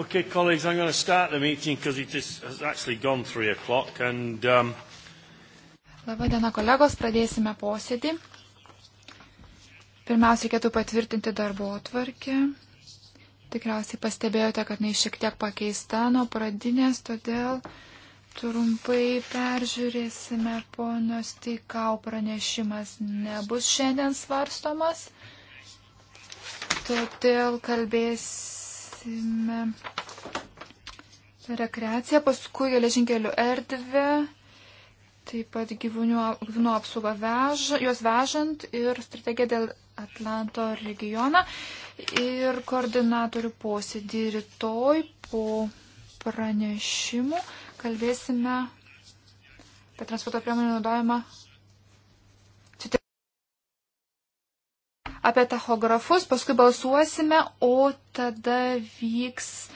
Okay, colleagues, I'm going to start the meeting because it is, has actually gone three o'clock and. Um... Labadiena, kolegos, pradėsime posėdį. Pirmiausia, reikėtų patvirtinti darbo atvarkę. Tikriausiai pastebėjote, kad jis šiek tiek pakeista nuo pradinės, todėl trumpai peržiūrėsime ponios Tikau pranešimas nebus šiandien svarstomas. Todėl kalbės aptarsime rekreaciją, paskui geležinkelių erdvę, taip pat gyvūnų, gyvūnų apsaugą vež, juos vežant ir strategiją dėl Atlanto regioną ir koordinatorių posėdį rytoj po pranešimų kalbėsime apie transporto priemonių naudojimą apie tachografus, paskui balsuosime, o tada vyks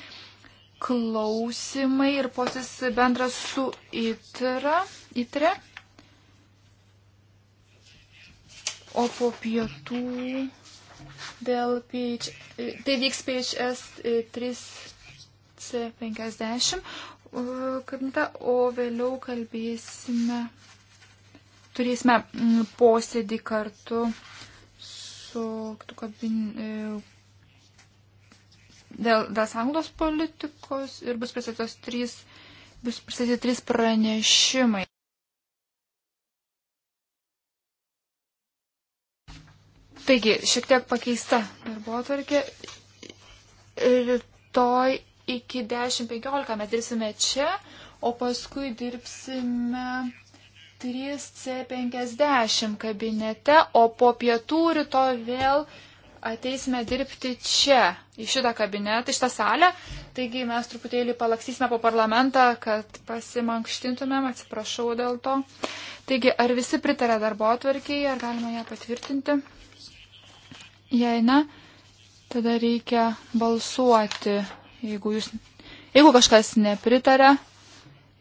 klausimai ir posis bendras su itra, itre. O po pietų dėl PH, tai vyks PHS 3C50 kabinetą, o vėliau kalbėsime, turėsime posėdį kartu su kitų kabin... E, dėl, dėl sąjungos politikos ir bus pristatytos trys, bus pristatyti trys pranešimai. Taigi, šiek tiek pakeista darbo atvarkė. Rytoj iki 10.15 mes dirbsime čia, o paskui dirbsime 3C50 kabinete, o po pietų rytoj vėl ateisime dirbti čia, į šitą kabinetą, į šitą salę. Taigi mes truputėlį palaksysime po parlamentą, kad pasimankštintumėm, atsiprašau dėl to. Taigi, ar visi pritarė darbo atvarkiai, ar galima ją patvirtinti? Jei ne, tada reikia balsuoti, jeigu, jūs, jeigu kažkas nepritarė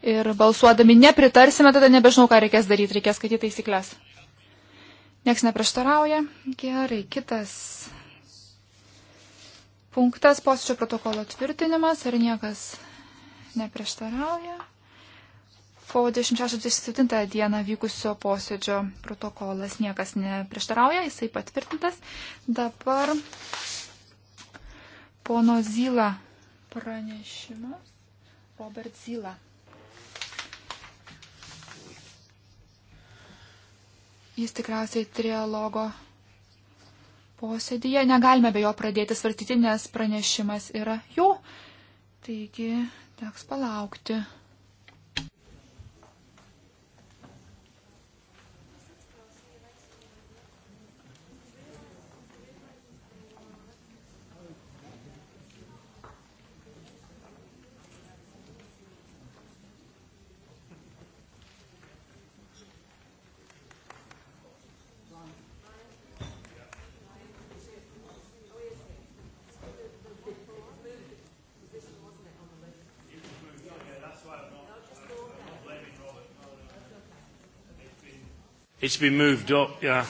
ir balsuodami nepritarsime, tada nebežinau, ką reikės daryti, reikės skaityti taisyklės. Niekas neprieštarauja. Gerai, kitas punktas posėdžio protokolo tvirtinimas, ar niekas neprieštarauja. Po 26-27 dieną vykusio posėdžio protokolas niekas neprieštarauja, jisai patvirtintas. Dabar pono Zyla pranešimas. Robert Zyla. Jis tikriausiai trialogo posėdėje. Negalime be jo pradėti svartyti, nes pranešimas yra jų. Taigi, teks palaukti. It's been moved up, yeah.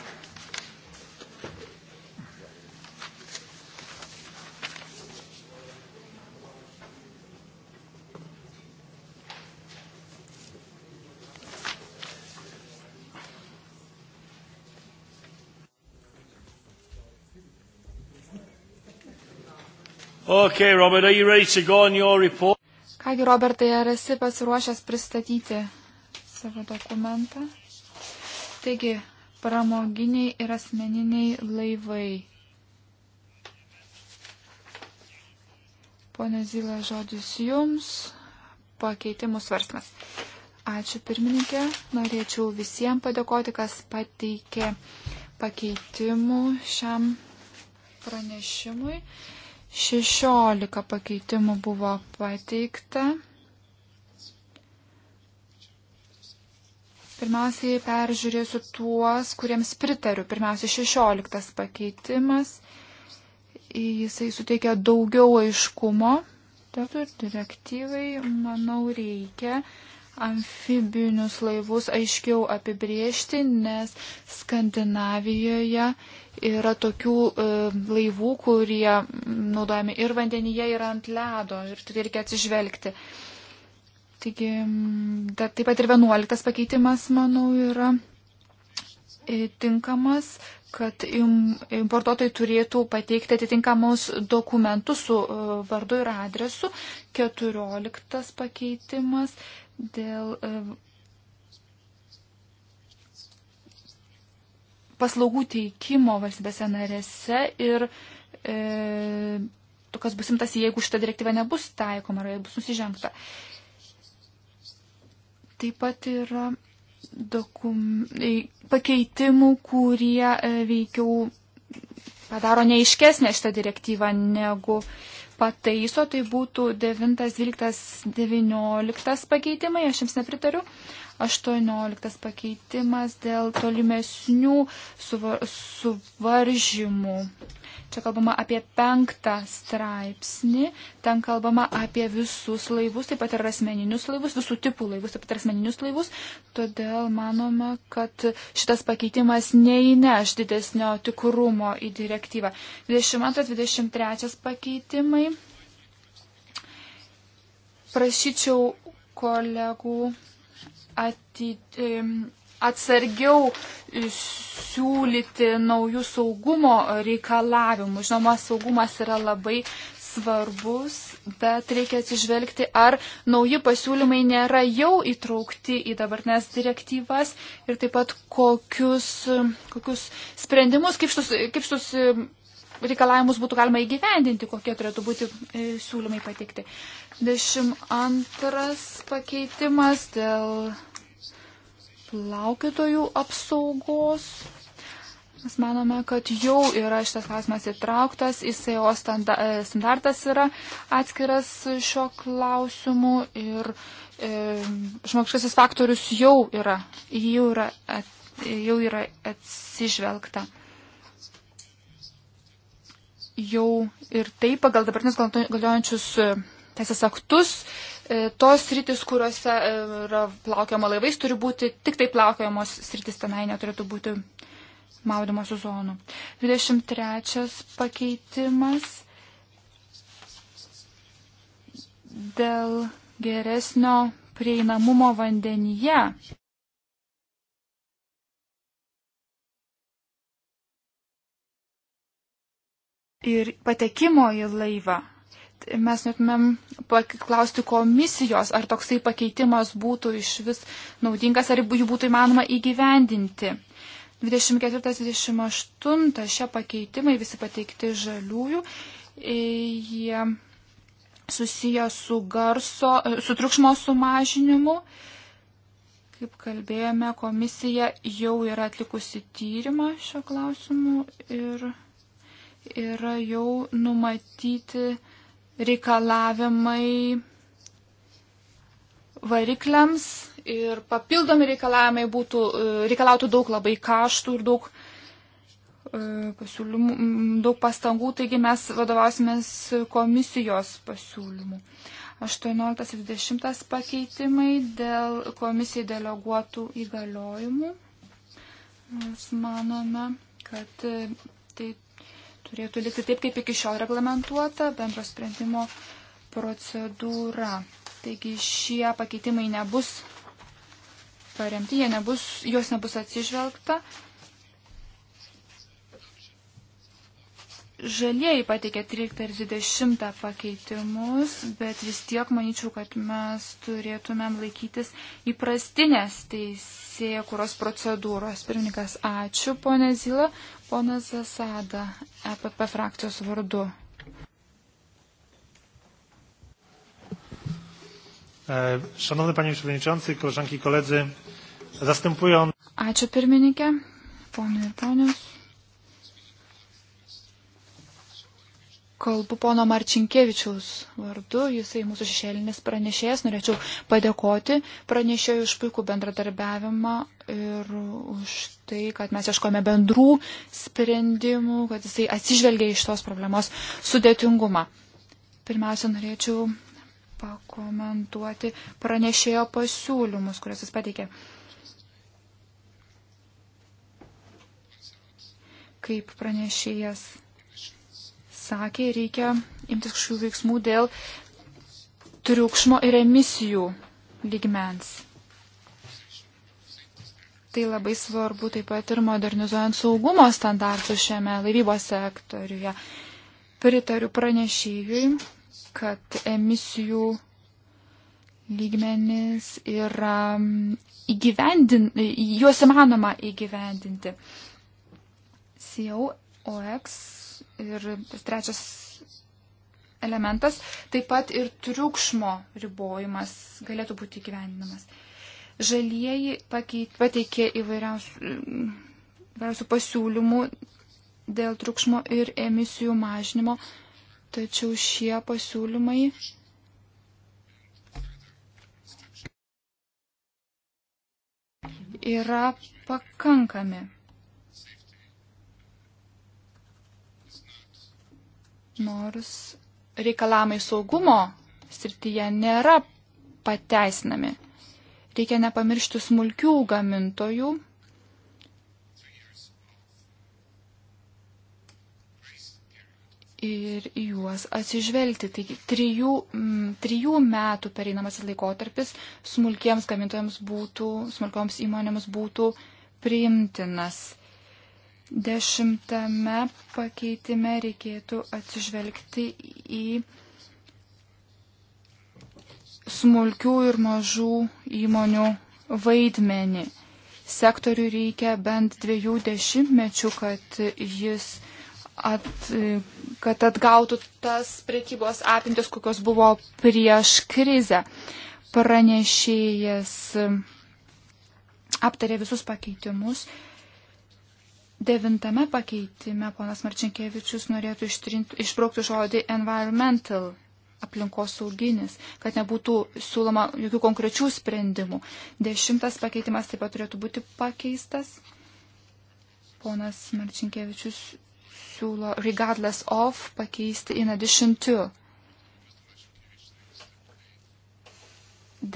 Okay, Robert, are you ready to go on your report? Kągi, Robertai, ar esi pasiruošęs pristatyti savo dokumentą? Taigi, pramoginiai ir asmeniniai laivai. Pone Zylė, žodis jums, pakeitimų svarstymas. Ačiū pirmininkė, norėčiau visiems padėkoti, kas pateikė pakeitimų šiam pranešimui. 16 pakeitimų buvo pateikta. Pirmiausiai peržiūrėsiu tuos, kuriems pritariu. Pirmiausia, 16 pakeitimas. Jisai suteikia daugiau aiškumo. Tautų direktyvai, manau, reikia amfibinius laivus aiškiau apibriežti, nes Skandinavijoje yra tokių e, laivų, kurie naudojami ir vandenyje, ir ant ledo, ir tai reikia atsižvelgti. E, Taigi, da, taip pat ir vienuoliktas pakeitimas, manau, yra e, tinkamas, kad importuotojai turėtų pateikti atitinkamus dokumentus su e, vardu ir adresu. Keturioliktas pakeitimas dėl e, paslaugų teikimo valstybėse narėse ir e, kas bus imtas, jeigu šita direktyva nebus taikoma ar bus nusižengta. E, Taip pat yra dokum... pakeitimų, kurie e, veikiau padaro neiškesnę šitą direktyvą negu pataiso. Tai būtų 9, 12, 19 pakeitimai, aš jums nepritariu. 18 pakeitimas dėl tolimesnių suvar... suvaržymų. Čia kalbama apie penktą straipsnį, ten kalbama apie visus laivus, taip pat ir asmeninius laivus, visų tipų laivus, taip pat ir asmeninius laivus. Todėl manome, kad šitas pakeitimas neįneš didesnio tikrumo į direktyvą. 22-23 pakeitimai. Prašyčiau kolegų atidėti atsargiau siūlyti naujų saugumo reikalavimų. Žinoma, saugumas yra labai svarbus, bet reikia atsižvelgti, ar nauji pasiūlymai nėra jau įtraukti į dabartinės direktyvas ir taip pat kokius, kokius sprendimus, kaip štus, kaip štus reikalavimus būtų galima įgyvendinti, kokie turėtų būti e, siūlymai pateikti. 22 pakeitimas dėl laukitojų apsaugos. Mes manome, kad jau yra šitas klausimas įtrauktas, ISO e, standartas yra atskiras šio klausimu ir e, žmogiškasis faktorius jau yra, jau yra, at, jau yra atsižvelgta. Jau ir taip pagal dabartinius galiojančius e, teisės aktus E, tos sritis, kuriuose e, yra plaukiama laivais, turi būti tik tai plaukiamos sritis tenai, neturėtų būti maudimosi zonų. 23 pakeitimas dėl geresnio prieinamumo vandenyje. Ir patekimo į laivą mes norėtumėm paklausti komisijos, ar toksai pakeitimas būtų iš vis naudingas, ar jų būtų įmanoma įgyvendinti. 24-28 šie pakeitimai visi pateikti žaliųjų, e, jie susiję su, garso, e, su triukšmo sumažinimu. Kaip kalbėjome, komisija jau yra atlikusi tyrimą šio klausimu ir yra jau numatyti reikalavimai varikliams ir papildomi reikalavimai būtų, e, reikalautų daug labai kaštų ir daug e, pasiūlymų, daug pastangų, taigi mes vadovausimės komisijos pasiūlymų. 18 ir 20 pakeitimai dėl komisijai deleguotų įgaliojimų. Mes manome, kad tai turėtų likti taip, kaip iki šiol reglamentuota bendro sprendimo procedūra. Taigi šie pakeitimai nebus paremti, nebus, jos nebus atsižvelgta Žalieji pateikė 13 ir 20 pakeitimus, bet vis tiek manyčiau, kad mes turėtumėm laikytis įprastinės teisėjų kuros procedūros. Pirmininkas, ačiū, ponė Zila, ponas Zasada, EPP frakcijos vardu. E, Szanowny panie przewodniczący, koleżanki i koledzy, zastępując. Ačiū pirmininkė, ponai ir ponios. kalbu pono Marčinkievičiaus vardu, jisai mūsų šešėlinis pranešėjas. Norėčiau padėkoti pranešėjui už puikų bendradarbiavimą ir už tai, kad mes ieškome bendrų sprendimų, kad jisai atsižvelgia iš tos problemos sudėtingumą. Pirmiausia, norėčiau pakomentuoti pranešėjo pasiūlymus, kuriuos jis pateikė. Kaip pranešėjas sakė, reikia imtis kažkokių veiksmų dėl triukšmo ir emisijų lygmens. Tai labai svarbu taip pat ir modernizuojant saugumo standartus šiame laivybos sektoriuje. Pritariu pranešėjui, kad emisijų lygmenis yra mm, įgyvendin, juos įmanoma įgyvendinti. COX e ir tas trečias elementas, taip pat ir triukšmo ribojimas galėtų būti įgyvendinamas. Žalieji pakeit, pateikė įvairiausių, įvairiausių pasiūlymų dėl triukšmo ir emisijų mažinimo, tačiau šie pasiūlymai. Yra pakankami. nors reikalavimai saugumo srityje nėra pateisinami. Reikia nepamiršti smulkių gamintojų. Ir juos atsižvelgti. Taigi trijų, m, trijų metų pereinamasis laikotarpis smulkiems gamintojams būtų, smulkioms įmonėms būtų priimtinas Dešimtame pakeitime reikėtų atsižvelgti į smulkių ir mažų įmonių vaidmenį. Sektoriui reikia bent dviejų dešimtmečių, kad jis at, kad atgautų tas prekybos apimtis, kokios buvo prieš krizę. Pranešėjas aptarė visus pakeitimus Devintame pakeitime ponas Marčinkievičius norėtų ištrinti, išbraukti žodį environmental aplinkosauginis, kad nebūtų siūloma jokių konkrečių sprendimų. Dešimtas pakeitimas taip pat turėtų būti pakeistas. Ponas Marčinkievičius siūlo regardless of pakeisti in addition to.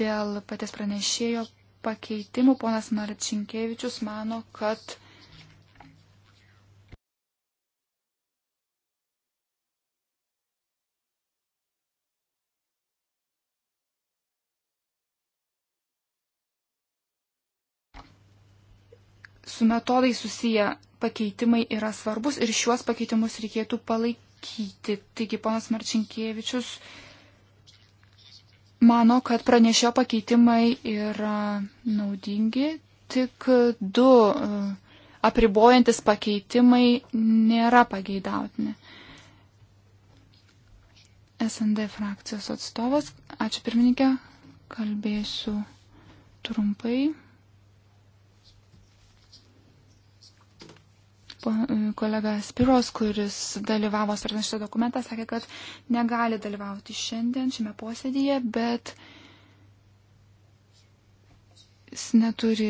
Dėl paties pranešėjo pakeitimų ponas Marčinkievičius mano, kad su metodais susiję pakeitimai yra svarbus ir šiuos pakeitimus reikėtų palaikyti. Taigi ponas Marčinkievičius mano, kad pranešio pakeitimai yra naudingi, tik du e, apribojantis pakeitimai nėra pageidautini. SND frakcijos atstovas, ačiū pirmininkė, kalbėsiu trumpai. Kolega Spiros, kuris dalyvavo svarstant šitą dokumentą, sakė, kad negali dalyvauti šiandien šiame posėdėje, bet jis neturi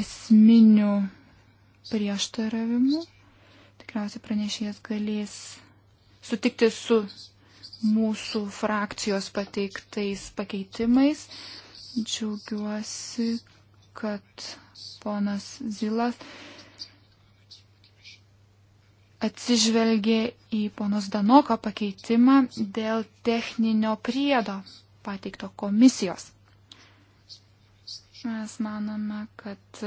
esminių prieštaravimų. Tikriausiai pranešėjas galės sutikti su mūsų frakcijos pateiktais pakeitimais. Džiaugiuosi, kad ponas Zilas atsižvelgė į ponos Danoko pakeitimą dėl techninio priedo pateikto komisijos. Mes manome, kad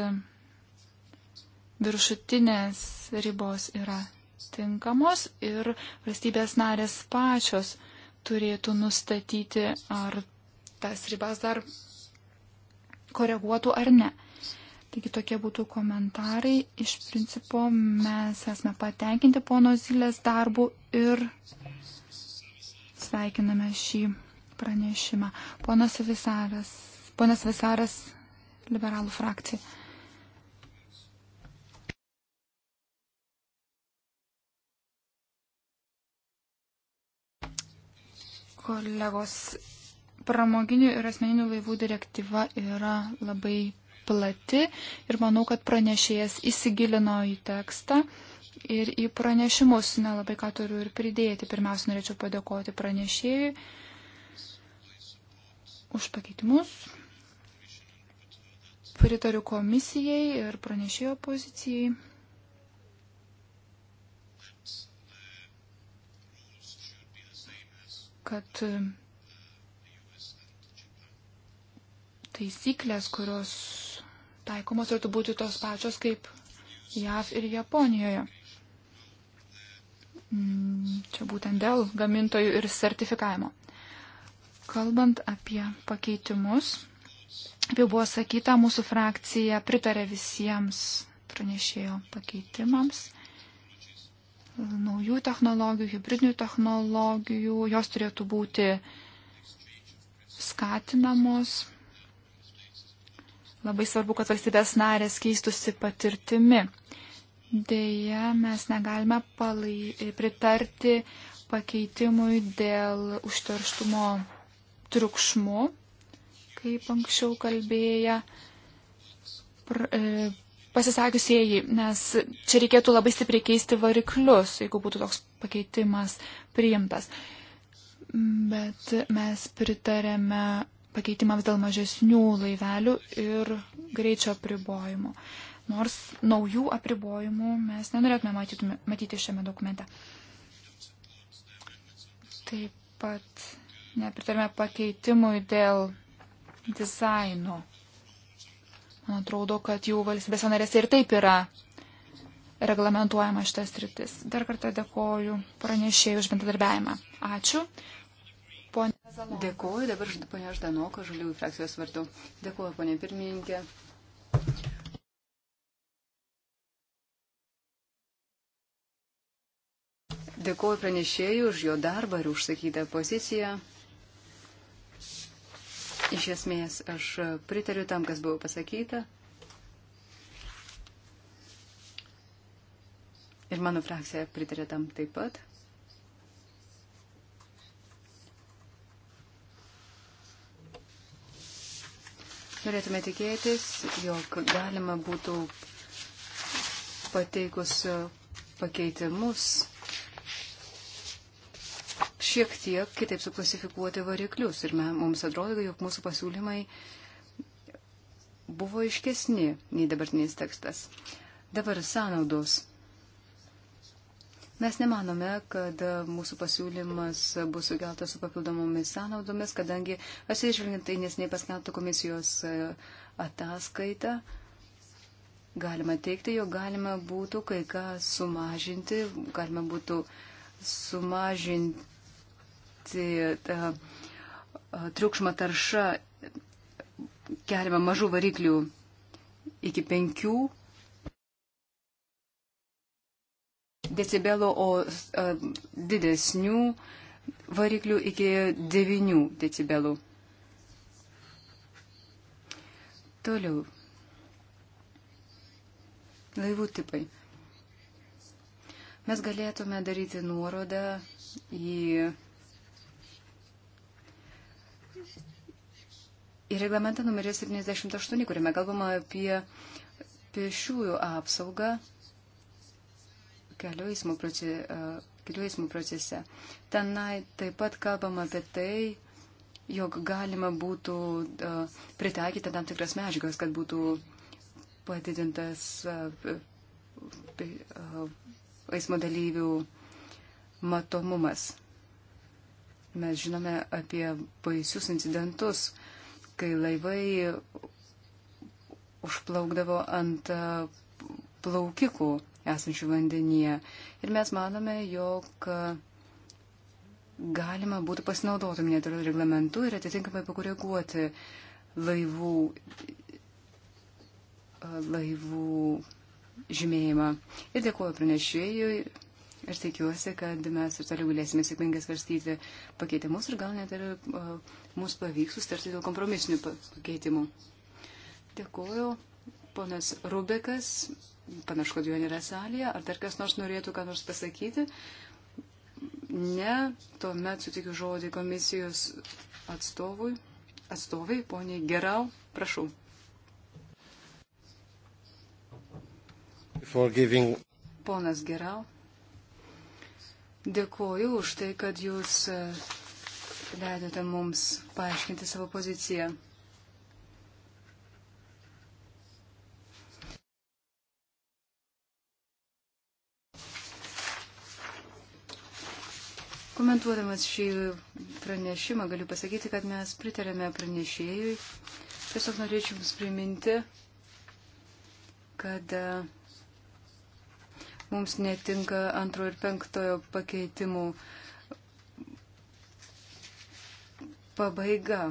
viršutinės ribos yra tinkamos ir valstybės narės pačios turėtų nustatyti, ar tas ribas dar koreguotų ar ne. Taigi tokie būtų komentarai. Iš principo mes esame patenkinti pono Zylės darbu ir sveikiname šį pranešimą. Ponas Visaras, ponas Visaras, liberalų frakcija. Kolegos, pramoginių ir asmeninių laivų direktyva yra labai plati ir manau, kad pranešėjas įsigilino į tekstą ir į pranešimus. Nelabai ką turiu ir pridėti. Pirmiausia, norėčiau padėkoti pranešėjui už pakeitimus. Pritariu komisijai ir pranešėjo pozicijai. kad taisyklės, kurios taikomos turėtų būti tos pačios kaip JAV ir Japonijoje. Mm, čia būtent dėl gamintojų ir sertifikavimo. Kalbant apie pakeitimus, jau buvo sakyta, mūsų frakcija pritarė visiems pranešėjo pakeitimams. Naujų technologijų, hybridinių technologijų, jos turėtų būti skatinamos, Labai svarbu, kad valstybės narės keistusi patirtimi. Deja, mes negalime palai, pritarti pakeitimui dėl užterštumo triukšmu, kaip anksčiau kalbėję pr, e, pasisakiusieji, nes čia reikėtų labai stipriai keisti variklius, jeigu būtų toks pakeitimas priimtas. Bet mes pritarėme pakeitimams dėl mažesnių laivelių ir greičio apribojimų. Nors naujų apribojimų mes nenorėtume matyti šiame dokumente. Taip pat nepritarime pakeitimui dėl dizaino. Man atrodo, kad jų valstybės narėse ir taip yra reglamentuojama šitas rytis. Dar kartą dėkoju pranešėjų už bendradarbiavimą. Ačiū. Ponė Dėkuoju, dabar ponė Ždanoko, Žaliųjų frakcijos vardu. Dėkuoju, ponė pirmininkė. Dėkuoju pranešėjui už jo darbą ir užsakytą poziciją. Iš esmės, aš pritariu tam, kas buvo pasakyta. Ir mano frakcija pritarė tam taip pat. Norėtume tikėtis, jog galima būtų pateikus pakeitimus šiek tiek kitaip suklasifikuoti variklius. Ir mums atrodo, jog mūsų pasiūlymai buvo iškesni nei dabartinis tekstas. Dabar sąnaudos. Mes nemanome, kad mūsų pasiūlymas bus sugeltas su papildomomis sąnaudomis, kadangi atsižvelgiant tai nesnei paskelbtą komisijos e, ataskaitą, galima teikti, jog galima būtų kai ką sumažinti, galima būtų sumažinti tą e, e, triukšmą taršą keliamą mažų variklių iki penkių decibelų, o didesnių variklių iki 9 decibelų. Toliau. Laivų tipai. Mes galėtume daryti nuorodą į, į reglamentą numeris 78, kuriame kalbama apie pešiųjų apsaugą kelių eismų, procese, kelių eismų procese. Tenai taip pat kalbama apie tai, jog galima būtų e, pritaikyti tam tikras medžiagas, kad būtų padidintas e, e, eismo dalyvių matomumas. Mes žinome apie baisius incidentus, kai laivai užplaukdavo ant plaukikų esančių vandenyje. Ir mes manome, jog galima būtų pasinaudoti minėtų reglamentų ir atitinkamai pakoreguoti laivų, laivų žymėjimą. Ir dėkuoju pranešėjui ir tikiuosi, kad mes ir toliau galėsime sėkmingai svarstyti pakeitimus ir gal net ir uh, mums pavyks sustarti dėl kompromisinių pakeitimų. Dėkuoju. Ponas Rubekas Panašu, kad jo nėra salėje. Ar dar kas nors norėtų ką nors pasakyti? Ne, tuomet sutikiu žodį komisijos atstovui. Atstovai, poniai Gerau, prašau. Giving... Ponas Gerau, dėkoju už tai, kad jūs leidote mums paaiškinti savo poziciją. Komentuodamas šį pranešimą galiu pasakyti, kad mes pritarėme pranešėjui. Tiesiog norėčiau Jums priminti, kad e, mums netinka antro ir penktojo pakeitimų pabaiga.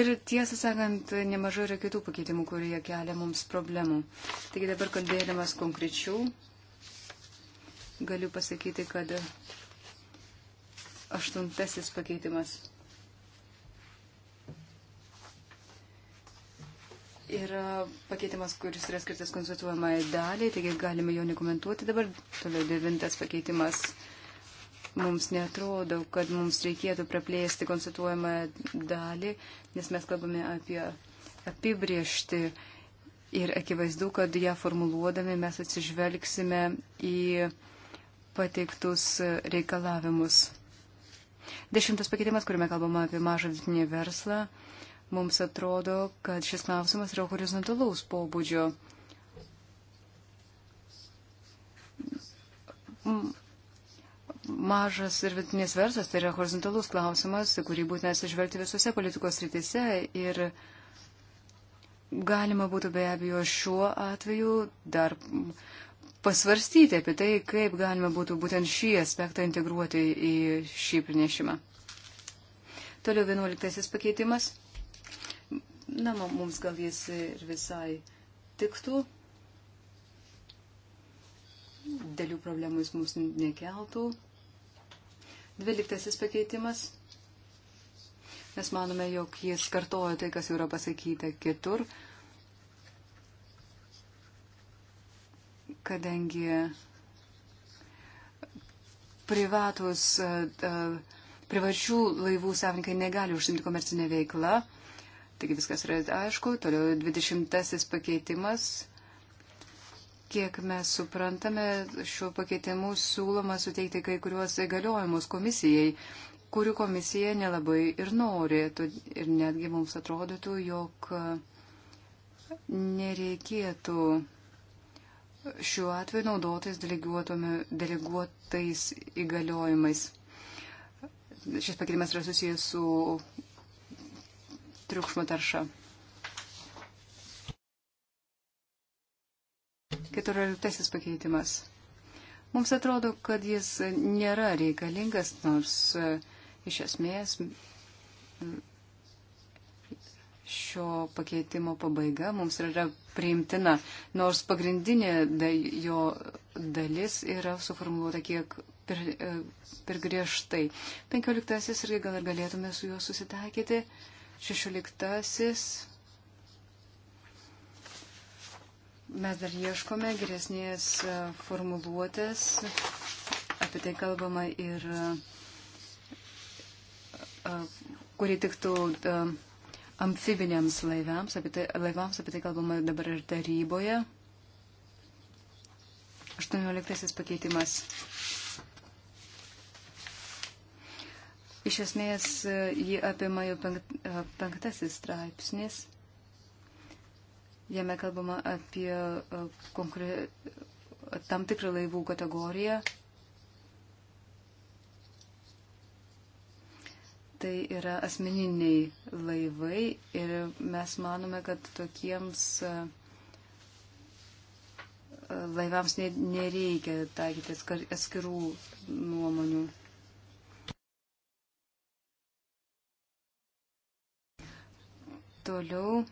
Ir tiesą sakant, nemažai yra kitų pakeitimų, kurie kelia mums problemų. Taigi dabar kalbėdamas konkrečių galiu pasakyti, kad aštuntasis pakeitimas yra pakeitimas, kuris yra skirtas konsultuojamai daliai, taigi galime jo nekomentuoti dabar. Toliau devintas pakeitimas. Mums netrodo, kad mums reikėtų praplėsti konsultuojamą dalį, nes mes kalbame apie apibriežti ir akivaizdu, kad ją formuluodami mes atsižvelgsime į uh, pateiktus reikalavimus. Dešimtas pakeitimas, kuriame kalbama apie mažą vidutinį verslą, mums atrodo, kad šis klausimas yra horizontalaus pobūdžio. Mažas ir vidutinės verslas tai yra horizontalus klausimas, kurį būtina atsižvelgti visose politikos rytise ir galima būtų be abejo šiuo atveju dar pasvarstyti apie tai, kaip galima būtų būtent šį aspektą integruoti į šį pranešimą. Toliau vienuoliktasis pakeitimas. Na, mums gal jis ir visai tiktų. Dėlių problemų jis mums nekeltų. Dvyliktasis pakeitimas. Mes manome, jog jis kartoja tai, kas jau yra pasakyta kitur. Uh, kadangi privatus, e, e, privačių laivų savininkai negali užsimti komercinę veiklą. Taigi viskas yra aišku. Toliau 20 pakeitimas. Kiek mes suprantame, šiuo pakeitimu siūloma suteikti kai kuriuos įgaliojimus komisijai, kurių komisija nelabai ir nori. Ir netgi mums atrodytų, jog nereikėtų šiuo atveju naudotis deleguotais įgaliojimais. Šis pakeitimas yra susijęs su triukšmo tarša. 14 pakeitimas. Mums atrodo, kad jis nėra reikalingas, nors e, iš esmės šio pakeitimo pabaiga mums yra priimtina, nors pagrindinė da, jo dalis yra suformuoluota kiek per, e, per griežtai. Penkioliktasis irgi gal ir galėtume su juo susitaikyti. Šešioliktasis. Mes dar ieškome geresnės e, formuluotės, apie tai kalbama ir e, kuri tiktų uh, amfibiniams laivams, apie tai, laivams, apie tai kalbama dabar ir taryboje. 18 pakeitimas. Iš esmės jį apima jau penkt, penktasis straipsnis. Jame kalbama apie konkre... tam tikrą laivų kategoriją, Tai yra asmeniniai laivai ir mes manome, kad tokiems e, laivams nereikia taikyti atskirų nuomonių. Toliau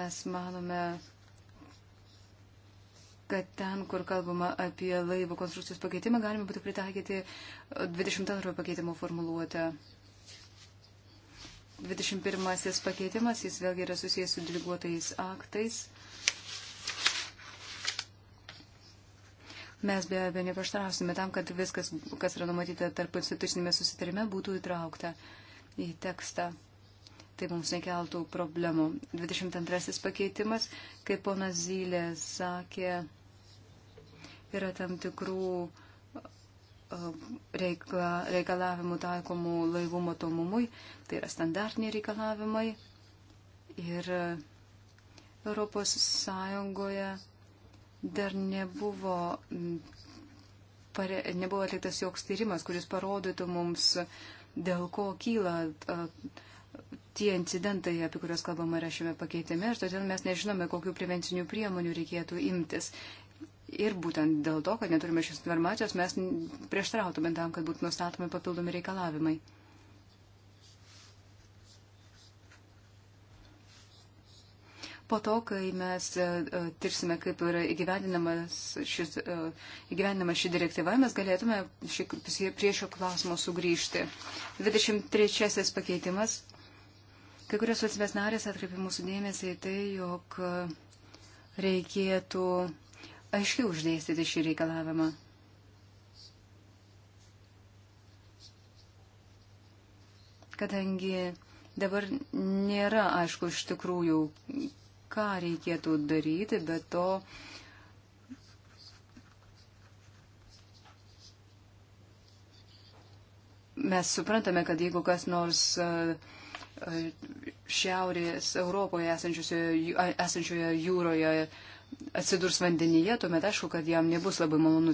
mes manome, kad ten, kur kalbama apie laivo konstrukcijos pakeitimą, galima būtų pritaikyti 22 pakeitimo formuluotę. 21 pakeitimas, jis vėlgi yra susijęs su dviguotais aktais. Mes be abejo nepaštarausime tam, kad viskas, kas yra numatyta tarp institucinėme susitarime, būtų įtraukta į tekstą. Tai mums nekeltų problemų. 22 pakeitimas, kaip ponas Zylė sakė, yra tam tikrų reikalavimų taikomų laivų matomumui, tai yra standartiniai reikalavimai. Ir Europos Sąjungoje dar nebuvo, pare, nebuvo atliktas joks tyrimas, kuris parodytų mums, dėl ko kyla tie incidentai, apie kuriuos kalbama yra šiame pakeitime ir todėl mes nežinome, kokiu prevencinių priemonių reikėtų imtis. Ir būtent dėl to, kad neturime šios informacijos, mes prieštrautume tam, kad būtų nustatomi papildomi reikalavimai. Po to, kai mes e, e, tirsime, kaip yra e, įgyvendinama ši direktyva, mes galėtume ši, prie šio klausimo sugrįžti. 23 pakeitimas. Kai kurios valstybės narės atkreipė mūsų dėmesį į tai, jog reikėtų aiškiau uždėstyti šį reikalavimą. Kadangi dabar nėra aišku iš tikrųjų, ką reikėtų daryti, bet to mes suprantame, kad jeigu kas nors e, e, šiaurės Europoje esančioje jūroje atsidurs vandenyje, tuomet aišku, kad jam nebus labai malonu,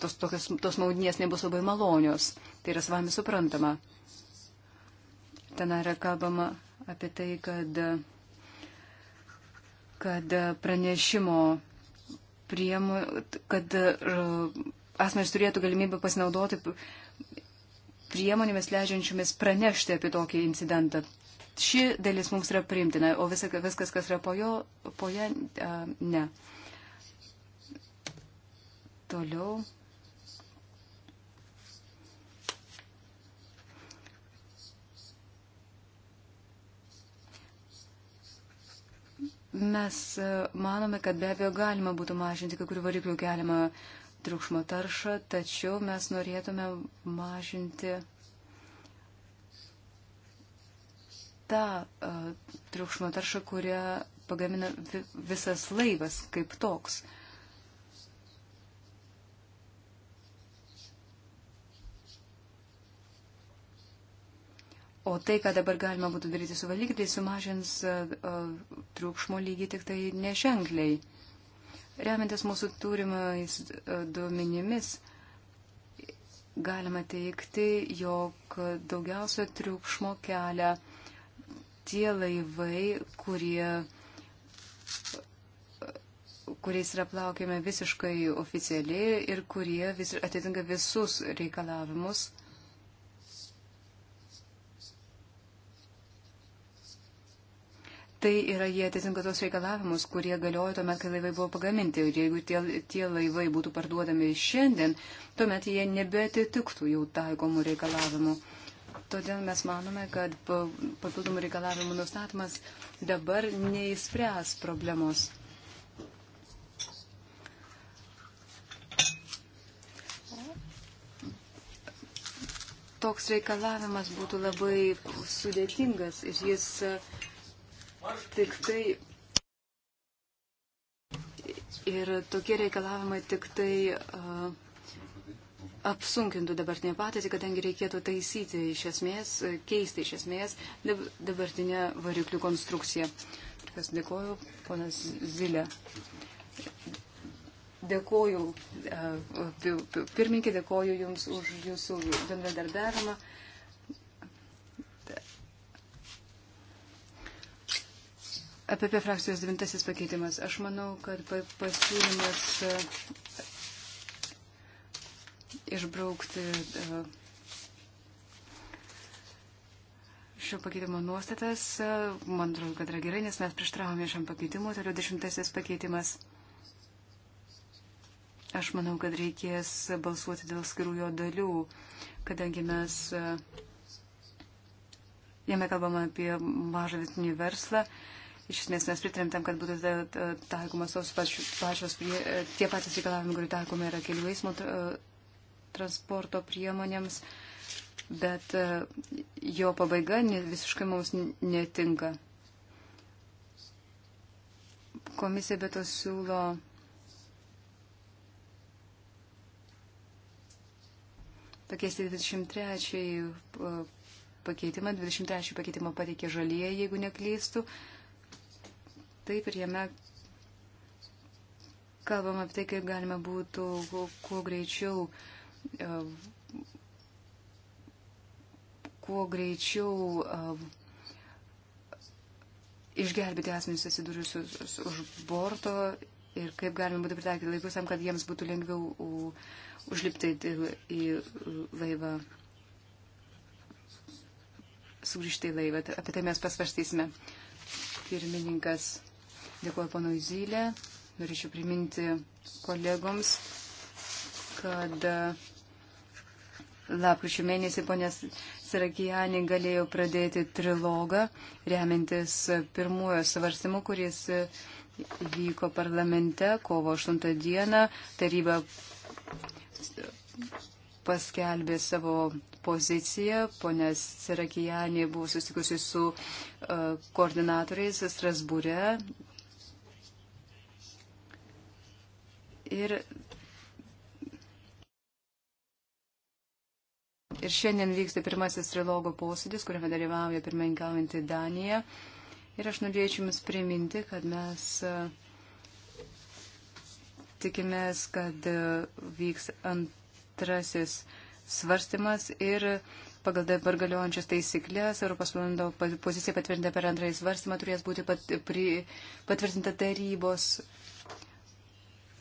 tos, tokios, tos maudinės nebus labai malonios. Tai yra savami suprantama. Ten yra kalbama apie tai, kad, kad pranešimo priemo, kad e, asmenys turėtų galimybę pasinaudoti priemonėmis leidžiančiomis pranešti apie tokį incidentą ši dalis mums yra primtina, o visa, viskas, kas yra po, jo, po ją, ne. Toliau. mes manome, kad be abejo galima būtų mažinti kai kurių variklių keliamą triukšmo taršą, tačiau mes norėtume mažinti tą uh, triukšmo taršą, kurią pagamina vi visas laivas kaip toks. O tai, ką dabar galima būtų daryti su valikliais, sumažins uh, triukšmo lygį tik tai neženkliai. Remiantis mūsų turimais uh, duomenimis, galima teikti, jog daugiausia triukšmo kelia uh, tie laivai, kurie, kuriais yra plaukiama visiškai oficialiai ir kurie vis, atitinka visus reikalavimus. Tai yra, jie atitinka tos reikalavimus, kurie galiojo tuomet, kai laivai buvo pagaminti. Ir jeigu tie, tie laivai būtų parduodami šiandien, tuomet jie nebeatitiktų jau taikomų reikalavimų. Todėl mes manome, kad papildomų reikalavimų nustatymas dabar neįspręs problemos. Toks reikalavimas būtų labai sudėtingas ir jis e, tik tai Ir tokie reikalavimai tik tai uh, apsunkintų dabartinę patirtį, kadangi reikėtų taisyti iš esmės, keisti iš esmės dabartinę variklių konstrukciją. Kas dėkoju, ponas Zilė. Dėkoju, pirmininkė, dėkoju Jums už Jūsų bendradarbiavimą. APP frakcijos devintasis pakeitimas. Aš manau, kad pasiūlymas išbraukti e, šio pakeitimo nuostatas. Man atrodo, kad yra gerai, nes mes prieštraujame šiam pakeitimui. Toliau dešimtasis pakeitimas. Aš manau, kad reikės balsuoti dėl skirų jo dalių, kadangi mes e, jame kalbame apie mažą vidinį verslą. Iš esmės mes pritarėm tam, kad būtų taikomas tos pačios, pačios prie, e, tie patys reikalavimai, kurių taikome yra kelių eismo transporto priemonėms, bet e, jo pabaiga visiškai mums netinka. Komisija be to siūlo pakeisti 23 e, pakeitimą, 23 pakeitimą pateikė žalieji, jeigu neklystų. Taip ir jame kalbam apie tai, kaip galima būtų kuo greičiau uh, E, kuo greičiau e, išgelbėti asmenys atsidūrusius už borto ir kaip galima būtų pritaikyti laikus tam, kad jiems būtų lengviau užlipti į laivą, sugrįžti į laivą. Apie tai mes pasvarstysime. Pirmininkas dėkuoju ponui Zylė. Norėčiau priminti kolegoms, kad Lapkričio mėnesį ponės Sarakijani galėjo pradėti trilogą, remintis pirmojo svarstymu, kuris vyko parlamente kovo 8 dieną. Taryba paskelbė savo poziciją. Pone Sirakijani buvo susikusi su e, koordinatoriais Strasbūre. Ir Ir šiandien vyksta pirmasis trilogo posėdis, kuriame dalyvauja pirmininkaujantį Daniją. Ir aš norėčiau Jums priminti, kad mes e, tikimės, kad e, vyks antrasis svarstymas ir pagal dabar galiojančias taisyklės Europos parlamento pozicija patvirtinta per antrąjį svarstymą turės būti pat, pri, patvirtinta tarybos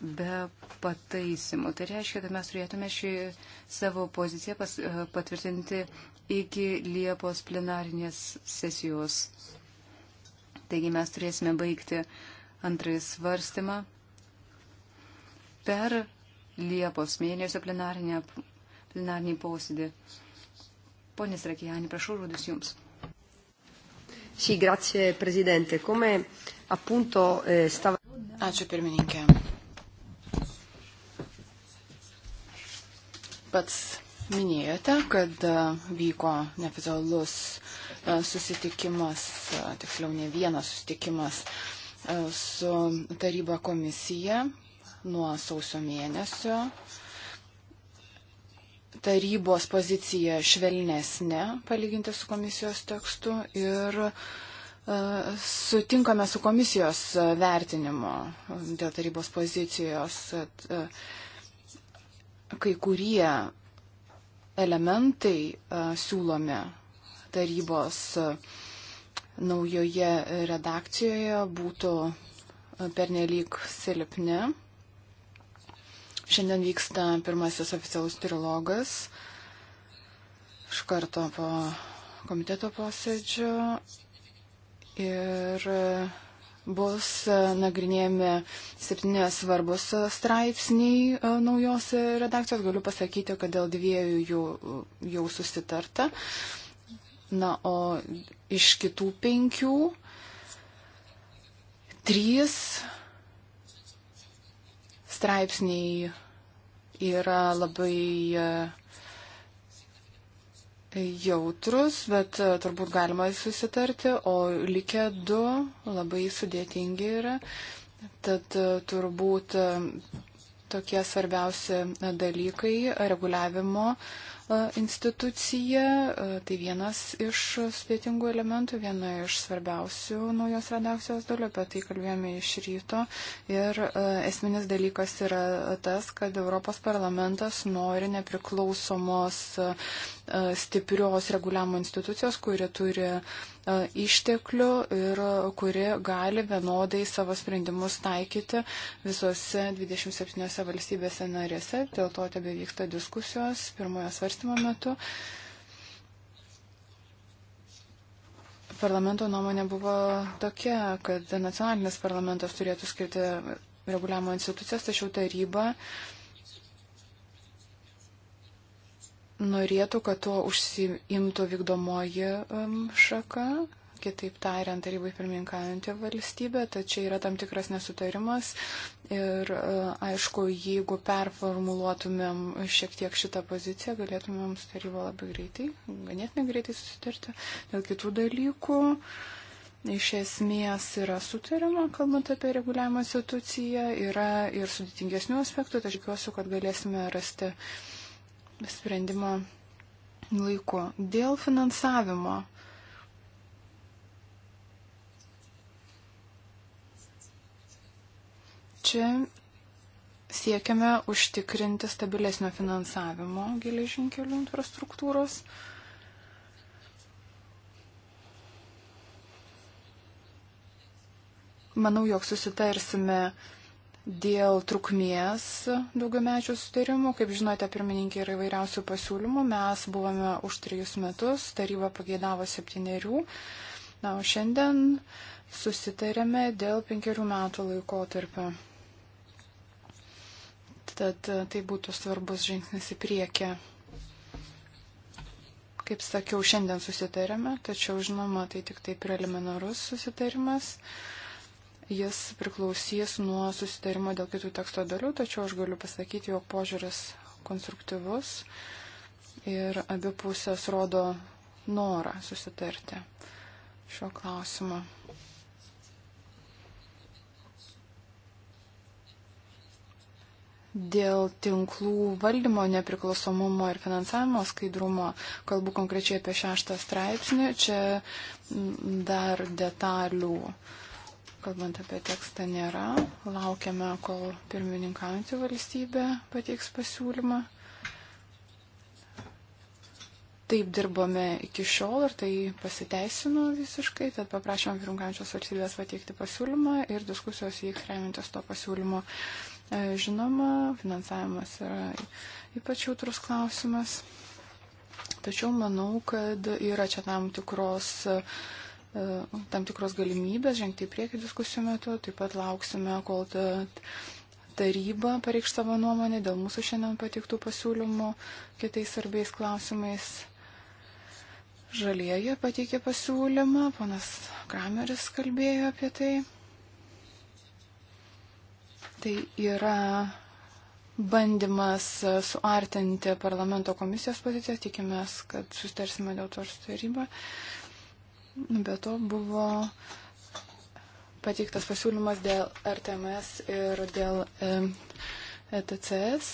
be pataisimų. Tai reiškia, kad mes turėtume šį savo poziciją pas, e, patvirtinti iki Liepos plenarinės sesijos. Taigi mes turėsime baigti antrąjį svarstymą per Liepos mėnesio plenarinę, plenarinį posėdį. Pone Strakijani, prašau, rūdus jums. Sì, grazie Presidente. Come appunto eh, stava... Ačiū pirmininkė. pats minėjote, kad e, vyko neoficialus e, susitikimas, e, tiksliau ne vienas susitikimas su taryba komisija nuo sausio mėnesio. Tarybos pozicija švelnesnė palyginti su komisijos tekstu ir sutinkame su komisijos vertinimu dėl tarybos pozicijos. At, kai kurie elementai siūlomi tarybos naujoje redakcijoje būtų pernelyg silpni. Šiandien vyksta pirmasis oficialus trilogas iš karto po komiteto posėdžio ir bus e, nagrinėjami septynės svarbus straipsniai e, naujos redakcijos. Galiu pasakyti, kad dėl dviejų jų e, jau susitarta. Na, o iš kitų penkių trys straipsniai yra labai jautrus, bet e, turbūt galima susitarti, o likę du labai sudėtingi yra. Tad e, turbūt e, tokie svarbiausi dalykai reguliavimo institucija. Tai vienas iš sudėtingų elementų, viena iš svarbiausių naujos redakcijos dalių, apie tai kalbėjome iš ryto. Ir esminis dalykas yra tas, kad Europos parlamentas nori nepriklausomos stiprios reguliavimo institucijos, kuri turi E, išteklių ir e, kuri gali vienodai savo sprendimus taikyti visose 27 valstybėse narėse. Dėl to tebe vyksta diskusijos pirmojo svarstymo metu. Parlamento nuomonė buvo tokia, kad nacionalinis parlamentas turėtų skirti reguliavimo institucijas, tačiau taryba uh, norėtų, kad tuo užsiimtų vykdomoji šaka, kitaip tariant, tarybai pirmininkaujantį valstybę, tačiau yra tam tikras nesutarimas ir e, aišku, jeigu performuluotumėm šiek tiek šitą poziciją, galėtumėm su taryba labai greitai, ganėtinai greitai susitarti dėl kitų dalykų. Iš esmės yra sutarima, kalbant apie reguliavimo instituciją, yra ir sudėtingesnių aspektų, tačiau tikiuosi, kad galėsime rasti uh, sprendimo laiku. Dėl finansavimo. Čia siekiame užtikrinti stabilesnio finansavimo geležinkelių infrastruktūros. Manau, jog susitarsime Dėl trukmės daugiamečių sutarimų, kaip žinote, pirmininkė yra įvairiausių pasiūlymų. Mes buvome už trijus metus, taryba pageidavo septyniarių. Na, o šiandien susitarėme dėl penkerių metų laikotarpio. Tad e, tai būtų svarbus žingsnis į priekį. Kaip sakiau, šiandien susitarėme, tačiau žinoma, tai tik tai preliminarus susitarimas. Uh, Jis priklausys nuo susitarimo dėl kitų teksto dalių, tačiau aš galiu pasakyti, jog požiūris konstruktyvus ir abi pusės rodo norą susitarti šio klausimo. dėl tinklų valdymo nepriklausomumo ir finansavimo skaidrumo, kalbu konkrečiai apie šeštą straipsnį, čia dar detalių kalbant apie tekstą, nėra. Laukiame, kol pirmininkaujantį valstybę pateiks pasiūlymą. Taip dirbome iki šiol ir tai pasiteisino visiškai, tad paprašėme pirmininkančios valstybės pateikti pasiūlymą ir diskusijos vyks remintis to pasiūlymo. E, žinoma, finansavimas yra ypač jautrus klausimas, tačiau manau, kad yra čia tam tikros uh, E, tam tikros galimybės žengti į priekį diskusijų metu. Taip pat lauksime, kol taryba pareikš savo nuomonę dėl mūsų šiandien patiktų pasiūlymų kitais svarbiais klausimais. Žalieji pateikė pasiūlymą, panas Krameris kalbėjo apie tai. Tai yra bandymas suartinti parlamento komisijos poziciją, tikimės, kad sustarsime dėl to ir sutarybą. Be to buvo pateiktas pasiūlymas dėl RTMS ir dėl ETCS.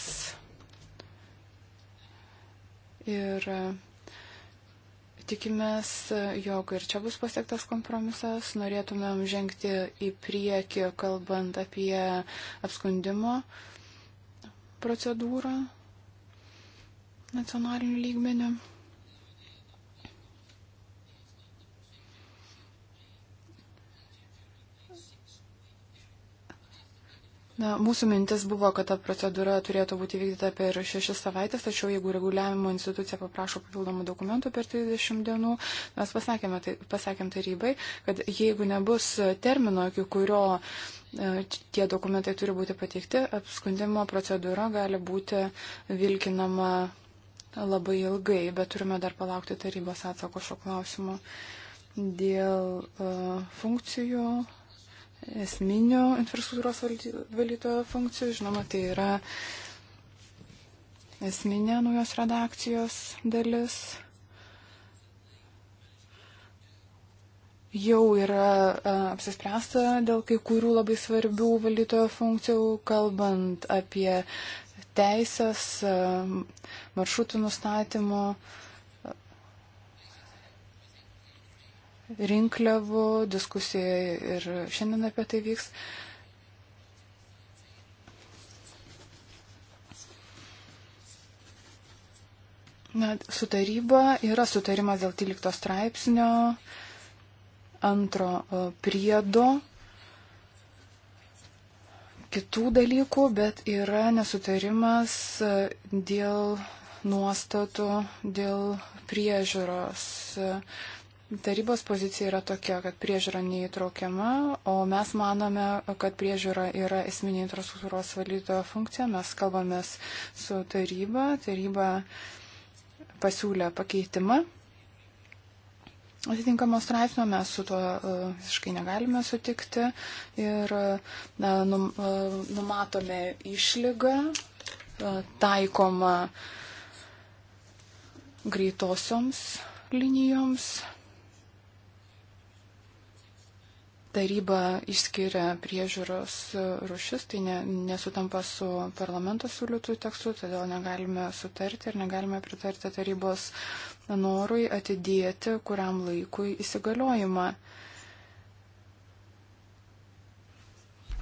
E ir e, tikimės, jog ir čia bus pasiektas kompromisas. Norėtumėm žengti į priekį, kalbant apie apskundimo procedūrą nacionaliniu lygmeniu. Na, mūsų mintis buvo, kad ta procedūra turėtų būti vykdyta per šešias savaitės, tačiau jeigu reguliavimo institucija paprašo papildomų dokumentų per 30 dienų, mes pasakėme, tai, pasakėm tarybai, kad jeigu nebus termino, iki kurio e, tie dokumentai turi būti pateikti, apskundimo procedūra gali būti vilkinama labai ilgai, bet turime dar palaukti tarybos atsako šio klausimu dėl uh, funkcijų esminio infrastruktūros valytojo funkcijų. Žinoma, tai yra esminė naujos redakcijos dalis. Jau yra e, apsispręsta dėl kai kurių labai svarbių valytojo funkcijų, kalbant apie teisės, e, maršrutų nustatymo, uh, rinkliavų, diskusija ir šiandien apie tai vyks. Na, su taryba yra sutarimas dėl 13 straipsnio, antro e, priedo, kitų dalykų, bet yra nesutarimas e, dėl nuostatų, dėl priežiūros. E, Tarybos pozicija yra tokia, kad priežiūra neįtraukiama, o mes manome, kad priežiūra yra esminė infrastruktūros valytojo funkcija. Mes kalbamės su taryba. Taryba pasiūlė pakeitimą. Atitinkamo straipsnio mes su tuo e, visiškai negalime sutikti ir e, numatome išlygą e, taikomą greitosioms linijoms taryba išskiria priežiūros rušis, tai ne, nesutampa su parlamento siūlytų tekstu, todėl negalime sutarti ir negalime pritarti tarybos norui atidėti kuriam laikui įsigaliojimą.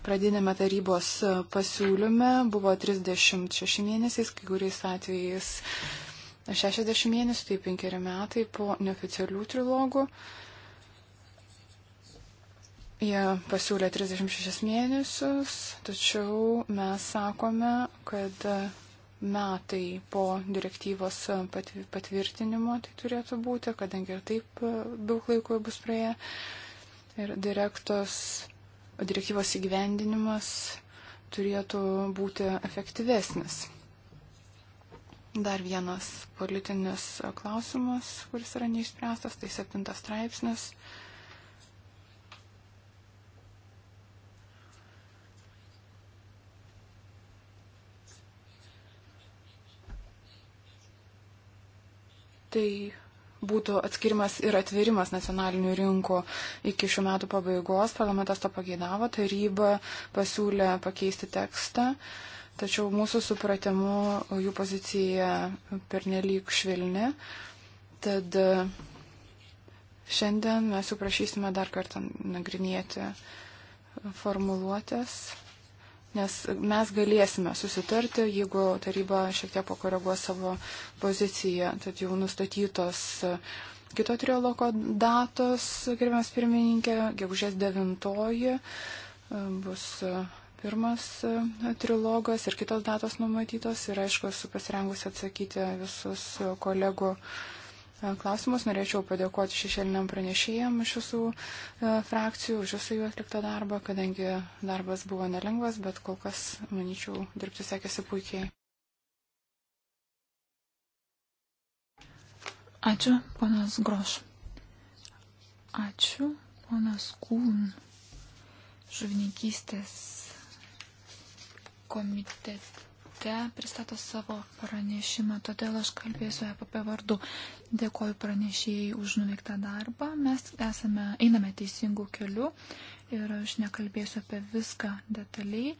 Pradinėme tarybos pasiūlyme buvo 36 mėnesiais, kai kuriais atvejais 60 mėnesių, tai 5 metai po neoficialių trilogų. Uh, Jie pasiūlė 36 mėnesius, tačiau mes sakome, kad metai po direktyvos patvirtinimo tai turėtų būti, kadangi ir taip e, daug laiko bus praėję. Ir direktos, direktyvos įgyvendinimas turėtų būti efektyvesnis. Dar vienas politinis klausimas, kuris yra neišspręstas, tai septintas straipsnis. Tai būtų atskirimas ir atvirimas nacionalinių rinkų iki šių metų pabaigos. Parlamentas to pageidavo, taryba pasiūlė pakeisti tekstą. Tačiau mūsų supratimu jų pozicija pernelyg švelni. Tad e, šiandien mes jų prašysime dar kartą nagrinėti formuluotės Nes mes galėsime susitarti, jeigu taryba šiek tiek pakoreguos savo poziciją, tad jau nustatytos e, kito trioloko datos, gerbiamas pirmininkė, gegužės devintoji e, bus e, pirmas trilogas ir kitos datos numatytos ir aišku, esu pasirengusi atsakyti visus kolegų uh, E, klausimus. Norėčiau padėkoti šešėliniam pranešėjam iš visų e, frakcijų, už visą jų atliktą darbą, kadangi darbas buvo nelengvas, bet kol kas, manyčiau, dirbti sekėsi puikiai. Ačiū, ponas Groš. Ačiū, ponas Kūn. Žuvininkystės komitete komitete pristato savo pranešimą, todėl aš kalbėsiu EPP vardu. Dėkoju pranešėjai už nuveiktą darbą. Mes esame, einame teisingų kelių ir aš nekalbėsiu apie viską detaliai.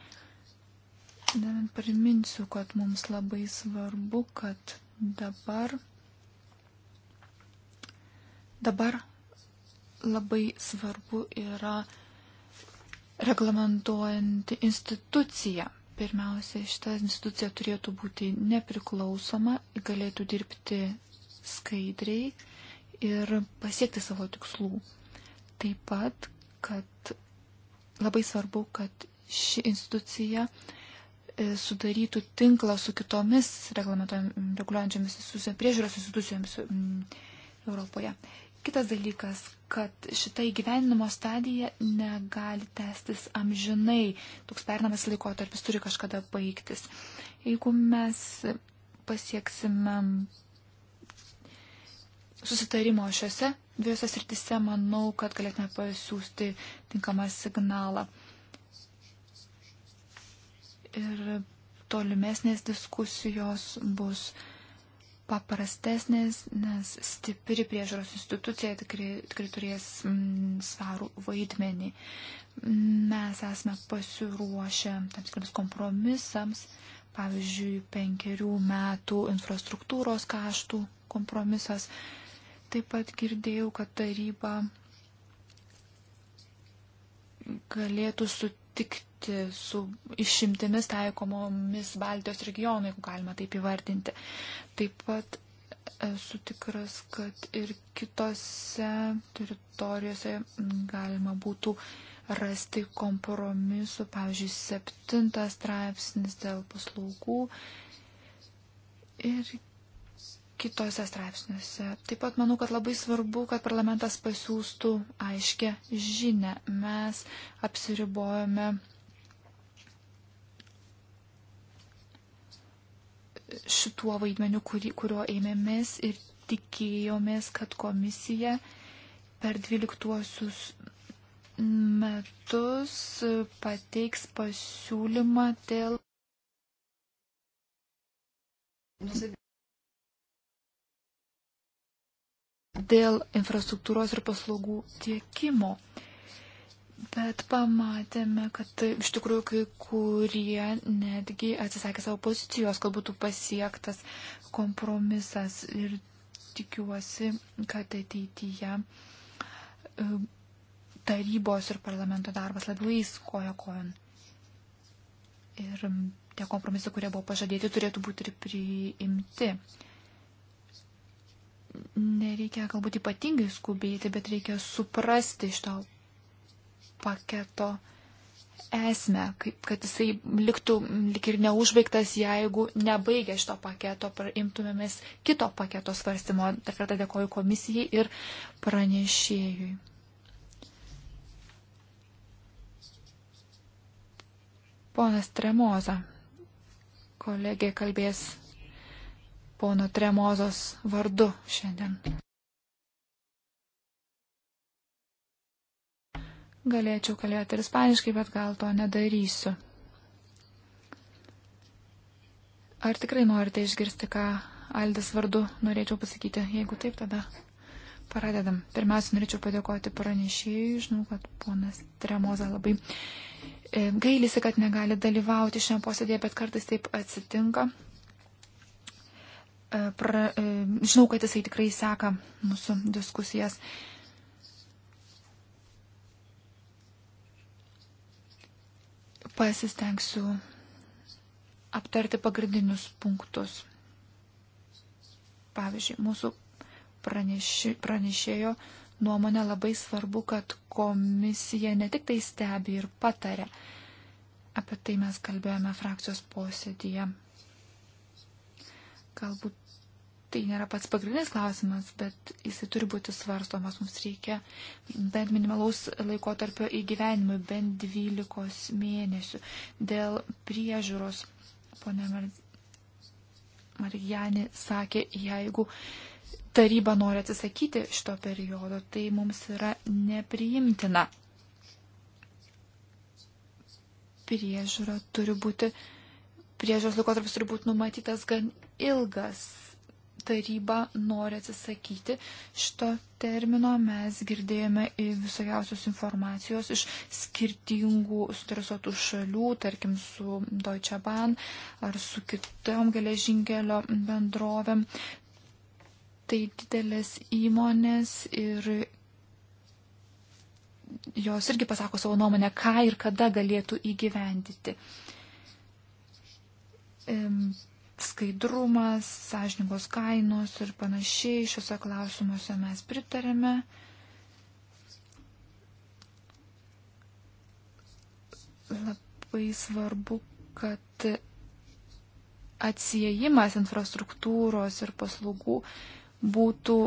Priminsiu, kad mums labai svarbu, kad dabar, dabar labai svarbu yra reglamentuojanti institucija Pirmiausia, šita institucija turėtų būti nepriklausoma, galėtų dirbti skaidriai ir pasiekti savo tikslų. Taip pat, kad labai svarbu, kad ši institucija e, sudarytų tinklą su kitomis reguliuojančiamis priežiūros institucijomis Europoje. Kitas dalykas, kad šita įgyveninimo stadija negali tęstis amžinai. Toks pernamas laikotarpis turi kažkada baigtis. Jeigu mes pasieksime susitarimo šiuose dviejose srityse, manau, kad galėtume pasiūsti tinkamą signalą. Ir tolimesnės diskusijos bus paprastesnės, nes stipri priežaros institucija tikrai, tikrai turės mm, svarų vaidmenį. Mes esame pasiruošę tam tikrams kompromisams, pavyzdžiui, penkerių metų infrastruktūros kaštų kompromisas. Taip pat girdėjau, kad taryba galėtų sutikti kovoti su išimtimis taikomomis Baltijos regionui, jeigu galima taip įvardinti. Taip pat esu tikras, kad ir kitose teritorijose galima būtų rasti kompromisu, pavyzdžiui, septintas straipsnis dėl paslaugų ir kitose straipsniuose. Taip pat manau, kad labai svarbu, kad parlamentas pasiūstų aiškę žinę. Mes apsiribojame šituo vaidmeniu, kurį, kurio ėmėmės ir tikėjomės, kad komisija per 12 metus pateiks pasiūlymą dėl. Dėl infrastruktūros ir paslaugų tiekimo. Bet pamatėme, kad tai iš tikrųjų kai kurie netgi atsisakė savo pozicijos, kad būtų pasiektas kompromisas ir tikiuosi, kad ateityje e, tarybos ir parlamento darbas labiau eis koja kojon. Ir tie kompromisai, kurie buvo pažadėti, turėtų būti ir priimti nereikia galbūt ypatingai skubėti, bet reikia suprasti šito paketo esmę, kaip, kad jisai liktų lik ir neužbaigtas, jeigu nebaigę šito paketo, imtumėmės kito paketo svarstymo. Dar kartą dėkoju komisijai ir pranešėjui. Ponas Tremoza. Kolegė kalbės pono Tremozos vardu šiandien. Galėčiau kalbėti ir ispaniškai, bet gal to nedarysiu. Ar tikrai norite išgirsti, ką Aldis vardu norėčiau pasakyti? Jeigu taip, tada pradedam. Pirmiausia, norėčiau padėkoti pranešėjui. Žinau, kad ponas Tremoza labai e, gailisi, kad negali dalyvauti šiame posėdėje, bet kartais taip atsitinka. E, pra, e, žinau, kad jisai tikrai seka mūsų diskusijas. pasistengsiu aptarti pagrindinius punktus. Pavyzdžiui, mūsų praneši, pranešėjo nuomonė labai svarbu, kad komisija ne tik tai stebi ir patarė. Apie tai mes kalbėjome frakcijos posėdėje. Galbūt Tai nėra pats pagrindinis klausimas, bet jisai turi būti svarstomas. Mums reikia bent minimalaus laikotarpio įgyvenimui, bent 12 mėnesių. Dėl priežiūros, ponė Marijani sakė, jeigu taryba nori atsisakyti šito periodo, tai mums yra nepriimtina. Priežiūra turi būti, priežiūros laikotarpis turi būti numatytas gan ilgas taryba nori atsisakyti šito termino. Mes girdėjome visokiausios informacijos iš skirtingų suinteresuotų šalių, tarkim su Deutsche Bahn ar su kitom geležinkelio bendrovėm. Tai didelės įmonės ir jos irgi pasako savo nuomonę, ką ir kada galėtų įgyvendyti skaidrumas, sąžiningos kainos ir panašiai. Šiuose klausimuose mes pritarėme. Labai svarbu, kad atsiejimas infrastruktūros ir paslaugų būtų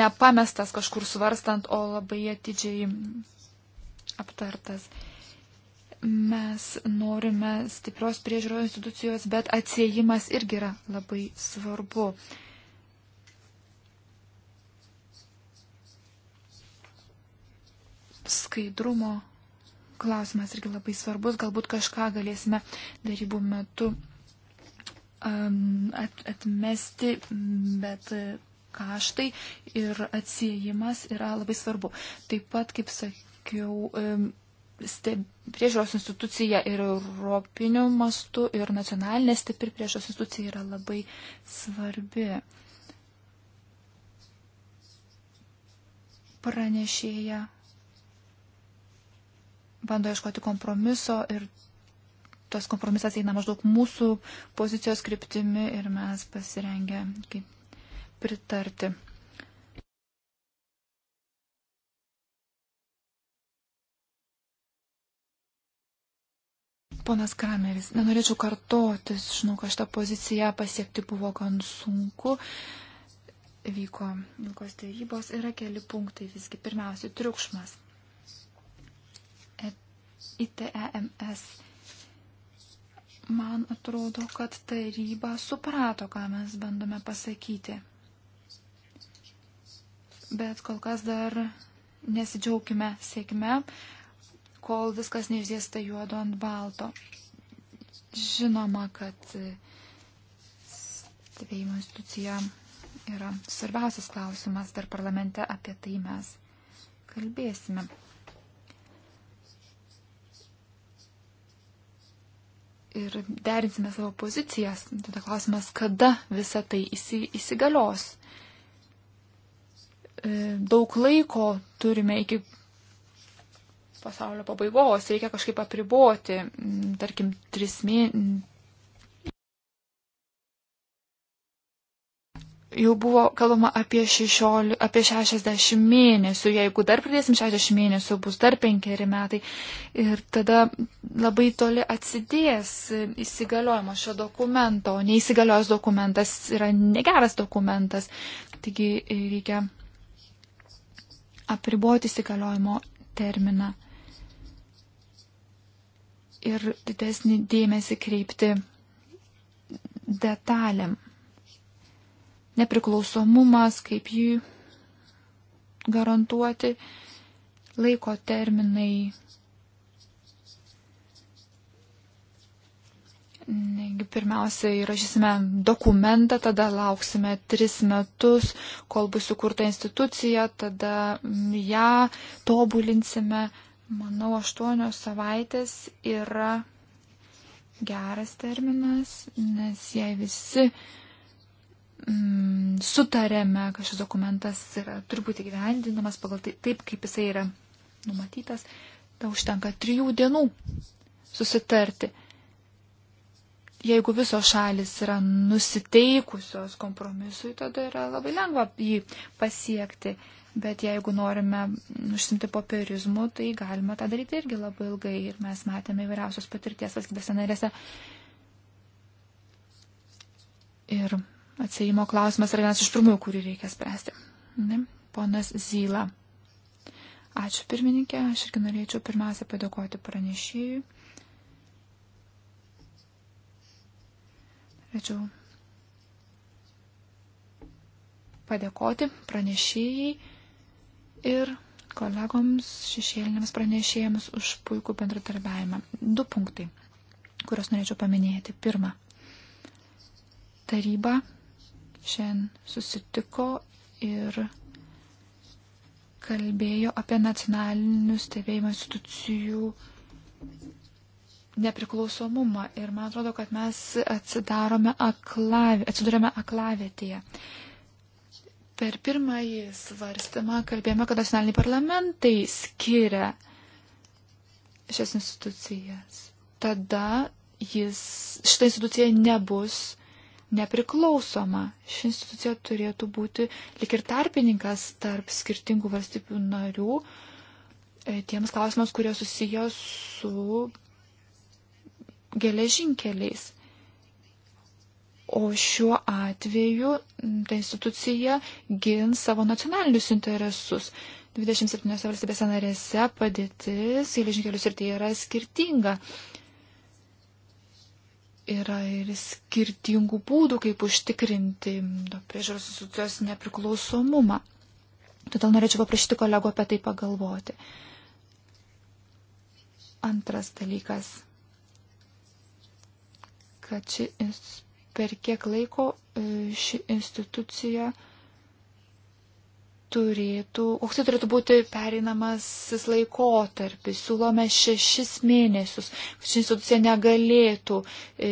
nepamestas kažkur svarstant, o labai atidžiai aptartas. Mes norime stiprios priežiūros institucijos, bet atsiejimas irgi yra labai svarbu. Skaidrumo klausimas irgi labai svarbus, galbūt kažką galėsime darybų metu um, at, atmesti, bet kaštai ir atsiejimas yra labai svarbu. Taip pat, kaip sakiau, um, priežiūros institucija ir europiniu mastu, ir nacionalinė stipri priežiūros institucija yra labai svarbi. Pranešėja bando ieškoti kompromiso ir tas kompromisas eina maždaug mūsų pozicijos kryptimi ir mes pasirengę kaip pritarti. Ponas Krameris, nenorėčiau kartotis, žinau, kad šitą poziciją pasiekti buvo gan sunku. Vyko ilgos dėrybos, yra keli punktai visgi. Pirmiausia, triukšmas. ITEMS. Man atrodo, kad taryba suprato, ką mes bandome pasakyti. Bet kol kas dar nesidžiaukime sėkme, kol viskas neišdėsta juodo ant balto. Žinoma, kad stebėjimo institucija yra svarbiausias klausimas, dar parlamente apie tai mes kalbėsime. Ir derinsime savo pozicijas. Tada klausimas, kada visa tai įsigalios. E, daug laiko turime iki pasaulio pabaigos, reikia kažkaip apriboti, mm, tarkim, tris mėnesius. Jau buvo kalbama apie, 16, apie 60 mėnesių, jeigu dar pridėsim 60 mėnesių, bus dar penkeri metai ir tada labai toli atsidės įsigaliojimo šio dokumento, o neįsigaliojęs dokumentas yra negeras dokumentas, taigi reikia apriboti įsigaliojimo terminą ir didesnį dėmesį kreipti detalėm. Nepriklausomumas, kaip jį garantuoti, laiko terminai. Negi pirmiausia įrašysime dokumentą, tada lauksime tris metus, kol bus sukurta institucija, tada ją tobulinsime, Manau, aštuonios savaitės yra geras terminas, nes jei visi mm, sutarėme, kad šis dokumentas yra turbūt įgyvendinamas pagal tai, taip, kaip jisai yra numatytas, tau užtenka trijų dienų susitarti. Jeigu visos šalis yra nusiteikusios kompromisui, tada yra labai lengva jį pasiekti. Bet jeigu norime užsimti popierizmu, tai galime tą daryti irgi labai ilgai. Ir mes matėme įvairiausios patirties valstybėse narėse. Ir atsėjimo klausimas yra vienas iš pirmųjų, kurį reikia spręsti. Ne? Ponas Zyla. Ačiū pirmininkė, aš irgi norėčiau pirmiausia padėkoti pranešėjui. Norėčiau padėkoti pranešėjai ir kolegoms šešėlinėms pranešėjams už puikų bendratarbiavimą. Du punktai, kuriuos norėčiau paminėti. Pirma, taryba šiandien susitiko ir kalbėjo apie nacionalinių stebėjimo institucijų nepriklausomumą ir man atrodo, kad mes atsidarome aklavi, atsidurėme aklavėtėje. Aklavi Per pirmąjį svarstymą kalbėjome, kad nacionaliniai parlamentai skiria šias institucijas. Tada jis, šita institucija nebus nepriklausoma. Ši institucija turėtų būti lik ir tarpininkas tarp skirtingų valstybių narių e, tiems klausimams, kurie susijęs su geležinkeliais. O šiuo atveju ta institucija gins savo nacionalinius interesus. 27 valstybėse narėse padėtis geležinkelių srityje yra skirtinga. Yra ir skirtingų būdų, kaip užtikrinti priežiūros institucijos nepriklausomumą. Todėl norėčiau paprašyti kolego apie tai pagalvoti. Antras dalykas, kad ši per kiek laiko e, ši institucija turėtų, koks tai turėtų būti pereinamasis laikotarpis. Siūlome šešis mėnesius, kad ši institucija negalėtų e,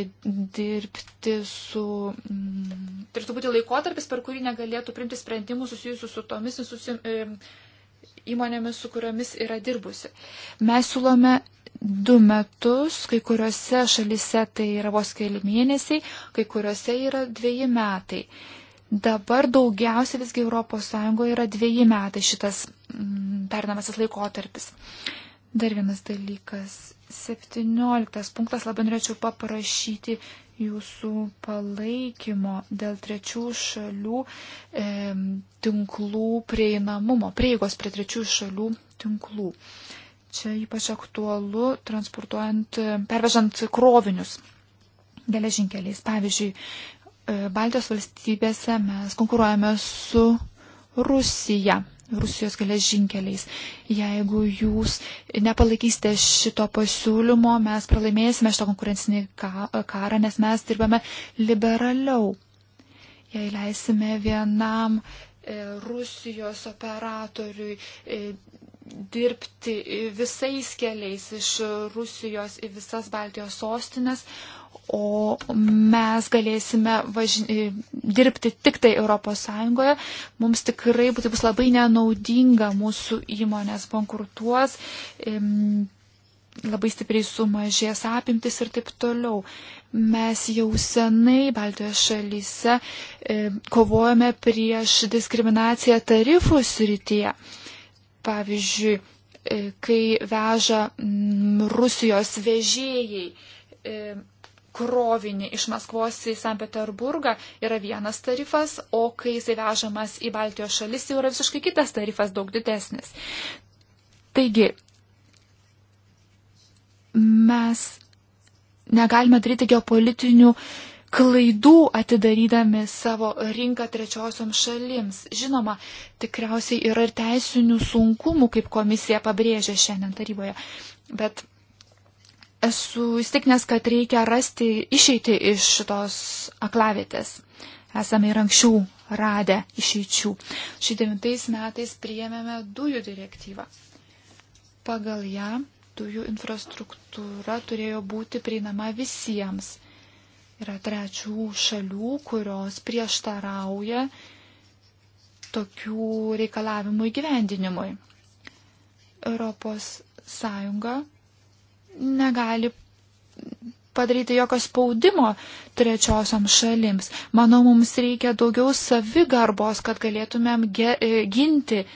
dirbti su. Mm, turėtų būti laikotarpis, per kurį negalėtų primti sprendimų susijusių su tomis institucijomis. E, įmonėmis, su kuriomis yra dirbusi. Mes siūlome du metus, kai kuriuose šalise tai yra vos keli mėnesiai, kai kuriuose yra dviejai metai. Dabar daugiausia visgi ES yra dviejai metai šitas mm, pernamasis laikotarpis. Dar vienas dalykas. 17 punktas labai norėčiau paprašyti jūsų palaikymo dėl trečių šalių e, tinklų prieinamumo, prieigos prie trečių šalių tinklų. E, Čia ypač aktualu transportuojant, pervežant krovinius geležinkeliais. Pavyzdžiui, e, Baltijos valstybėse mes konkuruojame su Rusija, Rusijos geležinkeliais. Jeigu jūs nepalaikysite šito pasiūlymo, mes pralaimėsime šitą konkurencinį karą, nes mes dirbame liberaliau. Jei leisime vienam e, Rusijos operatoriui e, dirbti visais keliais iš Rusijos į visas Baltijos sostinės, o mes galėsime važin... E, dirbti tik tai ES, mums tikrai tai bus labai nenaudinga, mūsų įmonės bankrutuos, labai stipriai sumažės apimtis ir taip toliau. Mes jau senai Baltijos šalyse kovojame prieš diskriminaciją tarifų srityje. Pavyzdžiui, e, kai veža Rusijos vežėjai e, krovinį iš Maskvos į St. Peterburgą yra vienas tarifas, o kai jisai vežamas į Baltijos šalis jau yra visiškai kitas tarifas, daug didesnis. Taigi, mes negalime daryti geopolitinių klaidų atidarydami savo rinką trečiosiom šalims. Žinoma, tikriausiai yra ir teisinių sunkumų, kaip komisija pabrėžė šiandien taryboje. Bet esu įstiknęs, kad reikia rasti išeiti iš šitos aklavietės. Esame ir anksčiau radę išeičių. Šį devintais metais priėmėme dujų direktyvą. Pagal ją dujų infrastruktūra turėjo būti prieinama visiems Yra trečių šalių, kurios prieštarauja tokių reikalavimų įgyvendinimui. Europos Sąjunga negali padaryti jokio spaudimo trečiosiam šalims. Manau, mums reikia daugiau savigarbos, kad galėtumėm ge, e, ginti e,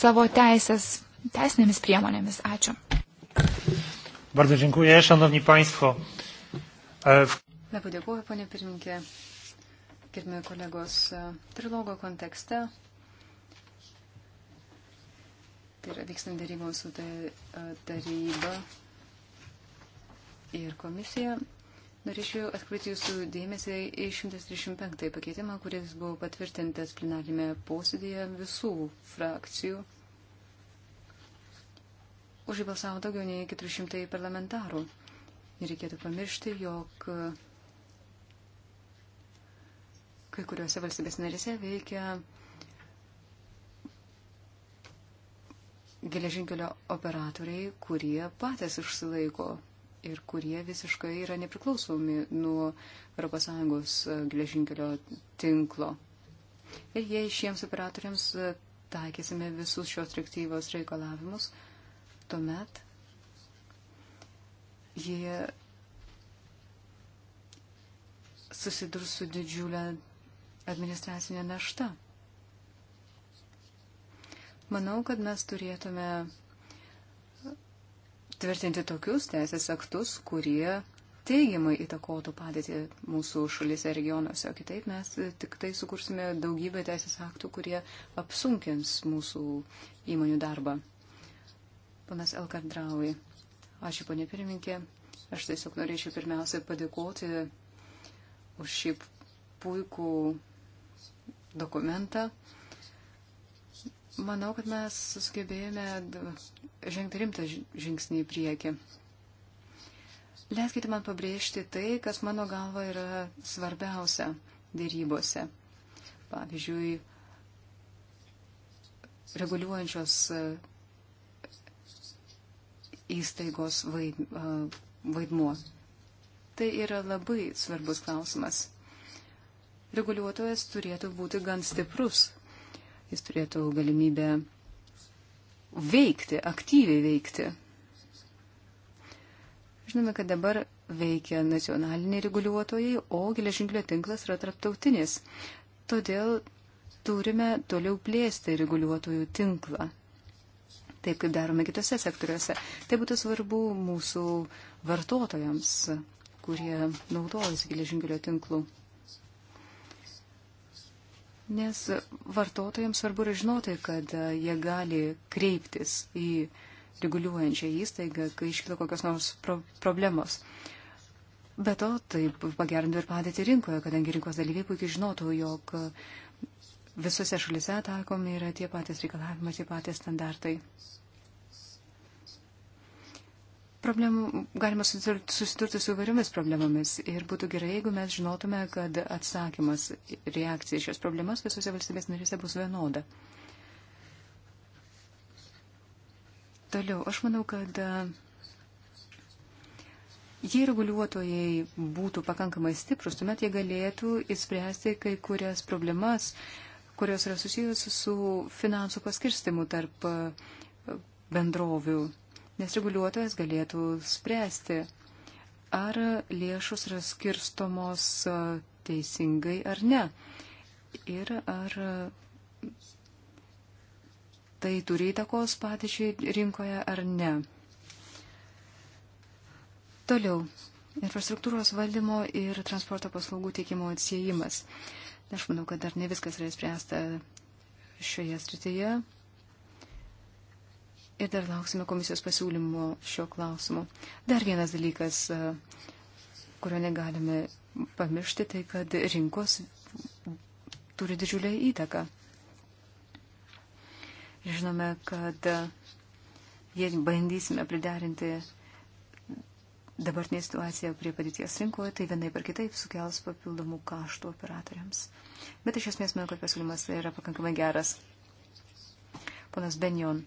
savo teisės teisinėmis priemonėmis. Ačiū. Bardzo dziękuję, szanowni państwo. E, Labai dėkuoju, ponė pirminkė. Kirmi kolegos trilogo kontekste. Tai yra vykstant darybos su taryba ir komisija. Norėčiau atkreipti jūsų dėmesį į 135 pakeitimą, kuris buvo patvirtintas plenarime posėdėje visų frakcijų. Už jį balsavo daugiau nei 400 parlamentarų. Nereikėtų pamiršti, jog kai kuriuose valstybės narėse veikia geležinkelio operatoriai, kurie patys išsilaiko ir kurie visiškai yra nepriklausomi nuo ES geležinkelio tinklo. Ir jei šiems operatoriams taikysime visus šios direktyvos reikalavimus, tuomet jie susidurs su didžiulė administracinė našta. Manau, kad mes turėtume tvirtinti tokius teisės aktus, kurie teigiamai įtakotų padėtį mūsų šalyse regionuose, o kitaip mes tik tai sukursime daugybę teisės aktų, kurie apsunkins mūsų įmonių darbą. Panas Elkardraui, ačiū ponė pirmininkė, aš tiesiog norėčiau pirmiausia padėkoti už šį puikų dokumentą. Manau, kad mes sugebėjome žengti rimtą žingsnį į priekį. Leiskite man pabrėžti tai, kas mano galva yra svarbiausia dėrybose. Pavyzdžiui, reguliuojančios e, įstaigos e, vaidmuo. Tai yra labai svarbus klausimas reguliuotojas turėtų būti gan stiprus. Jis turėtų galimybę veikti, aktyviai veikti. Žinome, kad dabar veikia nacionaliniai reguliuotojai, o geležinkelio tinklas yra tarptautinis. Todėl turime toliau plėsti reguliuotojų tinklą. Taip kaip darome kitose sektoriuose. Tai būtų svarbu mūsų vartotojams, kurie naudojasi geležinkelio tinklų nes vartotojams svarbu yra žinoti, kad e, jie gali kreiptis į reguliuojančią įstaigą, kai iškilo kokios nors pro problemos. Be to, taip pagerintų ir padėti rinkoje, kadangi rinkos dalyviai puikiai žinotų, jog visose šalise taikomi yra tie patys reikalavimai, tie patys standartai problemų, galima susidurti su įvairiomis problemomis ir būtų gerai, jeigu mes žinotume, kad atsakymas reakcija šios problemas visose valstybės narėse bus vienoda. Toliau, aš manau, kad e, jei reguliuotojai būtų pakankamai stiprus, tuomet jie galėtų įspręsti kai kurias problemas, kurios yra susijusios su finansų paskirstimu tarp e, bendrovių nes reguliuotojas galėtų spręsti, ar lėšus yra skirstomos teisingai ar ne. Ir ar tai turi įtakos patyčiai rinkoje ar ne. Toliau. Infrastruktūros valdymo ir transporto paslaugų teikimo atsiejimas. Aš manau, kad dar ne viskas yra spręsta šioje srityje ir dar lauksime komisijos pasiūlymų šio klausimu. Dar vienas dalykas, e, kurio negalime pamiršti, tai kad rinkos turi didžiulę įtaką. Žinome, kad e, jei bandysime priderinti dabartinė situacija prie padėties rinkoje, tai vienai per kitaip sukels papildomų kaštų operatoriams. Bet iš esmės manau, kad pasiūlymas yra pakankamai geras. Ponas Benjon.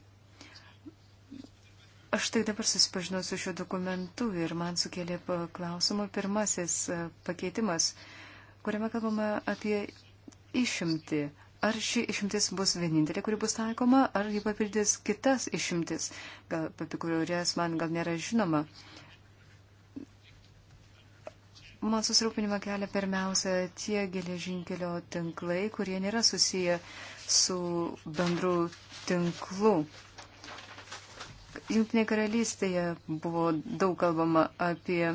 Aš tai dabar susipažinau su šiuo dokumentu ir man sukėlė klausimą pirmasis e, pakeitimas, kuriame kalbama apie išimti. Ar ši išimtis bus vienintelė, kuri bus taikoma, ar ji papildys kitas išimtis, gal, apie kurias man gal nėra žinoma. Man susirūpinimą kelia pirmiausia tie geležinkelio tinklai, kurie nėra susiję su bendru tinklu. Junktinėje karalystėje buvo daug kalbama apie.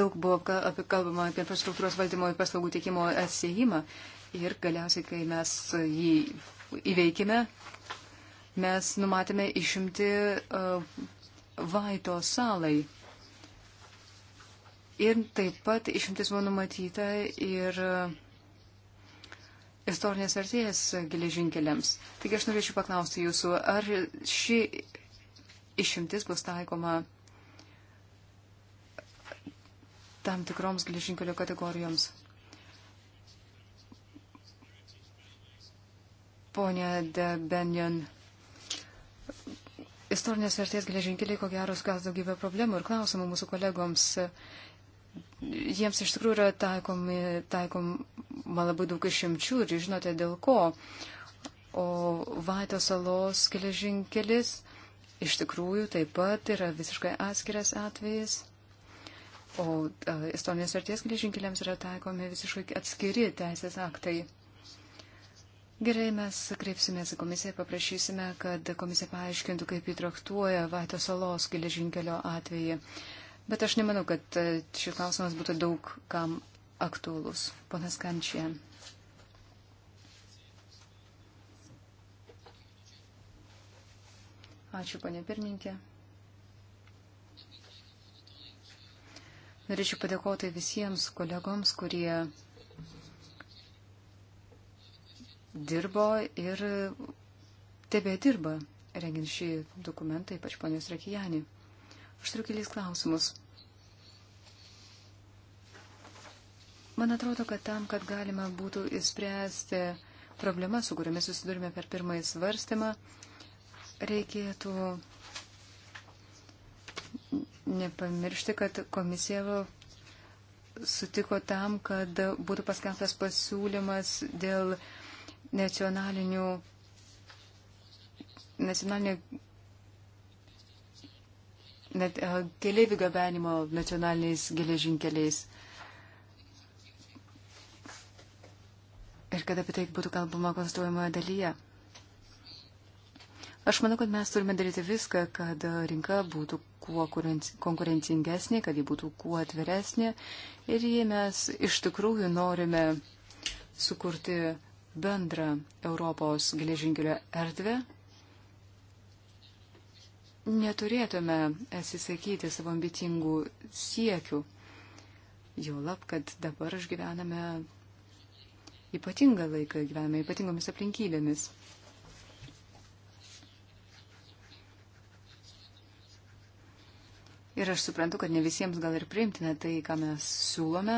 Daug buvo apie kalbama apie infrastruktūros valdymo ir paslaugų teikimo atsijimą. Ir galiausiai, kai mes jį įveikime, mes numatėme išimti uh, Vaito salai. Ir taip pat išimtis buvo numatyta ir. Uh, istorinės artėjas geležinkeliams. Taigi aš norėčiau paklausti jūsų, ar ši išimtis bus taikoma tam tikroms geležinkelio kategorijoms? Pone Benjon, istorinės vertės geležinkeliai ko geros kas daugybę problemų ir klausimų mūsų kolegoms. Jiems iš tikrųjų yra taikomi, taikom, man labai daug išimčių ir žinote dėl ko. O Vaito salos geležinkelis iš tikrųjų taip pat yra visiškai atskiras atvejis. O Estonijos arties geležinkeliams yra taikomi visiškai atskiri teisės aktai. Gerai, mes kreipsimės į komisiją, paprašysime, kad komisija paaiškintų, kaip įtraktuoja Vaito salos geležinkelio atvejį. Bet aš nemanau, kad e, šis klausimas būtų daug kam aktuolus. Ponas Kančia. Ačiū, ponė pirmininkė. Norėčiau padėkoti visiems kolegoms, kurie dirbo ir tebe dirba, rengiant šį dokumentą, ypač ponios Rakijani. Aš turiu kelias klausimus. Man atrodo, kad tam, kad galima būtų įspręsti problemas, su kuriamis susidurime per pirmąjį svarstymą, reikėtų nepamiršti, kad komisija sutiko tam, kad būtų paskelbtas pasiūlymas dėl nacionalinių, nacionalinio net, e, keliaivių gabenimo nacionaliniais geležinkeliais. kad apie tai būtų kalbama konstruojamoje dalyje. Aš manau, kad mes turime daryti viską, kad rinka būtų kuo konkurencingesnė, kad ji būtų kuo atviresnė ir jei mes iš tikrųjų norime sukurti bendrą Europos geležinkelio erdvę, neturėtume atsisakyti savo ambicingų siekių. Jo lab, kad dabar išgyvename ypatingą laiką, gyvename ypatingomis aplinkybėmis. Ir aš suprantu, kad ne visiems gal ir priimtina tai, ką mes siūlome.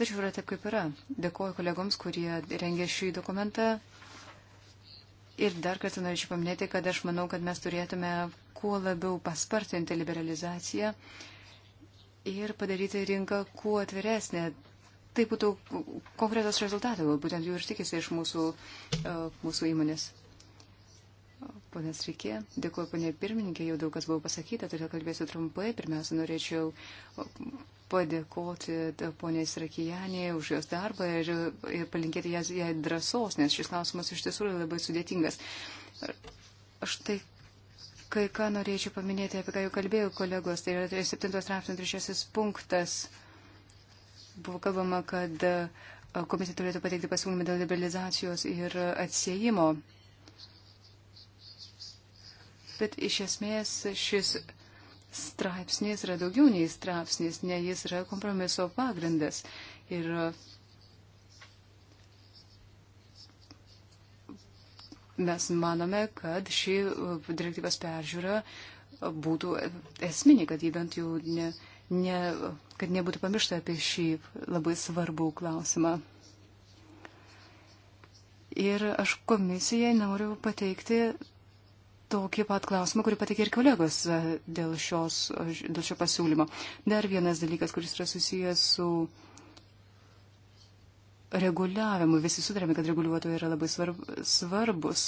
Tačiau yra taip, kaip yra. Dėkuoju kolegoms, kurie rengė šį dokumentą. Ir dar kartą norėčiau paminėti, kad aš manau, kad mes turėtume kuo labiau paspartinti liberalizaciją ir padaryti rinką kuo atviresnė tai būtų konkretas rezultatas, būtent jų ir tikisi iš mūsų, e, mūsų įmonės. E, ponas Rikė, dėkuoju, ponė pirmininkė, jau daug kas buvo pasakyta, todėl kalbėsiu trumpai. Pirmiausia, norėčiau padėkoti e, poniai Srakijanė už jos darbą ir, ir palinkėti jai drąsos, nes šis klausimas iš tiesų labai sudėtingas. Aš tai kai ką norėčiau paminėti, apie ką jau kalbėjau kolegos, tai yra 7 straipsnio 3 punktas buvo kalbama, kad e, komisija turėtų pateikti pasiūlymą dėl liberalizacijos ir atsiejimo. Bet iš esmės šis straipsnis yra daugiau nei straipsnis, ne jis yra kompromiso pagrindas. Ir mes manome, kad ši e, direktyvas peržiūra būtų esminė, kad jį bent jau ne, uh, ne, kad nebūtų pamiršta apie šį labai svarbų klausimą. Ir aš komisijai noriu pateikti tokį pat klausimą, kurį pateikė ir kolegos e, dėl, šios, e, dėl šio pasiūlymo. Dar vienas dalykas, kuris yra susijęs su reguliavimu. Visi sutarėme, kad reguliuotojai yra labai svarb, svarbus.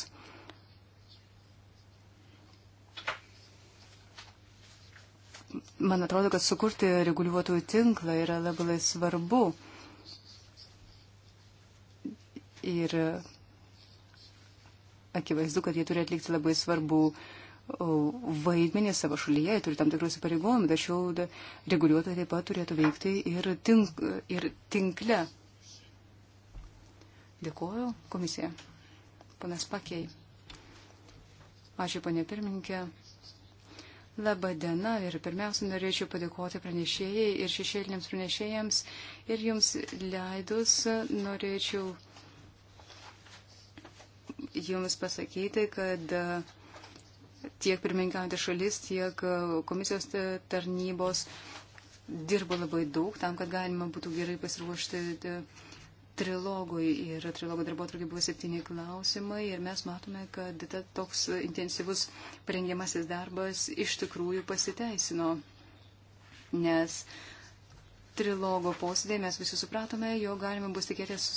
man atrodo, kad sukurti reguliuotojų tinklą yra labai svarbu. Ir akivaizdu, kad jie turi atlikti labai svarbu vaidmenį savo šalyje, turi tam tikrus įpareigojimų, tačiau reguliuotojai taip pat turėtų veikti ir, tink, ir tinkle. Dėkuoju komisija. Panas Pakei. Ačiū, panė pirmininkė. Labą dieną ir pirmiausia norėčiau padėkoti pranešėjai ir šešėliniams pranešėjams ir jums leidus norėčiau jums pasakyti, kad e, tiek pirmininkaujantis šalis, tiek e, komisijos tarnybos dirbo labai daug tam, kad galima būtų gerai pasiruošti e, trilogui ir trilogo darbo atvarkė buvo septyni klausimai ir mes matome, kad ta, toks intensyvus parengiamasis darbas iš tikrųjų pasiteisino, nes trilogo posėdėje mes visi supratome, jo galima bus tikėtis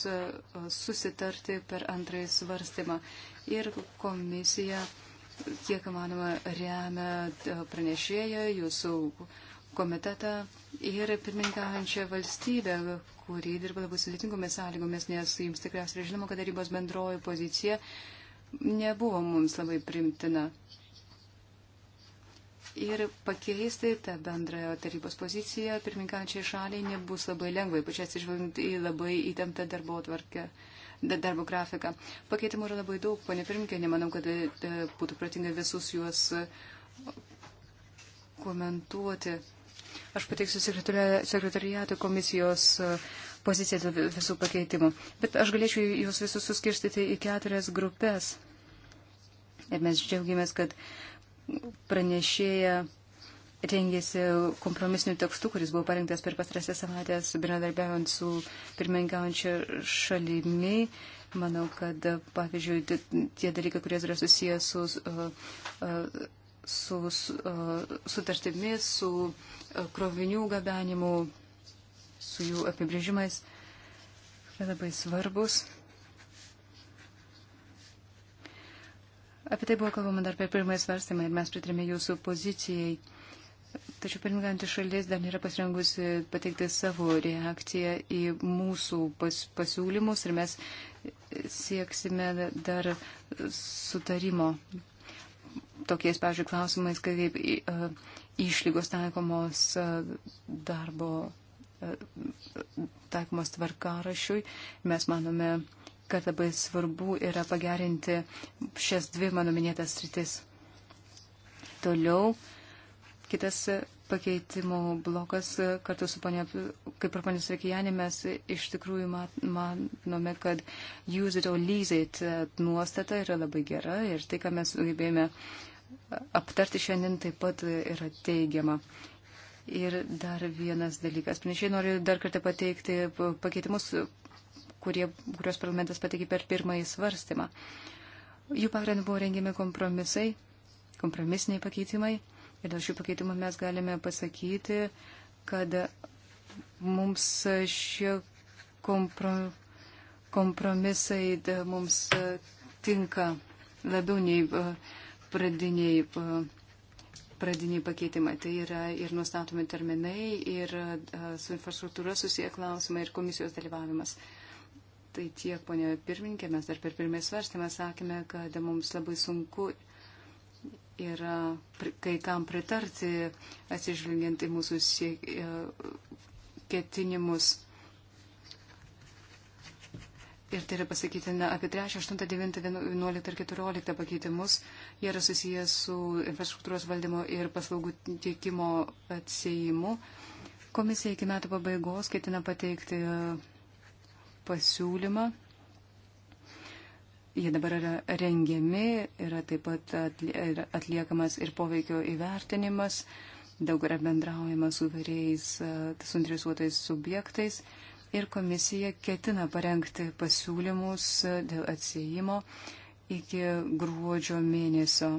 susitarti per antrąjį svarstymą ir komisija kiek manoma remia pranešėją, jūsų uh, komitetą ir pirmininkaujančią valstybę, kuri dirba labai sudėtingomis sąlygomis, nes jums tikriausiai žinoma, kad darybos bendroji pozicija nebuvo mums labai primtina. Ir pakeisti tą bendrąją tarybos poziciją pirmininkančiai šaliai nebus labai lengvai, pačiai atsižvelgiant į labai įtemptą darbo atvarkę, darbo grafiką. Pakeitimų yra labai daug, ponė pirmininkė, nemanau, kad e, būtų pratinga visus juos komentuoti. Aš pateiksiu sekretariatui komisijos e, poziciją dėl visų pakeitimų. Bet aš galėčiau juos visus suskirstyti į keturias grupės. Ir mes džiaugiamės, kad pranešėja rengėsi kompromisinių tekstų, kuris buvo parengtas per pastarąsią savaitę, bendradarbiaujant su pirmininkaujančia šalimi. Manau, kad, pavyzdžiui, tie dalykai, kurie yra susijęs su uh, uh, su, su sutartimis, su krovinių gabenimu, su jų apibrėžimais yra labai svarbus. Apie tai buvo kalbama dar per pirmąjį svarstymą ir mes pritarėme jūsų pozicijai. Tačiau pirmininkantį šalis dar nėra pasirengusi pateikti savo reakciją į mūsų pas, pasiūlymus ir mes sieksime dar sutarimo tokiais, pavyzdžiui, klausimais, kaip e, išlygos taikomos e, darbo, e, taikomos tvarkarašiui. Mes manome, kad labai svarbu yra pagerinti šias dvi mano minėtas rytis. Toliau kitas pakeitimo blokas kartu su ponia, kaip ir ponia Srekijanė, mes iš tikrųjų mat, manome, kad use it or lease it nuostata yra labai gera ir tai, ką mes sugebėjome aptarti šiandien taip pat yra teigiama. Ir dar vienas dalykas. Panašiai noriu dar kartą pateikti pakeitimus, kurie, kurios parlamentas pateikė per pirmąjį svarstymą. Jų pagrindu buvo rengiami kompromisai, kompromisiniai pakeitimai. Ir dėl šių pakeitimų mes galime pasakyti, kad mums šie kompro, kompromisai mums tinka labiau nei uh, pradiniai, pradiniai pakeitimai. Tai yra ir nustatomi terminai, ir su infrastruktūra susiję klausimai, ir komisijos dalyvavimas. Tai tiek, ponė pirmininkė, mes dar per pirmąjį svarstymą sakėme, kad mums labai sunku yra kai kam pritarti, atsižvelgiant į mūsų siek, e, ketinimus Ir tai yra pasakyti na, apie 3, 8, 9, 11 ir 14 pakeitimus. Jie yra susijęs su infrastruktūros valdymo ir paslaugų tiekimo atsėjimu. Komisija iki metų pabaigos ketina pateikti pasiūlymą. Jie dabar yra rengiami, yra taip pat atliekamas ir poveikio įvertinimas, daug yra bendraujama su vairiais suinteresuotais subjektais. Uh, ir komisija ketina parengti pasiūlymus dėl atsijimo iki gruodžio mėnesio.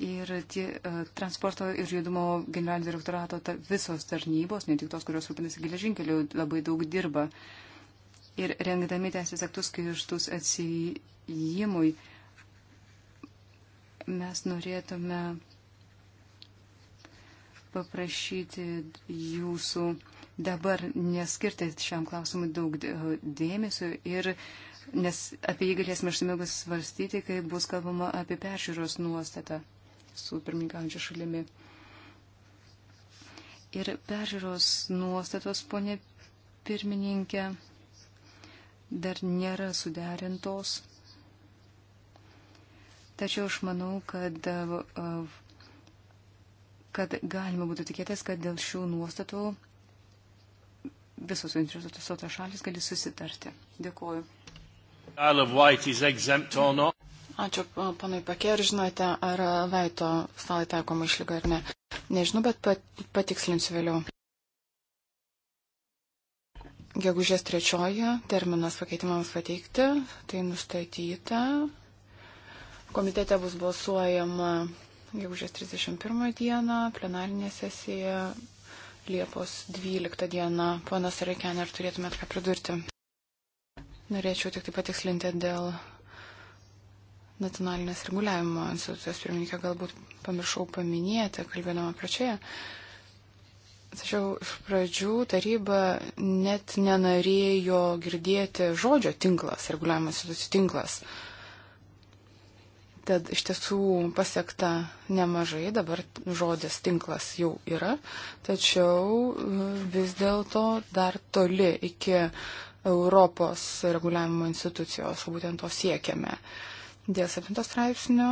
Ir tie, e, transporto ir judumo generalinio direktorato ta, visos tarnybos, ne tik tos, kurios rūpinasi geležinkeliu, labai daug dirba. Ir rengdami teisės aktus skirštus atsijimui, mes norėtume paprašyti jūsų dabar neskirti šiam klausimui daug dėmesio ir nes apie jį galėsime išsamiau svarstyti, kai bus kalbama apie peržiūros nuostatą su pirmininkaujančia šalimi. Ir peržiūros nuostatos, ponė pirmininkė, dar nėra suderintos. Tačiau aš manau, kad kad galima būtų tikėtis, kad dėl šių nuostatų visos suinteresuotos šalis gali susitarti. Dėkuoju. Ačiū, panai Pakė, ar žinote, ar Vaito salai taikoma išlyga ar ne? Nežinau, bet pat, patikslinsiu vėliau. Gegužės trečioji terminas pakeitimams pateikti, tai nustatyta. Komitete bus balsuojama gegužės 31 dieną, plenarinė sesija Liepos 12 dieną. Ponas Reikian, ar turėtumėt ką pridurti? Norėčiau tik taip patikslinti dėl nacionalinės reguliavimo institucijos pirmininkė, galbūt pamiršau paminėti, kalbėdama pradžioje. Tačiau iš pradžių taryba net nenorėjo girdėti žodžio tinklas, reguliavimo institucijų tinklas. Uh, Tad iš tiesų pasiekta nemažai, dabar žodis tinklas jau yra, tačiau e, vis dėlto dar toli iki Europos reguliavimo institucijos, būtent to siekiame. Dėl 7 straipsnio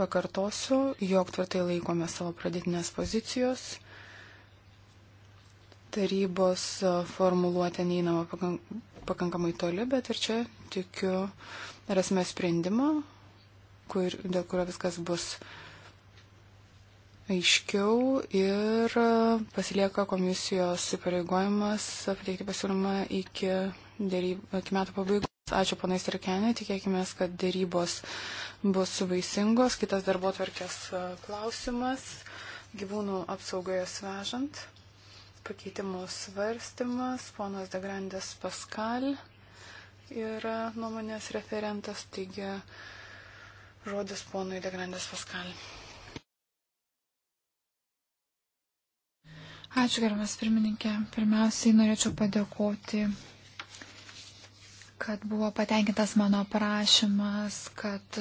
pakartosiu, jog tvirtai laikome savo pradėtinės pozicijos. Tarybos e, formuluotė neįnama pakankamai toli, bet ir čia tikiu rasime sprendimą, kur, dėl kurio viskas bus aiškiau ir e, pasilieka komisijos įpareigojimas pateikti pasiūlymą iki, dėryb, iki metų pabaigos. Ačiū panai Sirkenė, tikėkime, kad dėrybos bus vaisingos. Kitas darbo tvarkės e, klausimas - gyvūnų apsaugoje svežant. Pakeitimų svarstymas, ponas Degrandės Paskal yra nuomonės referentas, taigi Žodis ponui Degrandės Paskal. Ačiū, gerbiamas pirmininkė. Pirmiausiai norėčiau padėkoti kad buvo patenkintas mano prašymas, kad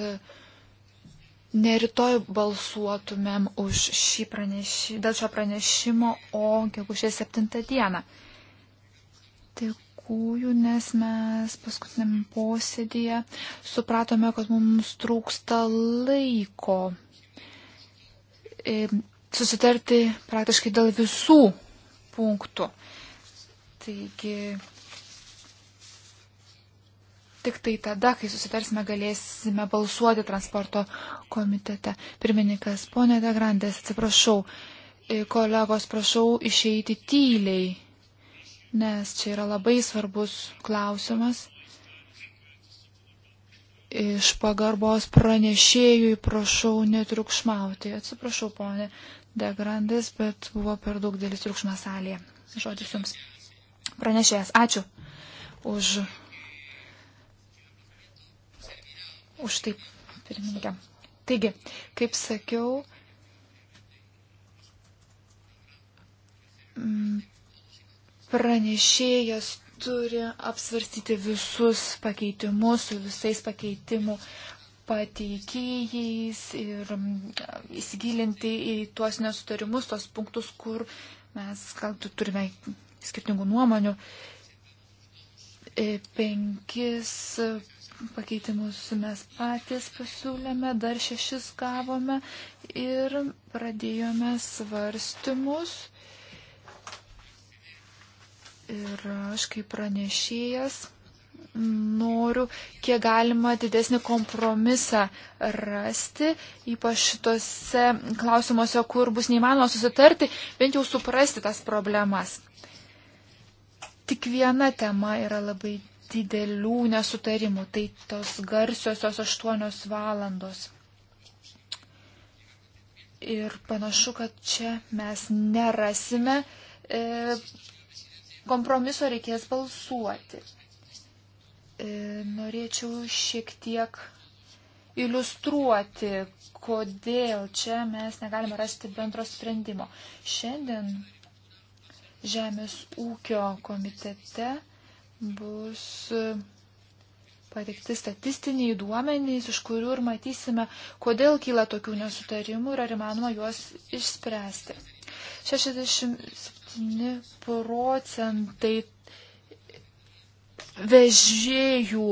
ne rytoj balsuotumėm už šį pranešimą, dėl šio pranešimo, o gegužės 7 dieną. Tik dėkuoju, nes mes paskutiniam posėdėje supratome, kad mums trūksta laiko susitarti praktiškai dėl visų punktų. Taigi, tik tai tada, kai susitarsime, galėsime balsuoti transporto komitete. Pirmininkas, ponė Degrandės, atsiprašau, e, kolegos, prašau išeiti tyliai nes čia yra labai svarbus klausimas. Iš pagarbos pranešėjui prašau netriukšmauti. Atsiprašau, ponė Degrandis, bet buvo per daug dėlis triukšmas salėje. Žodis jums. Pranešėjas, ačiū už, už taip, pirmininkė. Taigi, kaip sakiau, m, pranešėjas turi apsvarstyti visus pakeitimus su visais pakeitimų pateikėjais ir mm, įsigilinti į tuos nesutarimus, tuos punktus, kur mes galbūt turime skirtingų nuomonių. E, penkis pakeitimus mes patys pasiūlėme, dar šešis gavome ir pradėjome svarstymus ir aš kaip pranešėjas noriu kiek galima didesnį kompromisą rasti, ypač šitose klausimuose, kur bus neįmanoma susitarti, bent jau suprasti tas problemas. Tik viena tema yra labai didelių nesutarimų, tai tos garsiosios aštuonios valandos. Ir panašu, kad čia mes nerasime e, kompromiso reikės balsuoti. E, norėčiau šiek tiek iliustruoti, kodėl čia mes negalime rasti bendro sprendimo. Šiandien Žemės ūkio komitete bus pateikti statistiniai duomenys, iš kurių ir matysime, kodėl kyla tokių nesutarimų ir ar įmanoma juos išspręsti. 67 7 procentai vežėjų,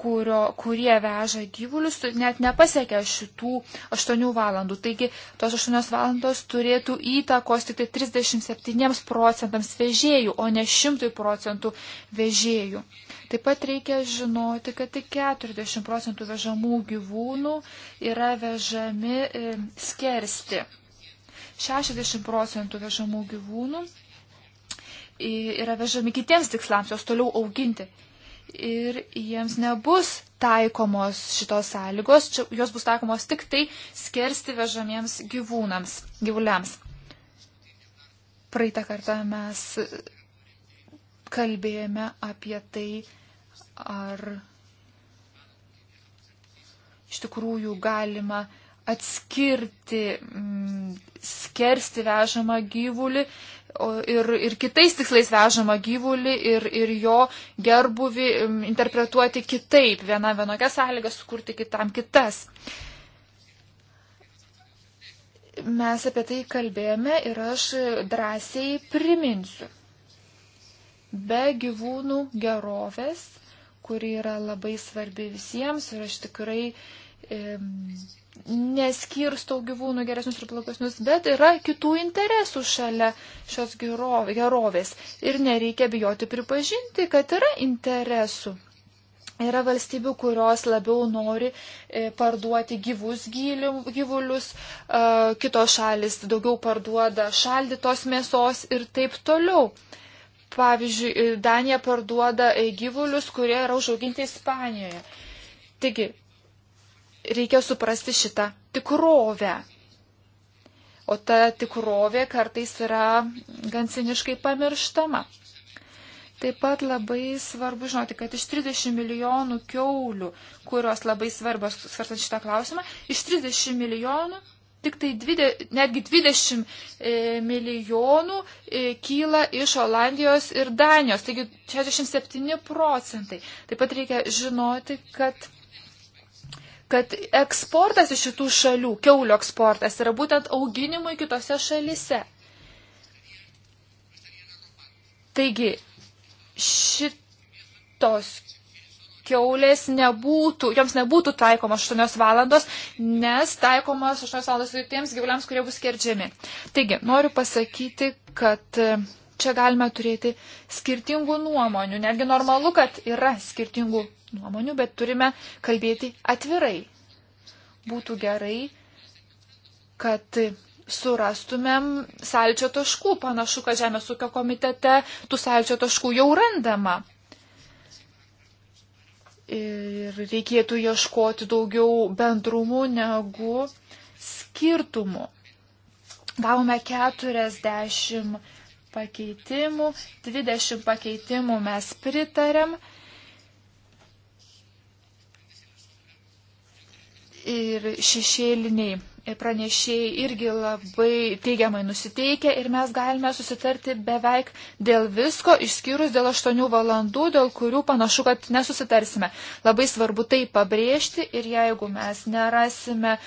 kurio, kurie veža gyvulius, net nepasiekia šitų 8 valandų. Taigi tos 8 valandos turėtų įtakos tik tai 37 procentams vežėjų, o ne 100 procentų vežėjų. Taip pat reikia žinoti, kad tik 40 procentų vežamų gyvūnų yra vežami e, skersti. 60 procentų vežamų gyvūnų yra vežami kitiems tikslams, jos toliau auginti. Ir jiems nebus taikomos šitos sąlygos, čia, jos bus taikomos tik tai skersti vežamiems gyvūnams, gyvuliams. Praeitą kartą mes kalbėjome apie tai, ar iš tikrųjų galima atskirti, mm, skersti vežamą gyvulį ir, ir kitais tikslais vežamą gyvulį ir, ir jo gerbuvi mm, interpretuoti kitaip, viena vienokias sąlygas sukurti kitam kitas. Mes apie tai kalbėjome ir aš drąsiai priminsiu. Be gyvūnų gerovės, kuri yra labai svarbi visiems ir aš tikrai e, mm, neskirstau gyvūnų geresnius ir blogesnius, bet yra kitų interesų šalia šios gerovės. Ir nereikia bijoti pripažinti, kad yra interesų. Yra valstybių, kurios labiau nori e, parduoti gyvus gyvulius, e, kitos šalis daugiau parduoda šaldytos mėsos ir taip toliau. Pavyzdžiui, Danija parduoda e, gyvulius, kurie yra užauginti Ispanijoje. Taigi, reikia suprasti šitą tikrovę. O ta tikrovė kartais yra gan ciniškai pamirštama. Taip pat labai svarbu žinoti, kad iš 30 milijonų keulių, kurios labai svarbios svarstant šitą klausimą, iš 30 milijonų tik tai 20, netgi 20 e, milijonų e, kyla iš Olandijos ir Danijos, taigi 67 procentai. Taip pat reikia žinoti, kad kad eksportas iš šitų šalių, keulio eksportas, yra būtent auginimui kitose šalise. Taigi, šitos keulės nebūtų, joms nebūtų taikoma 8 valandos, nes taikomas 8 valandos ir tiems gyvuliams, kurie bus skerdžiami. Taigi, noriu pasakyti, kad čia galime turėti skirtingų nuomonių. Netgi normalu, kad yra skirtingų nuomonių, bet turime kalbėti atvirai. Būtų gerai, kad surastumėm salčio taškų. Panašu, kad Žemės ūkio komitete tų salčio taškų jau randama. Ir reikėtų ieškoti daugiau bendrumų negu skirtumų. Gavome 40 pakeitimų, 20 pakeitimų mes pritarėm. Ir šešėliniai pranešėjai irgi labai teigiamai nusiteikę ir mes galime susitarti beveik dėl visko, išskyrus dėl 8 valandų, dėl kurių panašu, kad nesusitarsime. Labai svarbu tai pabrėžti ir jeigu mes nerasime e,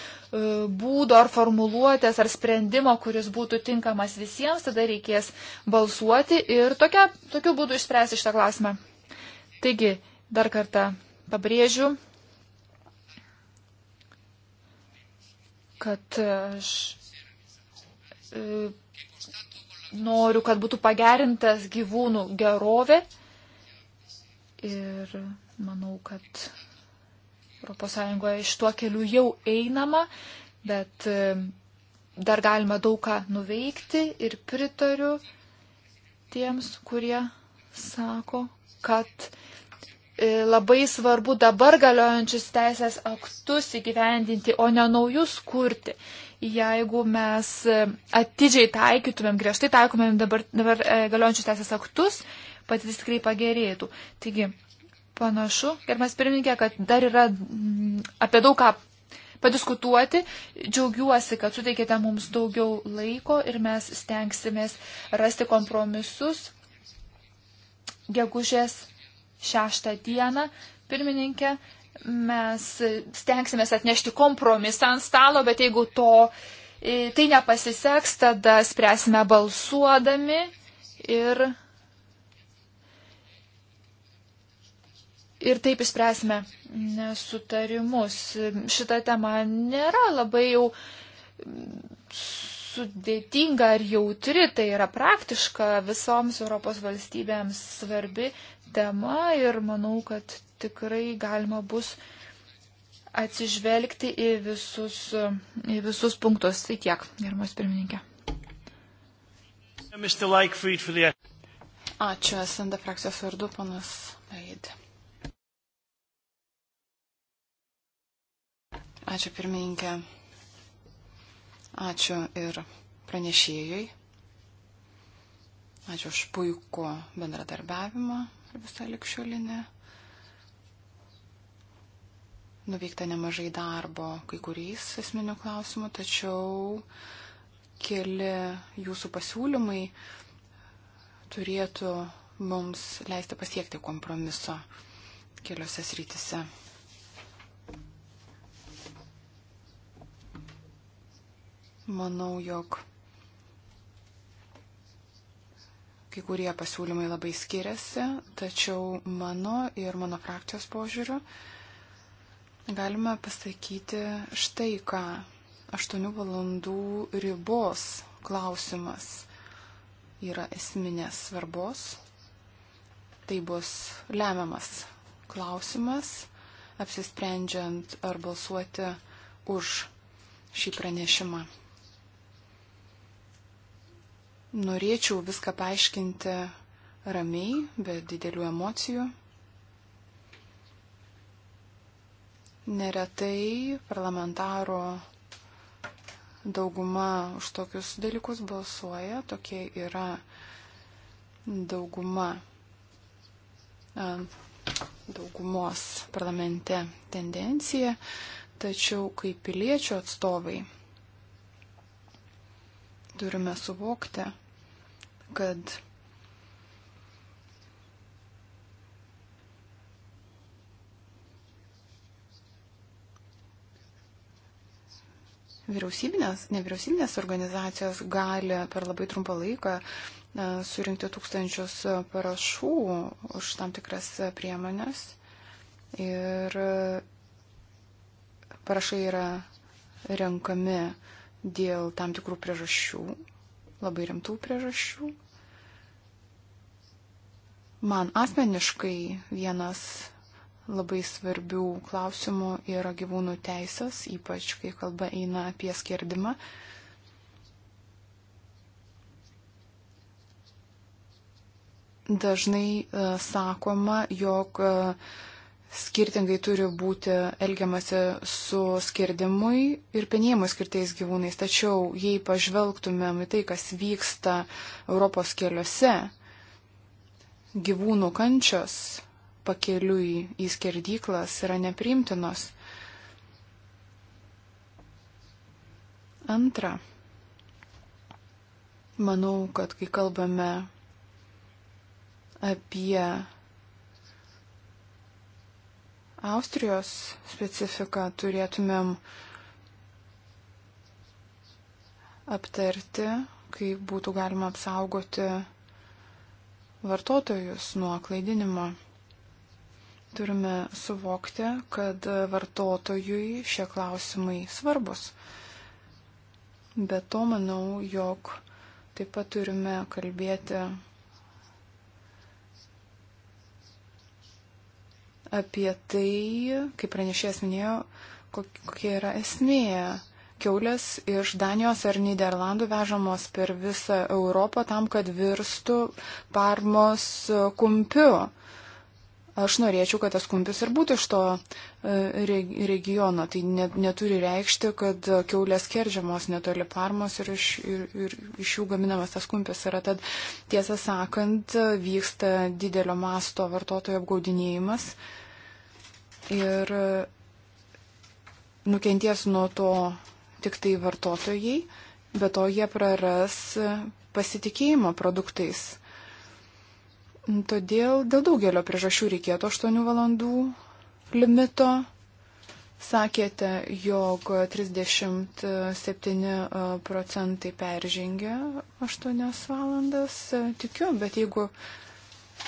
būdo ar formuluotės ar sprendimo, kuris būtų tinkamas visiems, tada reikės balsuoti ir tokia, tokiu būdu išspręsti šitą klausimą. Taigi, dar kartą pabrėžiu kad aš e, noriu, kad būtų pagerintas gyvūnų gerovė. Ir manau, kad ES iš tuo keliu jau einama, bet e, dar galima daug ką nuveikti ir pritariu tiems, kurie sako, kad E, labai svarbu dabar galiojančius teisės aktus įgyvendinti, o ne naujus kurti. Jeigu mes e, atidžiai taikytumėm, griežtai taikomėm dabar, dabar e, galiojančius teisės aktus, patys tikrai pagerėtų. Taigi, panašu, gerbiamas pirmininkė, kad dar yra mm, apie daug ką padiskutuoti. Džiaugiuosi, kad suteikėte mums daugiau laiko ir mes stengsimės rasti kompromisus gegužės 6 dieną. Pirmininkė, mes stengsime atnešti kompromisą ant stalo, bet jeigu to, e, tai nepasiseks, tada spręsime balsuodami ir, ir taip įspręsime nesutarimus. Šita tema nėra labai jau sudėtinga ar jautri, tai yra praktiška visoms Europos valstybėms svarbi tema ir manau, kad tikrai galima bus atsižvelgti į visus, į visus punktus. Tai tiek, gerbiamas pirmininkė. Ačiū, SND frakcijos vardu, panas Aid. Ačiū, pirmininkė. Ačiū ir pranešėjui. Ačiū už puikų bendradarbiavimą ir visą likščiolinę. Nuveikta nemažai darbo kai kuriais esminių klausimų, tačiau keli jūsų pasiūlymai turėtų mums leisti pasiekti kompromiso keliose srityse. Manau, jog kai kurie pasiūlymai labai skiriasi, tačiau mano ir mano frakcijos požiūriu galime pasakyti štai ką. 8 valandų ribos klausimas yra esminės svarbos. Tai bus lemiamas klausimas, apsisprendžiant ar balsuoti už šį pranešimą. Norėčiau viską paaiškinti ramiai, be didelių emocijų. Neretai parlamentaro dauguma už tokius dalykus balsuoja, tokie yra dauguma daugumos parlamente tendencija, tačiau kaip piliečių atstovai turime suvokti, kad vyriausybinės, nevyriausybinės organizacijos gali per labai trumpą laiką surinkti tūkstančius parašų už tam tikras priemonės. Ir parašai yra renkami dėl tam tikrų priežasčių, labai rimtų priežasčių. Man asmeniškai vienas labai svarbių klausimų yra gyvūnų teisės, ypač kai kalba eina apie skirdimą. Dažnai uh, sakoma, jog uh, skirtingai turi būti elgiamasi su skirdimui ir penėjimui skirtais gyvūnais. Tačiau jei pažvelgtumėm į tai, kas vyksta Europos keliuose, gyvūnų kančios pakeliui į skerdyklas yra nepriimtinos. Antra, manau, kad kai kalbame apie Austrijos specifiką turėtumėm aptarti, kaip būtų galima apsaugoti vartotojus nuo klaidinimo. Turime suvokti, kad vartotojui šie klausimai svarbus. Be to manau, jog taip pat turime kalbėti apie tai, kaip pranešėjas minėjo, kokia yra esmė keulės iš Danijos ar Niderlandų vežamos per visą Europą tam, kad virstų parmos kumpiu. Aš norėčiau, kad tas kumpis ir būtų iš to e, regiono. Tai net, neturi reikšti, kad keulės keržiamos netoli parmos ir iš, ir, ir iš jų gaminamas tas kumpis yra. Tad tiesą sakant, vyksta didelio masto vartotojo apgaudinėjimas. Ir nukenties nuo to tik tai vartotojai, bet to jie praras pasitikėjimo produktais. Todėl dėl daugelio priežasčių reikėtų 8 valandų limito. Sakėte, jog 37 e, procentai peržengia 8 valandas. E, tikiu, bet jeigu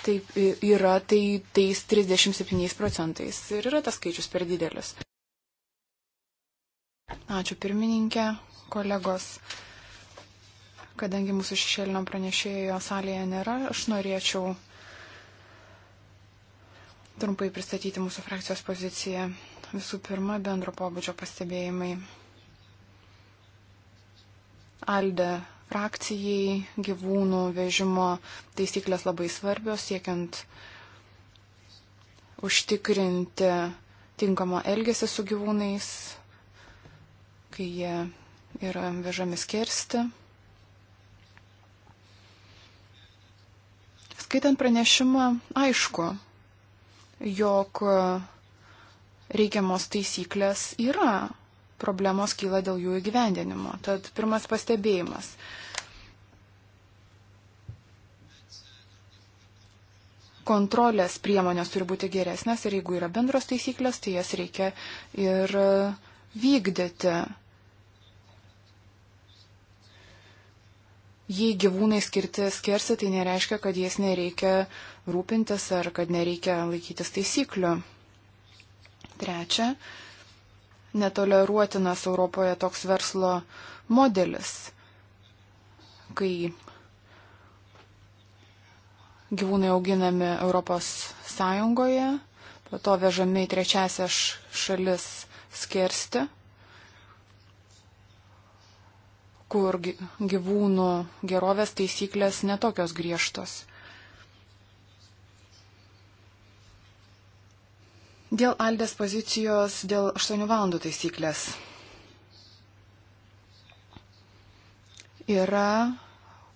taip yra, tai tais 37 procentais ir yra tas skaičius per didelis. Ačiū pirmininkė, kolegos. Kadangi mūsų šešėlinio pranešėjo salėje nėra, aš norėčiau trumpai pristatyti mūsų frakcijos poziciją. Visų pirma, bendro pobūdžio pastebėjimai. Alde frakcijai gyvūnų vežimo taisyklės labai svarbios, siekiant užtikrinti tinkamą elgesį su gyvūnais, kai jie yra vežami skersti. Skaitant pranešimą, aišku, jog reikiamos taisyklės yra, problemos kyla dėl jų įgyvendinimo. Tad pirmas pastebėjimas. Kontrolės priemonės turi būti geresnės ir jeigu yra bendros taisyklės, tai jas reikia ir vykdyti. Jei gyvūnai skirti skersi, tai nereiškia, kad jais nereikia rūpintis ar kad nereikia laikytis taisyklių. Trečia, netoleruotinas Europoje toks verslo modelis, kai gyvūnai auginami Europos Sąjungoje, po to vežami į trečiasias šalis skersti kur gyvūnų gerovės taisyklės netokios griežtos. Dėl Aldės pozicijos, dėl 8 valandų taisyklės yra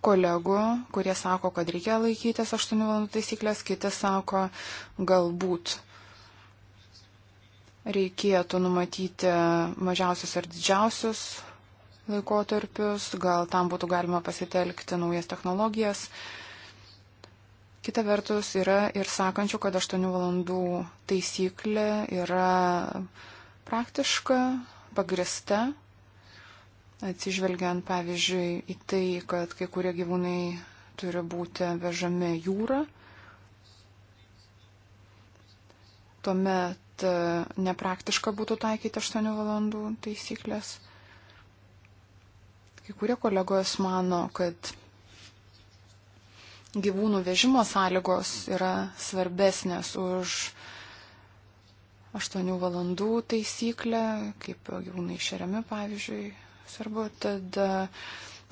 kolegų, kurie sako, kad reikia laikytis 8 valandų taisyklės, kiti sako, galbūt reikėtų numatyti mažiausius ar didžiausius laikotarpius, gal tam būtų galima pasitelkti naujas technologijas. Kita vertus yra ir sakančių, kad 8 valandų taisyklė yra praktiška, pagrista, atsižvelgiant pavyzdžiui į tai, kad kai kurie gyvūnai turi būti vežami jūra. Tuomet e, nepraktiška būtų taikyti 8 valandų taisyklės. Kai kurie kolegos mano, kad gyvūnų vežimo sąlygos yra svarbesnės už 8 valandų taisyklę, kaip gyvūnai išeriami, pavyzdžiui. Svarbu, tad e,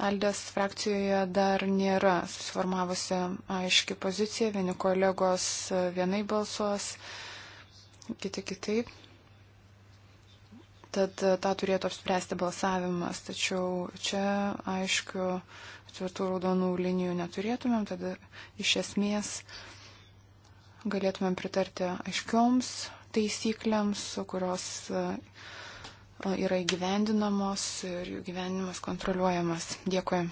Aldės frakcijoje dar nėra susiformavusi aiški pozicija, vieni kolegos e, vienai balsuos, kiti kitaip. Tad e, tą turėtų apspręsti balsavimas. Tačiau čia, aišku, tvirtų raudonų linijų neturėtumėm, tada iš esmės galėtumėm pritarti aiškioms taisyklėms, kurios e, yra įgyvendinamos ir jų gyvenimas kontroliuojamas. Dėkui.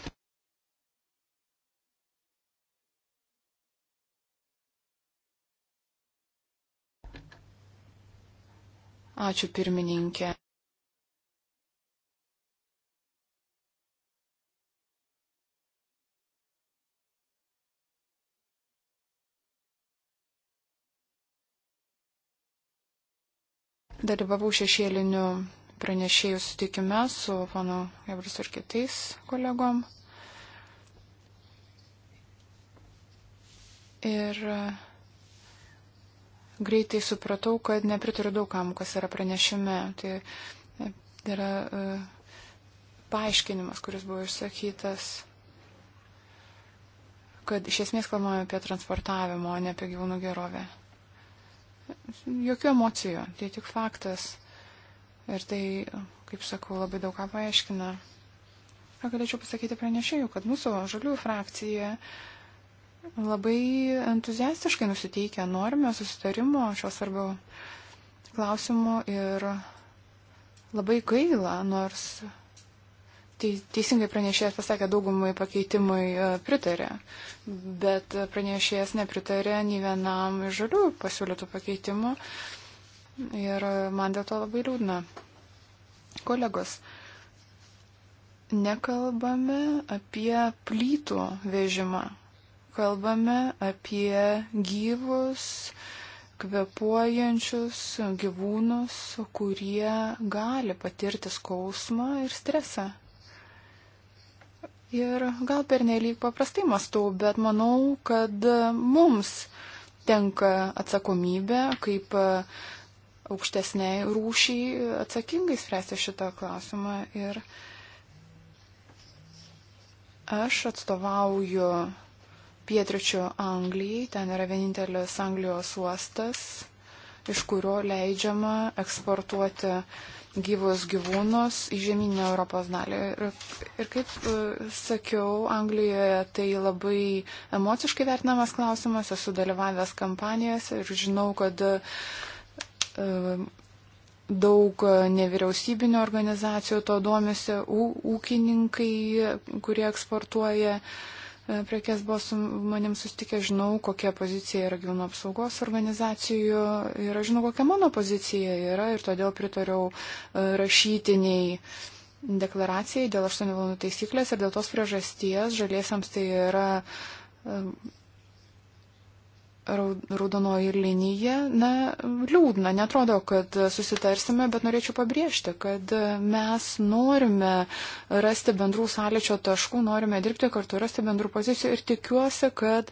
Ačiū pirmininkė. Dalyvavau šešėliniu pranešėjų sutikime su panu Evrus ir kitais kolegom. Ir e, greitai supratau, kad nepritariu daugam, kas yra pranešime. Tai e, yra e, paaiškinimas, kuris buvo išsakytas kad iš esmės kalbame apie transportavimą, o ne apie gyvūnų gerovę jokių emocijų, tai tik faktas. Ir tai, kaip sakau, labai daug ką paaiškina. Ką galėčiau pasakyti pranešėjų, kad mūsų žaliųjų frakcija labai entuziastiškai nusiteikia, norime susitarimo šio svarbiau klausimu ir labai gaila, nors teisingai pranešėjas pasakė, daugumai pakeitimai e, pritarė, bet pranešėjas nepritarė nei vienam iš žalių pasiūlytų pakeitimų ir man dėl to labai liūdna. Kolegos, nekalbame apie plytų vežimą, kalbame apie gyvus, kvepuojančius gyvūnus, kurie gali patirti skausmą ir stresą ir gal pernelyg paprastai mastau, bet manau, kad mums tenka atsakomybė kaip aukštesniai rūšiai atsakingai spręsti šitą klausimą. Ir aš atstovauju pietričio Anglijai, ten yra vienintelis Anglijos uostas, iš kurio leidžiama eksportuoti gyvus gyvūnus į žemynę Europos dalį. Ir, ir kaip e, sakiau, Anglijoje tai labai emociškai vertinamas klausimas, esu dalyvavęs kampanijose ir žinau, kad e, daug nevyriausybinio organizacijų to domisi, ūkininkai, kurie eksportuoja uh, E, prekes buvo su manim sustikę, žinau, kokia pozicija yra gyvūnų apsaugos organizacijų ir žinau, kokia mano pozicija yra ir todėl pritariau e, rašytiniai deklaracijai dėl 8 valandų taisyklės ir dėl tos priežasties žaliesiams tai yra e, raudonoji linija, na, liūdna, netrodo, kad susitarsime, bet norėčiau pabrėžti, kad mes norime rasti bendrų sąlyčio taškų, norime dirbti kartu, rasti bendrų pozicijų ir tikiuosi, kad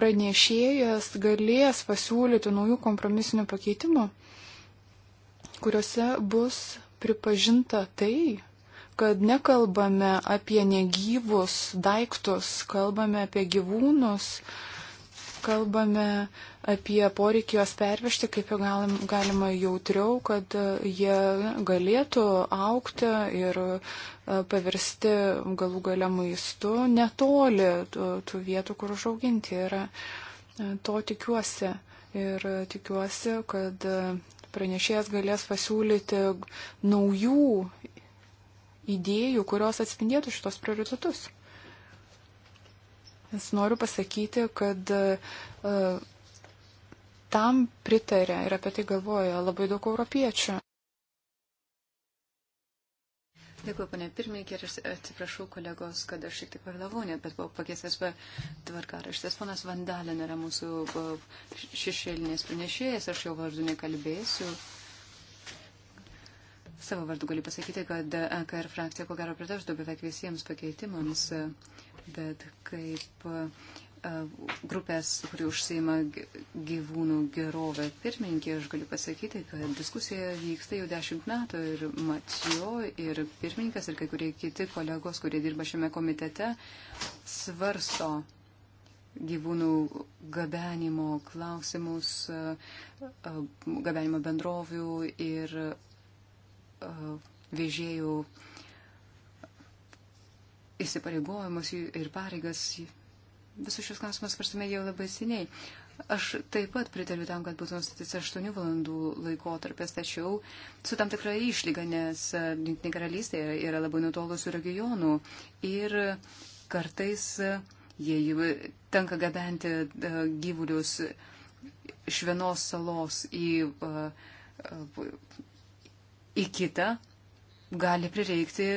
pranešėjas galės pasiūlyti naujų kompromisinių pakeitimų, kuriuose bus pripažinta tai, kad nekalbame apie negyvus daiktus, kalbame apie gyvūnus, uh, kalbame apie poreikį juos pervežti, kaip jau galima jautriau, kad jie galėtų aukti ir e, pavirsti galų gale maistu netoli tų, tų vietų, kur užauginti yra. E, to tikiuosi ir tikiuosi, kad e, pranešėjas galės pasiūlyti naujų idėjų, kurios atspindėtų šitos prioritetus. Nes noriu pasakyti, kad e, tam pritarė ir apie tai galvoja labai daug europiečių. Dėkui, ponė pirmininkė, ir atsiprašau kolegos, kad aš šiek tiek pavėlavau, net bet buvau pakėsęs be tvarkaraštės. Ponas Vandalin yra mūsų e, šešėlinės pranešėjas, aš jo vardu nekalbėsiu. Savo vardu galiu pasakyti, kad AKR e frakcija ko gero pritars beveik visiems pakeitimams. Mm bet kaip e, grupės, kuri užsima gyvūnų gerovę pirmininkė, aš galiu pasakyti, kad diskusija vyksta jau dešimt metų ir Matijo ir pirmininkas ir kai kurie kiti kolegos, kurie dirba šiame komitete, svarsto gyvūnų gabenimo klausimus, e, e, gabenimo bendrovių ir vežėjų įsipareigojimus ir pareigas. Visus šios klausimus svarstume jau labai seniai. Aš taip pat pritariu tam, kad būtų nustatytas 8 valandų laikotarpis, tačiau su tam tikra išlyga, nes e, Junktinė karalystė yra, yra labai nutolusių regionų ir kartais e, jie tenka gabenti e, gyvulius iš vienos salos į, į kitą, gali prireikti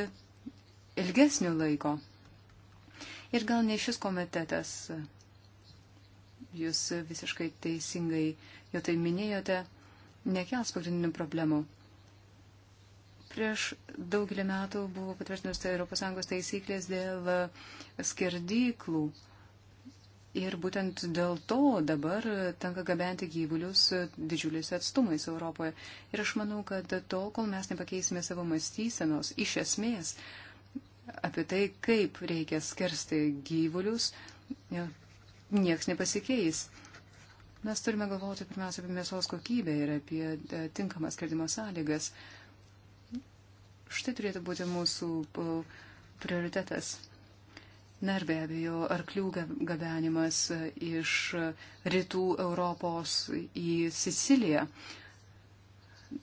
ilgesnio laiko. Ir gal ne šis komitetas, jūs visiškai teisingai jau tai minėjote, nekels pagrindinių problemų. Prieš daugelį metų buvo patvirtinus ES taisyklės dėl e, skerdyklų. Ir būtent dėl to dabar tenka gabenti gyvulius e, didžiuliais atstumais Europoje. Ir aš manau, kad tol, kol mes nepakeisime savo mąstysenos iš esmės, apie tai, kaip reikia skersti gyvulius, nieks nepasikeis. Mes turime galvoti pirmiausia apie mėsos kokybę ir apie e, tinkamas skerdimo sąlygas. Štai turėtų būti mūsų prioritetas. Na ir be abejo, arklių gabenimas e, iš e, rytų Europos į Siciliją.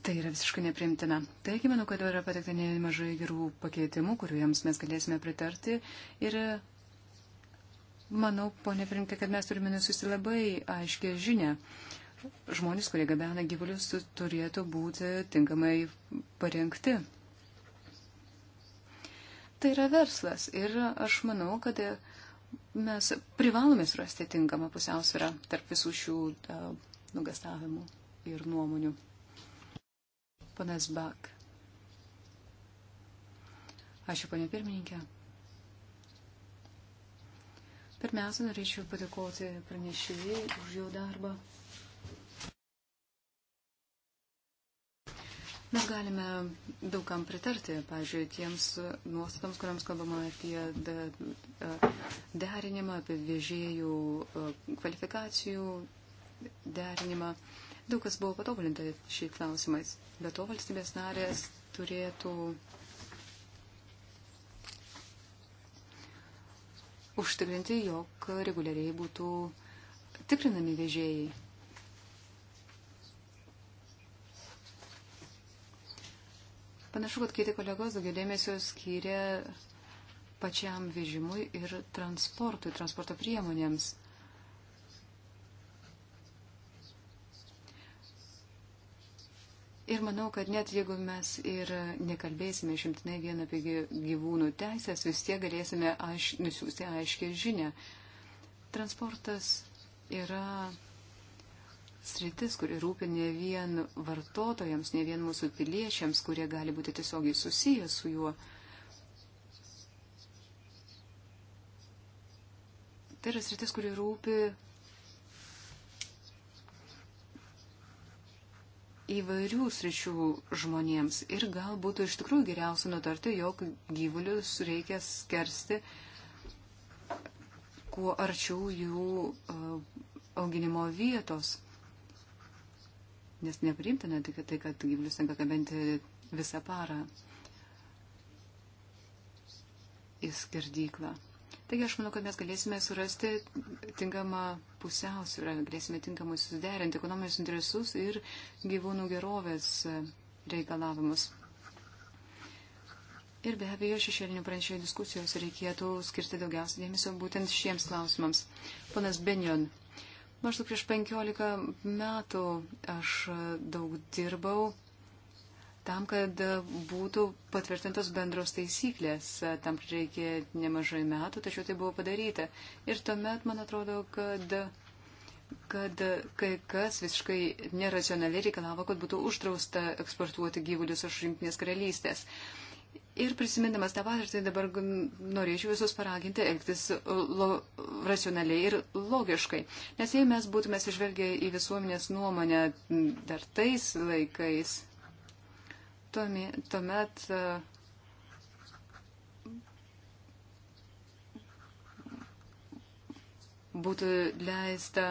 Tai yra visiškai neprimtina. Taigi, manau, kad yra patekta nemažai gerų pakeitimų, kuriuoms mes galėsime pritarti. Ir manau, ponė Primke, kad mes turime nusiųsti labai aiškę žinę. Žmonės, kurie gabena gyvulius, turėtų būti tinkamai parengti. Tai yra verslas ir aš manau, kad mes privalome surasti tinkamą pusiausvyrą tarp visų šių nugastavimų ir nuomonių. Panas Bak. Ačiū, ponė pirmininkė. Pirmiausia, norėčiau padėkoti pranešėjai už jo darbą. Mes galime daugam pritarti, pavyzdžiui, tiems nuostatams, kuriams kalbama apie derinimą, apie vežėjų kvalifikacijų derinimą. Daug kas buvo patobulinta šį klausimais. Be to valstybės narės turėtų užtikrinti, jog reguliariai būtų tikrinami vežėjai. Panašu, kad kiti kolegos daugiau dėmesio skyrė pačiam vežimui ir transportui, transporto priemonėms. Ir manau, kad net jeigu mes ir nekalbėsime šimtinai vien apie gyvūnų teisės, vis tiek galėsime aiš, nusiųsti aiškiai žinę. Transportas yra sritis, kuri rūpi ne vien vartotojams, ne vien mūsų piliečiams, kurie gali būti tiesiogiai susiję su juo. Tai yra sritis, kuri rūpi įvairių sričių žmonėms ir gal būtų iš tikrųjų geriausia nutarti, jog gyvulius reikia skersti kuo arčiau jų e, auginimo vietos. Nes neprimtina tik tai, kad gyvulius tenka kabinti visą parą į skerdyklą. Taigi aš manau, kad mes galėsime surasti tinkamą pusiausvyrą, galėsime tinkamai susiderinti ekonominius interesus ir gyvūnų gerovės reikalavimus. Ir be abejo, šešėlinių pranešėjų diskusijos reikėtų skirti daugiausia dėmesio būtent šiems klausimams. Ponas Benjon, maždaug prieš 15 metų aš daug dirbau Tam, kad būtų patvirtintos bendros taisyklės, tam reikė nemažai metų, tačiau tai buvo padaryta. Ir tuomet, man atrodo, kad, kad kai kas visiškai neracionaliai reikalavo, kad būtų uždrausta eksportuoti gyvulius iš Junktinės karalystės. Ir prisimindamas tą patirtį, dabar norėčiau visus paraginti elgtis lo, racionaliai ir logiškai. Nes jei mes būtume sižvelgę į visuomenės nuomonę dar tais laikais, tuomet e, būtų leista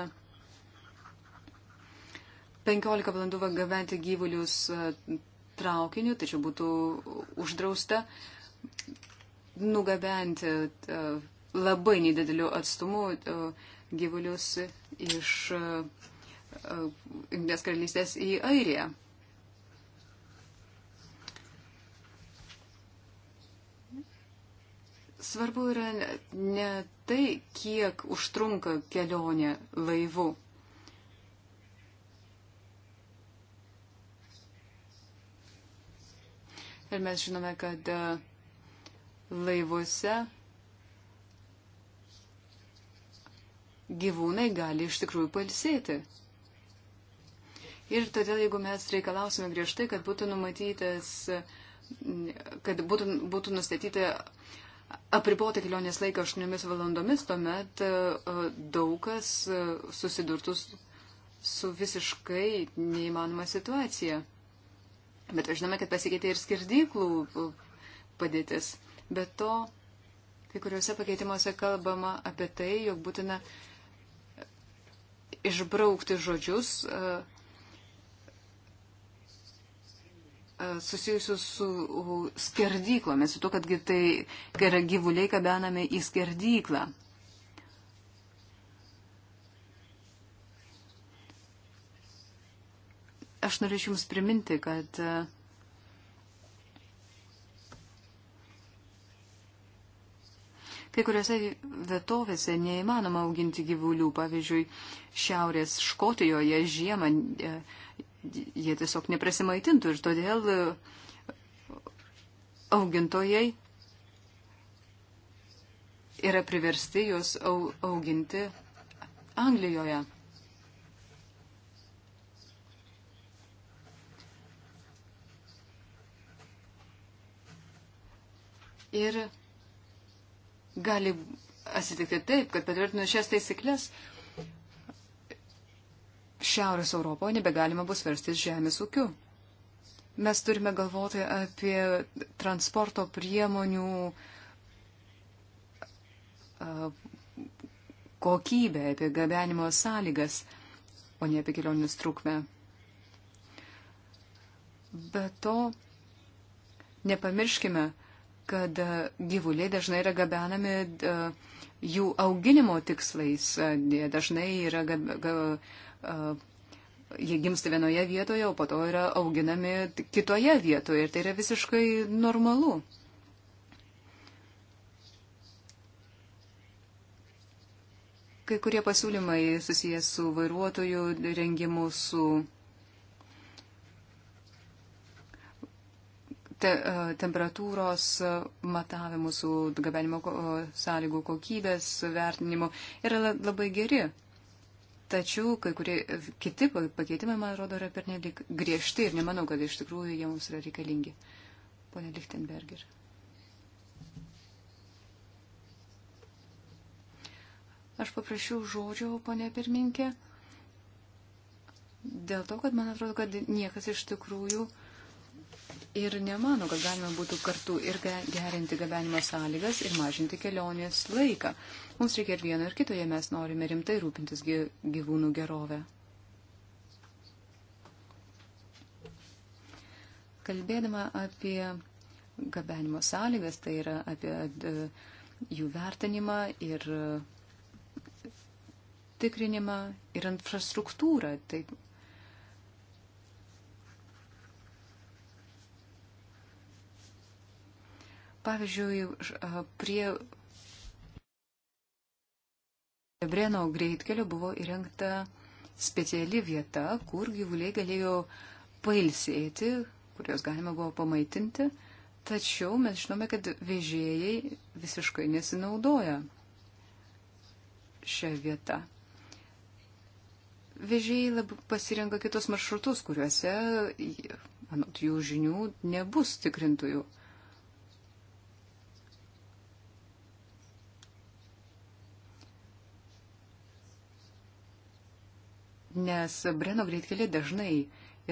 15 valandų gabenti gyvulius e, traukiniu, tačiau būtų uždrausta nugabenti e, labai nedideliu atstumu gyvulius iš Junktinės karalystės į Airiją. svarbu yra ne tai, kiek užtrunka kelionė laivu. Ir mes žinome, kad e, laivuose gyvūnai gali iš tikrųjų palsėti. Ir todėl, jeigu mes reikalausime griežtai, kad būtų numatytas, kad būtų, būtų nustatyta uh, apriboti kelionės laiką 8 valandomis, tuomet e, e, daug kas e, susidurtų su visiškai neįmanoma situacija. Bet žinome, kad pasikeitė ir skirdyklų padėtis. Be to, kai kuriuose pakeitimuose kalbama apie tai, jog būtina išbraukti žodžius uh, E, susijusius su skerdyklomis, su to, kad tai kai yra gyvuliai gabenami į skerdyklą. Aš norėčiau Jums priminti, kad e, kai kuriuose vietovėse neįmanoma auginti gyvulių. Pavyzdžiui, šiaurės Škotijoje žiemą. E, jie tiesiog neprasimaitintų ir todėl e, augintojai yra priversti juos auginti Anglijoje. Ir gali atsitikti taip, kad patvirtinus šias taisyklės, Šiaurės Europoje nebegalima bus verstis žemės ūkiu. Mes turime galvoti apie transporto priemonių kokybę, apie gabenimo sąlygas, o ne apie kelionės trukmę. Be to, nepamirškime, kad gyvuliai dažnai yra gabenami jų auginimo tikslais, jie dažnai yra jie gimsta vienoje vietoje, o po to yra auginami kitoje vietoje ir tai yra visiškai normalu. Kai kurie pasiūlymai susijęs su vairuotojų rengimu, su te, temperatūros matavimu, su gabenimo sąlygų kokybės vertinimu yra labai geri. Tačiau kai kurie kiti pakeitimai, man atrodo, yra pernelik griežti ir nemanau, kad iš tikrųjų jie mums yra reikalingi. Pone Lichtenberger. Aš paprašiau žodžio, ponė pirminkė, dėl to, kad man atrodo, kad niekas iš tikrųjų ir nemano, kad galima būtų kartu ir gerinti gabenimo sąlygas ir mažinti kelionės laiką. Mums reikia ir vieno, ir kito, jei mes norime rimtai rūpintis gyvūnų gerovę. Kalbėdama apie gabenimo sąlygas, tai yra apie e, jų vertinimą ir e, tikrinimą ir infrastruktūrą. Taip. Pavyzdžiui, prie Breno greitkelio buvo įrengta speciali vieta, kur gyvuliai galėjo pailsėti, kurios galima buvo pamaitinti, tačiau mes žinome, kad vežėjai visiškai nesinaudoja šią vietą. Vežėjai lab, pasirenka kitus maršrutus, kuriuose, anot jų žinių, nebus tikrintųjų. nes Breno greitkeliai dažnai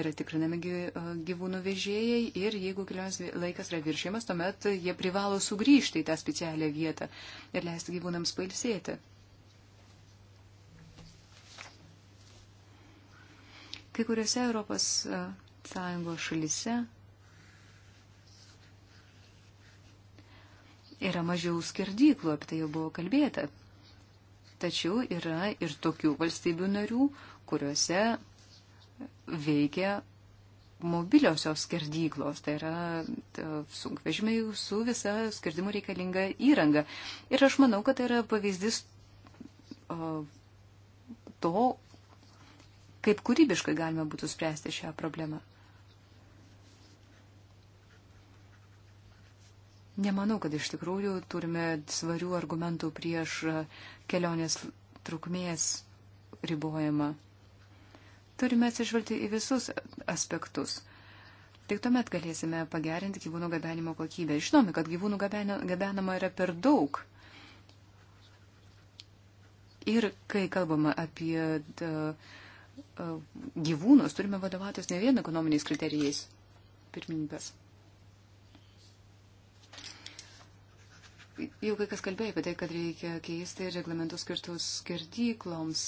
yra tikrinami e, gyvūnų vežėjai ir jeigu kelionės laikas yra viršimas, tuomet jie privalo sugrįžti į tą specialią vietą ir leisti gyvūnams pailsėti. Kai kuriuose Europos e, Sąjungos šalise yra mažiau skerdyklų, apie tai jau buvo kalbėta. Tačiau yra ir tokių valstybių narių, kuriuose veikia mobiliosios skerdyklos, tai yra sunkvežimiai su visa skerdimų reikalinga įranga. Ir aš manau, kad tai yra pavyzdys to, kaip kūrybiškai galima būtų spręsti šią problemą. Nemanau, kad iš tikrųjų turime svarių argumentų prieš e, kelionės trukmės ribojimą. Turime atsižvelgti į visus aspektus. Tik tuomet galėsime pagerinti gyvūnų gabenimo kokybę. Žinome, kad gyvūnų gabenama yra per daug. Ir kai kalbama apie da, e, e, gyvūnus, turime vadovautis ne vien ekonominiais kriterijais pirmininkės. jau kai kas kalbėjo apie tai, kad reikia keisti reglamentus skirtus skerdykloms.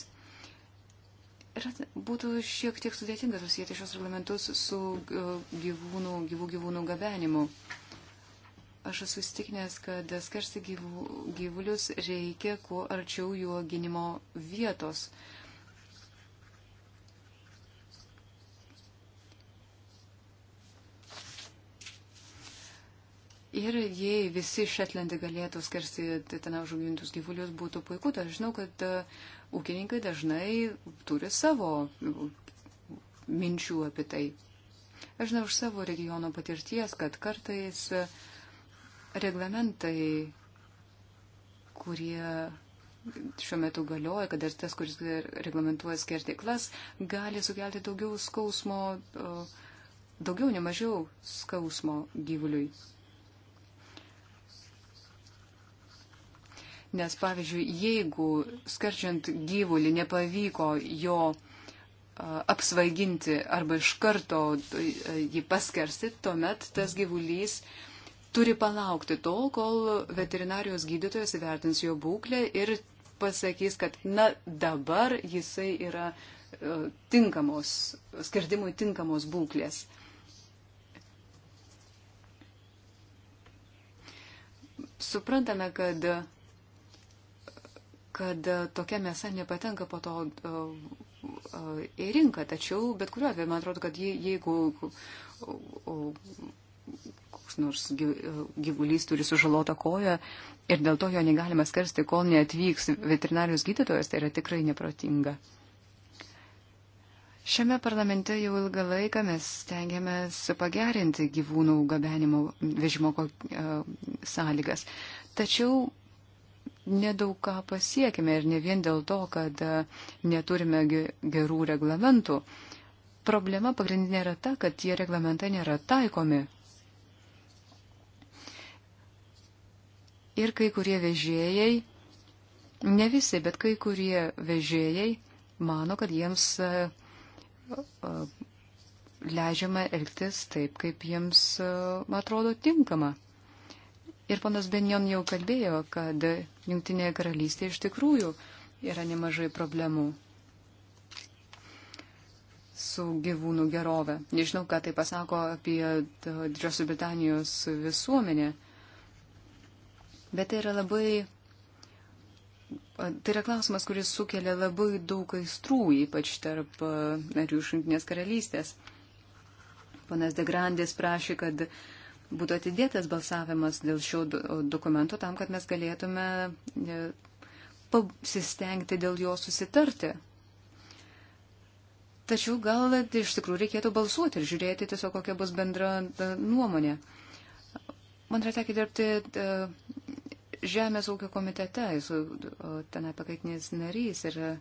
Ir būtų šiek tiek sudėtinga susijęti šios reglamentus su e, gyvūnų, gyvų gyvūnų gabenimu. Aš esu įstikinęs, kad skersti gyvulius reikia kuo arčiau jų gynimo vietos. Uh, Ir jei visi Šetlandai galėtų skersti ten užaugintus gyvulius, būtų puiku. Aš žinau, kad uh, ūkininkai dažnai turi savo uh, minčių apie tai. Aš žinau iš savo regiono patirties, kad kartais uh, reglamentai, kurie šiuo metu galioja, kad ir tas, kuris reglamentuoja skerdiklas, gali sukelti daugiau skausmo, daugiau, nemažiau skausmo gyvuliui. Nes, pavyzdžiui, jeigu skarčiant gyvulį nepavyko jo apsvaiginti arba iš karto jį paskersti, tuomet tas gyvulys turi palaukti tol, kol veterinarijos gydytojas įvertins jo būklę ir pasakys, kad na dabar jisai yra tinkamos, skerdimui tinkamos būklės. Suprantame, kad kad e, tokia mėsa nepatenka po to e, e, į rinką. Tačiau, bet kuriuo atveju, man atrodo, kad jeigu koks nors gyvulys turi sužalotą koją ir dėl to jo negalima skarsti, kol neatvyks veterinarius gydytojas, tai yra tikrai neprotinga. Šiame parlamente jau ilgą laiką mes stengiamės pagerinti gyvūnų gabenimo vežimo sąlygas. Tačiau nedaug ką pasiekime ir ne vien dėl to, kad e, neturime gerų reglamentų. Problema pagrindinė yra ta, kad tie reglamentai nėra taikomi. Ir kai kurie vežėjai, ne visi, bet kai kurie vežėjai mano, kad jiems e, e, leidžiama elgtis taip, kaip jiems atrodo tinkama. Ir ponas Benjon jau kalbėjo, kad Junktinėje karalystėje iš tikrųjų yra nemažai problemų su gyvūnų gerove. Nežinau, ką tai pasako apie Didžiosios Britanijos visuomenę, bet tai yra labai. Tai yra klausimas, kuris sukelia labai daug aistrų, ypač tarp e, narių iš Junktinės karalystės. Panas Degrandės prašė, kad uh, būtų atidėtas balsavimas dėl šio dokumento tam, kad mes galėtume e, pasistengti dėl jo susitarti. Tačiau gal iš tikrųjų reikėtų balsuoti ir žiūrėti tiesiog, kokia bus bendra e, nuomonė. Man yra tekę dirbti e, Žemės ūkio komitete, esu ten apakaitinis narys ir yra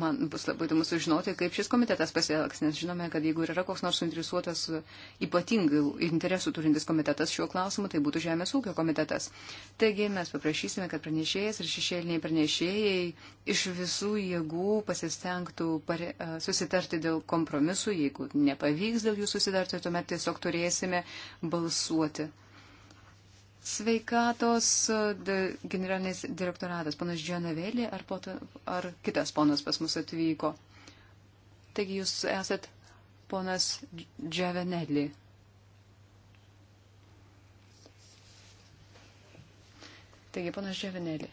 man bus labai įdomu sužinoti, kaip šis komitetas pasielgs, nes žinome, kad jeigu yra koks nors suinteresuotas ypatingai interesų turintis komitetas šiuo klausimu, tai būtų Žemės ūkio komitetas. Taigi mes paprašysime, kad pranešėjas ir šešėliniai pranešėjai iš visų jėgų pasistengtų pare, susitarti dėl kompromisų, jeigu nepavyks dėl jų susitarti, tuomet tiesiog turėsime balsuoti sveikatos generalinis direktoratas, panas Džianavėlė ar, to, ar kitas ponas pas mus atvyko. Taigi jūs esat ponas Džiavenelį. Taigi, panas Džiavenelį.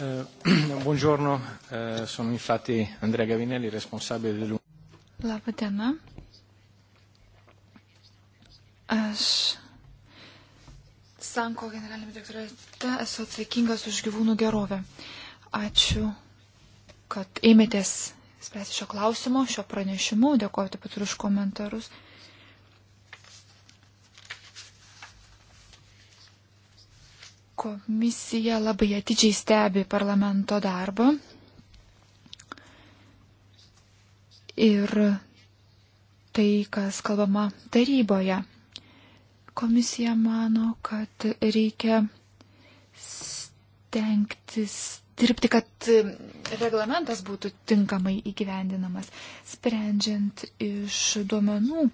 Eh, buongiorno, eh, sono infatti Andrea Gavinelli, responsabile dell'Unione. Labą dieną. Aš Sanko generalinė direktorate esu atsakingas už gyvūnų gerovę. Ačiū, kad ėmėtės spręsti šio klausimo, šio pranešimu. Dėkuoju taip pat ir už komentarus. Uh, Komisija labai atidžiai stebi parlamento darbą. Ir tai, kas kalbama taryboje. Komisija mano, kad reikia stengtis dirbti, kad reglamentas būtų tinkamai įgyvendinamas, sprendžiant iš duomenų,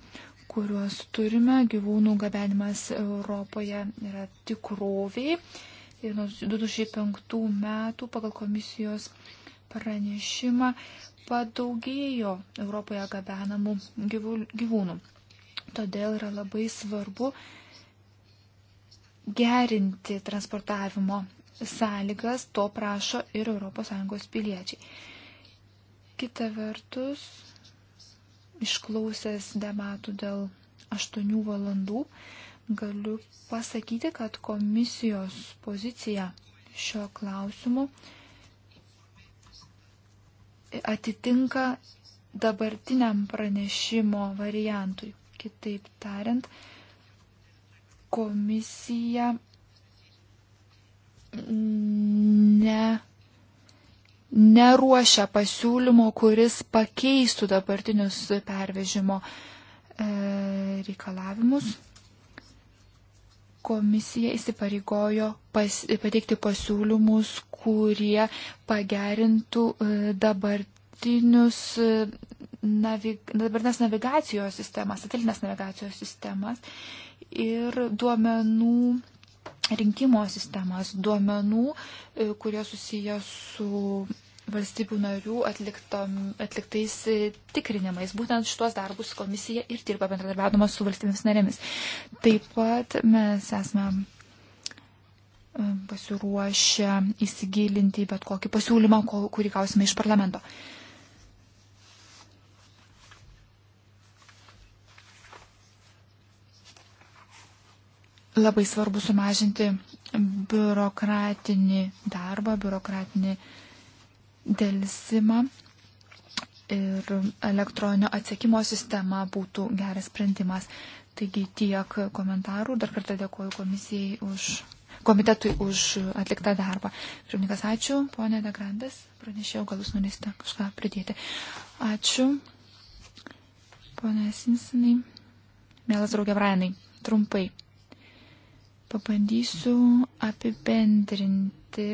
kuriuos turime, gyvūnų gabenimas Europoje yra tikrovė. Ir nuo 2005 metų pagal komisijos pranešimą padaugėjo Europoje gabenamų gyvūnų. Todėl yra labai svarbu gerinti transportavimo sąlygas, to prašo ir ES piliečiai. Kita vertus, išklausęs debatų dėl 8 valandų, galiu pasakyti, kad komisijos pozicija šio klausimu atitinka dabartiniam pranešimo variantui. Kitaip tariant, komisija ne neruošia pasiūlymo, kuris pakeistų dabartinius pervežimo e, reikalavimus. Komisija įsipareigojo pas, pateikti pasiūlymus, kurie pagerintų e, dabartinius e, navig, dabartinės navigacijos sistemas, satelinės navigacijos sistemas ir duomenų rinkimo sistemas, duomenų, kurie susiję su valstybių narių atliktom, atliktais e, tikrinimais. Būtent šitos darbus komisija ir dirba bendradarbiaudama su valstybėmis narėmis. Taip pat mes esame e, pasiruošę įsigilinti į bet kokį pasiūlymą, kurį gausime iš parlamento. Labai svarbu sumažinti biurokratinį darbą, biurokratinį uh, dėlsimą ir elektroninio atsiekimo sistema būtų geras sprendimas. Taigi tiek komentarų. Dar kartą dėkoju komisijai už, komitetui už atliktą darbą. Pirmininkas, ačiū. Pone Degrandas, pranešėjau, gal jūs norėsite kažką pridėti. Ačiū. Pone Sinsinai. Mielas draugė Brianai, trumpai. Pabandysiu apibendrinti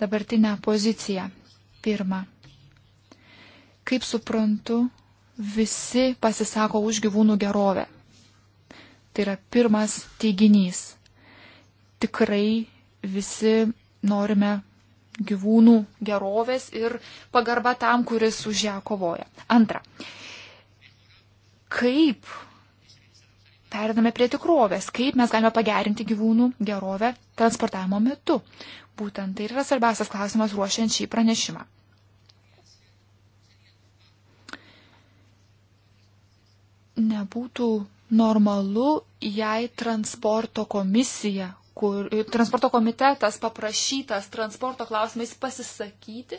dabartinę poziciją Pirma, kaip suprantu, visi pasisako už gyvūnų gerovę. Tai yra pirmas teiginys. Tikrai visi norime gyvūnų gerovės ir pagarba tam, kuris už ją kovoja. Antra, kaip periname prie tikrovės, kaip mes galime pagerinti gyvūnų gerovę transportavimo metu. Būtent tai yra svarbiausias klausimas ruošiant šį pranešimą. Nebūtų normalu, jei transporto komisija, kur transporto komitetas paprašytas transporto klausimais pasisakyti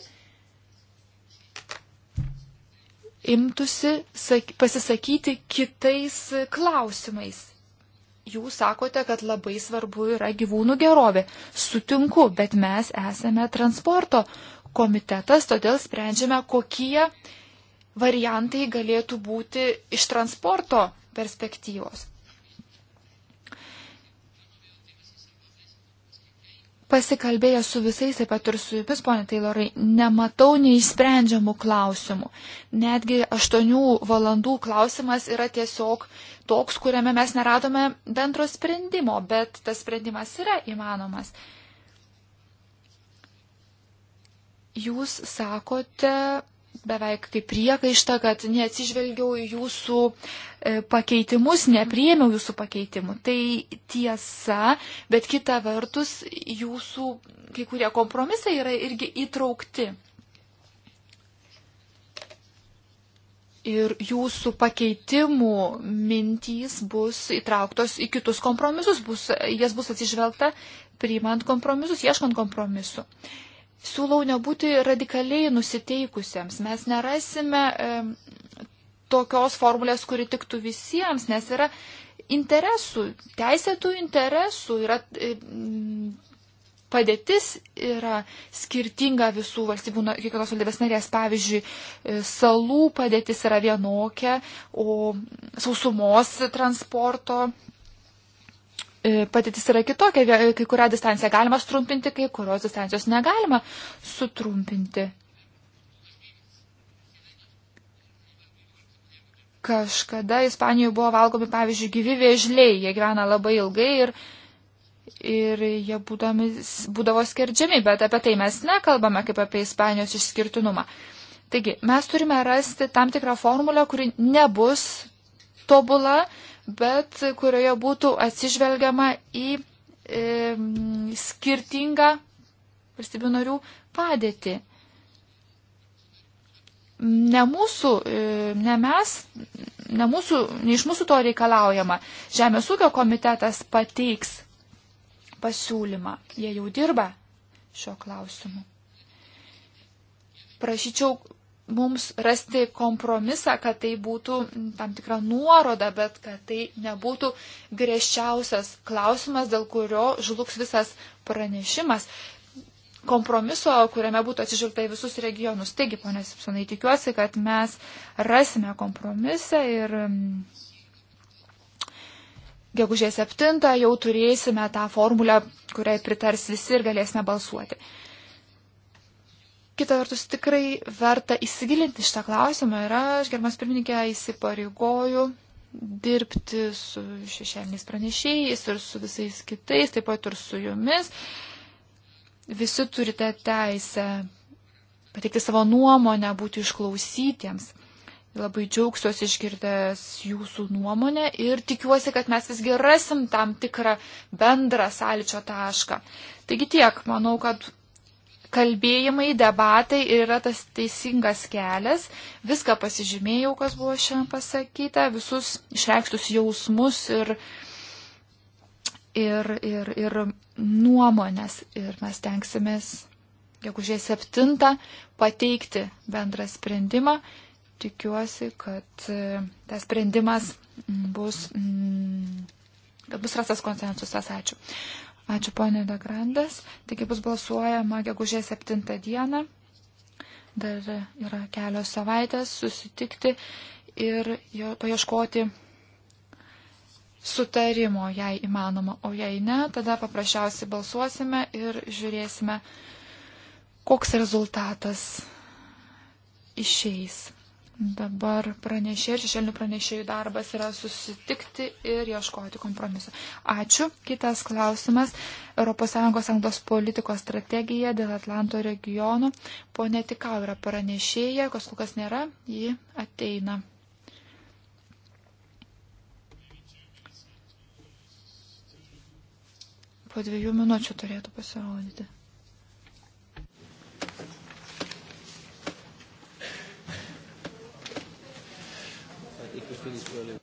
imtųsi pasisakyti kitais klausimais. Jūs sakote, kad labai svarbu yra gyvūnų gerovė. Sutinku, bet mes esame transporto komitetas, todėl sprendžiame, kokie variantai galėtų būti iš transporto perspektyvos. pasikalbėjęs su visais, taip pat ir su jumis, ponė Taylorai, nematau neišsprendžiamų klausimų. Netgi aštuonių valandų klausimas yra tiesiog toks, kuriame mes neradome bendro sprendimo, bet tas sprendimas yra įmanomas. Jūs sakote, beveik kaip priekaištą, kad neatsižvelgiau į jūsų e, pakeitimus, nepriemiau jūsų pakeitimų. Tai tiesa, bet kita vertus, jūsų kai kurie kompromisai yra irgi įtraukti. Ir jūsų pakeitimų mintys bus įtrauktos į kitus kompromisus, bus, jas bus atsižvelgta priimant kompromisus, ieškant kompromisu. Uh, siūlau nebūti radikaliai nusiteikusiems. Mes nerasime e, tokios formulės, kuri tiktų visiems, nes yra interesų, teisėtų interesų, yra e, padėtis yra skirtinga visų valstybių, kiekvienos valdybės narės, pavyzdžiui, e, salų padėtis yra vienokia, o sausumos transporto E, patytis yra kitokia, e, kai kurią distanciją galima trumpinti, kai kurios distancijos negalima sutrumpinti. Kažkada Ispanijoje buvo valgomi, pavyzdžiui, gyvi viežliai, jie gyvena labai ilgai ir, ir jie būdami, būdavo skerdžiami, bet apie tai mes nekalbame kaip apie Ispanijos išskirtinumą. Taigi, mes turime rasti tam tikrą formulę, kuri nebus tobula, bet kurioje būtų atsižvelgiama į e, skirtingą valstybių narių padėtį ne mūsų, ne mes, ne, mūsų, ne iš mūsų to reikalaujama. Žemės ūkio komitetas pateiks pasiūlymą. Jie jau dirba šio klausimu. Prašyčiau mums rasti kompromisą, kad tai būtų tam tikra nuoroda, bet kad tai nebūtų griežčiausias klausimas, dėl kurio žlugs visas pranešimas. Kompromiso, kuriame būtų atsižvelgta į visus regionus. Taigi, ponė Sipsonai, tikiuosi, kad mes rasime kompromisą ir mm, gegužės 7 jau turėsime tą formulę, kuriai pritars visi ir galėsime balsuoti. Kita vertus, tikrai verta įsigilinti šitą klausimą ir aš, germas pirmininkė, įsipareigoju dirbti su šešėliniais pranešėjais ir su visais kitais, taip pat ir su jumis. Visi turite teisę pateikti savo nuomonę, būti išklausytiems. Labai džiaugsiuosi išgirdęs jūsų nuomonę ir tikiuosi, kad mes visgi rasim tam tikrą bendrą sąlyčio tašką. Taigi tiek, manau, kad kalbėjimai, debatai yra tas teisingas kelias. Viską pasižymėjau, kas buvo šiandien pasakyta, visus išreikštus jausmus ir, ir, ir, ir nuomonės. Ir mes tenksimės, jeigu žiai septintą, pateikti bendrą sprendimą. Tikiuosi, kad e, tas sprendimas bus, mm, kad bus rastas konsensusas. Ačiū. Ačiū ponė Dagrandas. Taigi bus balsuojama gegužės 7 dieną. Dar yra kelios savaitės susitikti ir jo, paieškoti sutarimo, jei įmanoma, o jei ne, tada paprasčiausiai balsuosime ir žiūrėsime, koks rezultatas išeis. Dabar pranešė ir šešėlinių pranešėjų darbas yra susitikti ir ieškoti kompromiso. Ačiū. Kitas klausimas. ES anglos politikos strategija dėl Atlanto regionų. Pone Tikau yra pranešėja, kas kol kas nėra, ji ateina. Po dviejų minučių turėtų pasirodyti. הישראלית.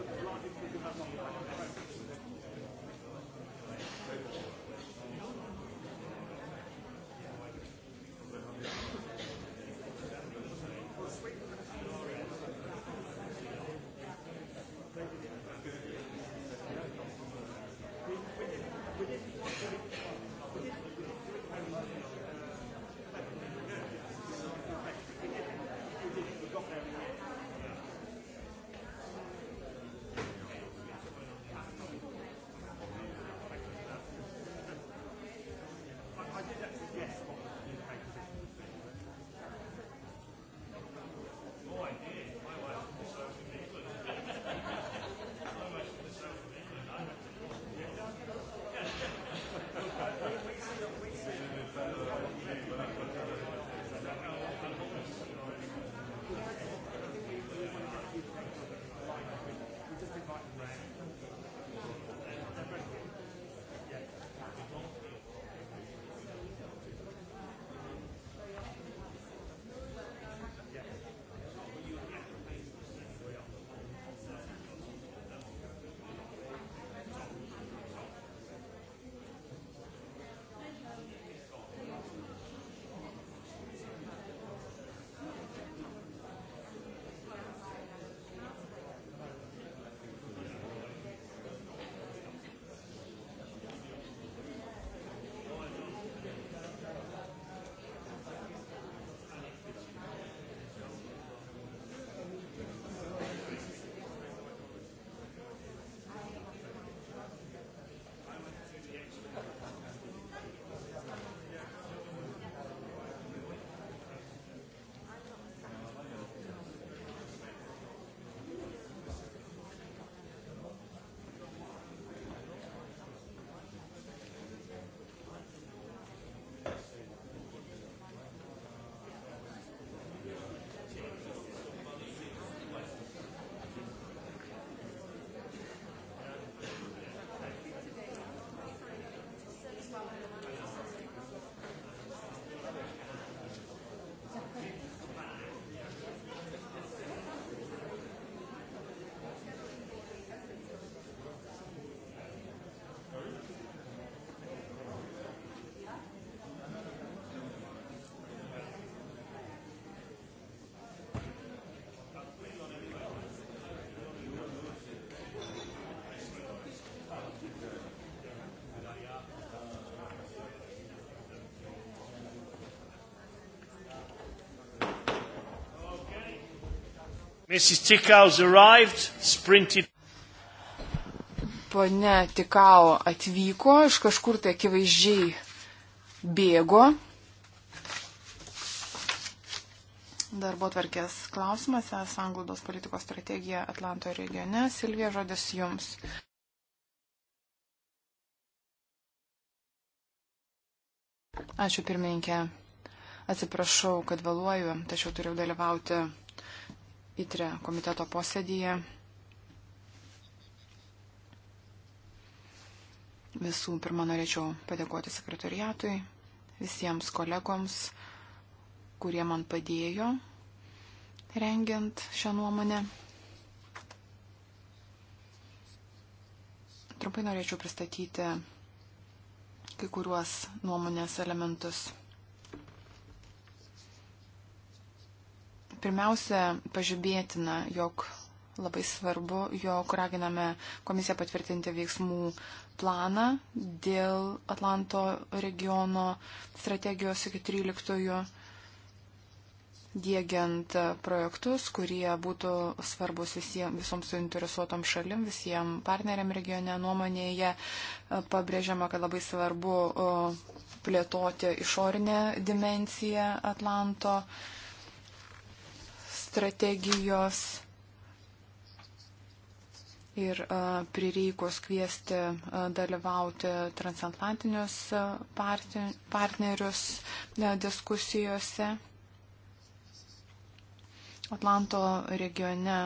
Mrs. Tikau's arrived, sprinted. Pone Tikau atvyko, iš kažkur tai akivaizdžiai bėgo. Darbo tvarkės klausimas, es anglaudos politikos strategija Atlanto regione. Silvija, žodis jums. Ačiū pirmininkė. Atsiprašau, kad vėluoju, tačiau turėjau dalyvauti įtre komiteto posėdėje visų pirma norėčiau padėkoti sekretariatui, visiems kolegoms, kurie man padėjo rengiant šią nuomonę. Trumpai norėčiau pristatyti kai kuriuos nuomonės elementus. Pirmiausia, pažymėtina, jog labai svarbu, jog raginame komisiją patvirtinti veiksmų planą dėl Atlanto regiono strategijos iki 13-ojo, dėgiant projektus, kurie būtų svarbus visiems, visoms suinteresuotom šalim, visiems partneriam regione nuomonėje. E, pabrėžiama, kad labai svarbu plėtoti išorinę dimenciją Atlanto regione strategijos ir prireikus kviesti dalyvauti transatlantinius partnerius diskusijose. Atlanto regione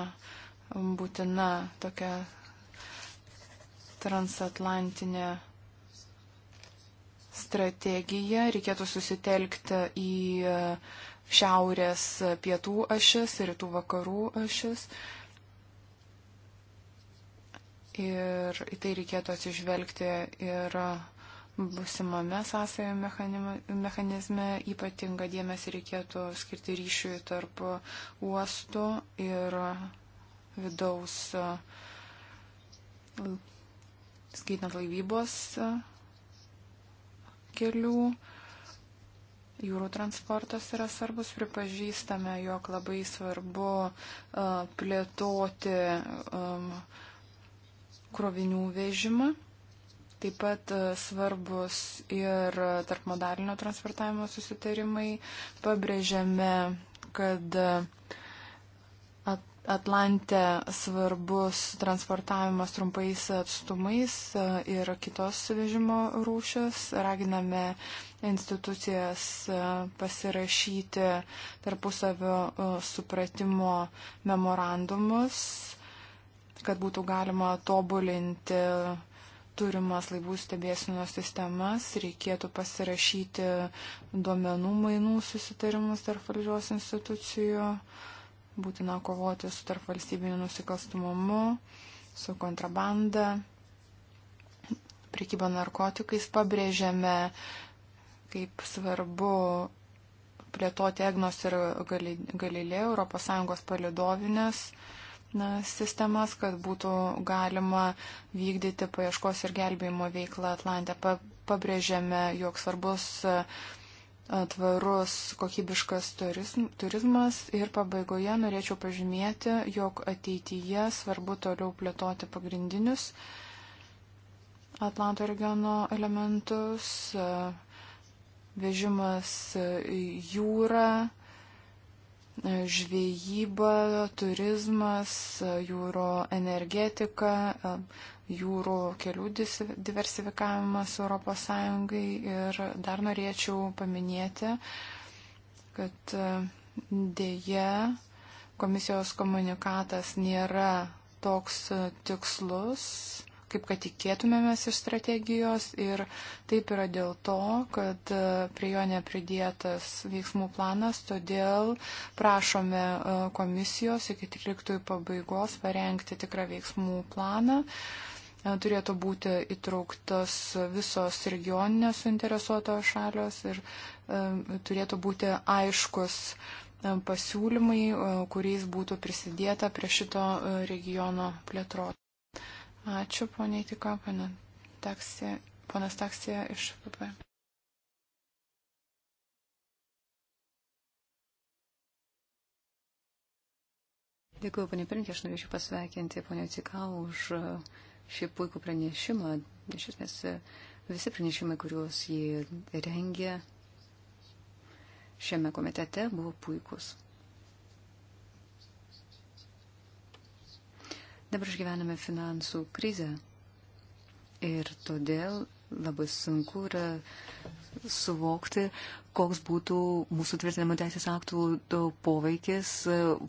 būtina tokia transatlantinė strategija. Reikėtų susitelkti į šiaurės pietų ašis ir rytų vakarų ašis. Ir į tai reikėtų atsižvelgti ir busimame sąsajo mechanizme ypatinga dėmesį reikėtų skirti ryšiui tarp uostų ir vidaus, skaitant laivybos kelių. Jūrų transportas yra svarbus, pripažįstame, jog labai svarbu uh, plėtoti um, krovinių vežimą. Taip pat svarbus ir tarpmodalinio transportavimo susitarimai. Pabrėžiame, kad uh, Atlante svarbus transportavimas trumpais atstumais e, ir kitos vežimo rūšis. Raginame institucijas e, pasirašyti tarpusavio e, supratimo memorandumus, kad būtų galima tobulinti turimas laivų stebėsinos sistemas, reikėtų pasirašyti duomenų mainų susitarimus tarp valdžios institucijų. Uh, Būtina kovoti su tarpvalstybiniu nusikalstumumu, su kontrabanda, prekyba narkotikais pabrėžiame, kaip svarbu plėtoti Egnos ir Galilėjo ES palidovinės sistemas, kad būtų galima vykdyti paieškos ir gelbėjimo veiklą Atlantę. Pabrėžiame, jog svarbus tvarus kokybiškas turizmas ir pabaigoje norėčiau pažymėti, jog ateityje svarbu toliau plėtoti pagrindinius Atlanto regiono elementus, vežimas jūra, žvejyba, turizmas, jūro energetika, jūrų kelių diversifikavimas ES. Ir dar norėčiau paminėti, kad e, dėje komisijos komunikatas nėra toks e, tikslus, kaip kad tikėtumėmės iš strategijos ir taip yra dėl to, kad e, prie jo nepridėtas veiksmų planas, todėl prašome komisijos iki 13 pabaigos parengti tikrą veiksmų planą. Uh, E, turėtų būti įtrauktos visos regioninės suinteresuotos šalios ir e, turėtų būti aiškus e, pasiūlymai, kuriais būtų prisidėta prie šito regiono plėtros. Ačiū, poniai Tiko, ponas Taksija iš PP. Dėkuoju, ponė Pirinkė, aš norėčiau pasveikinti ponę Cikau už šį puikų pranešimą. Iš esmės visi pranešimai, kuriuos jį rengė šiame komitete, buvo puikus. Dabar išgyvename finansų krizę ir todėl labai sunku yra suvokti, koks būtų mūsų tvirtinamų teisės aktų poveikis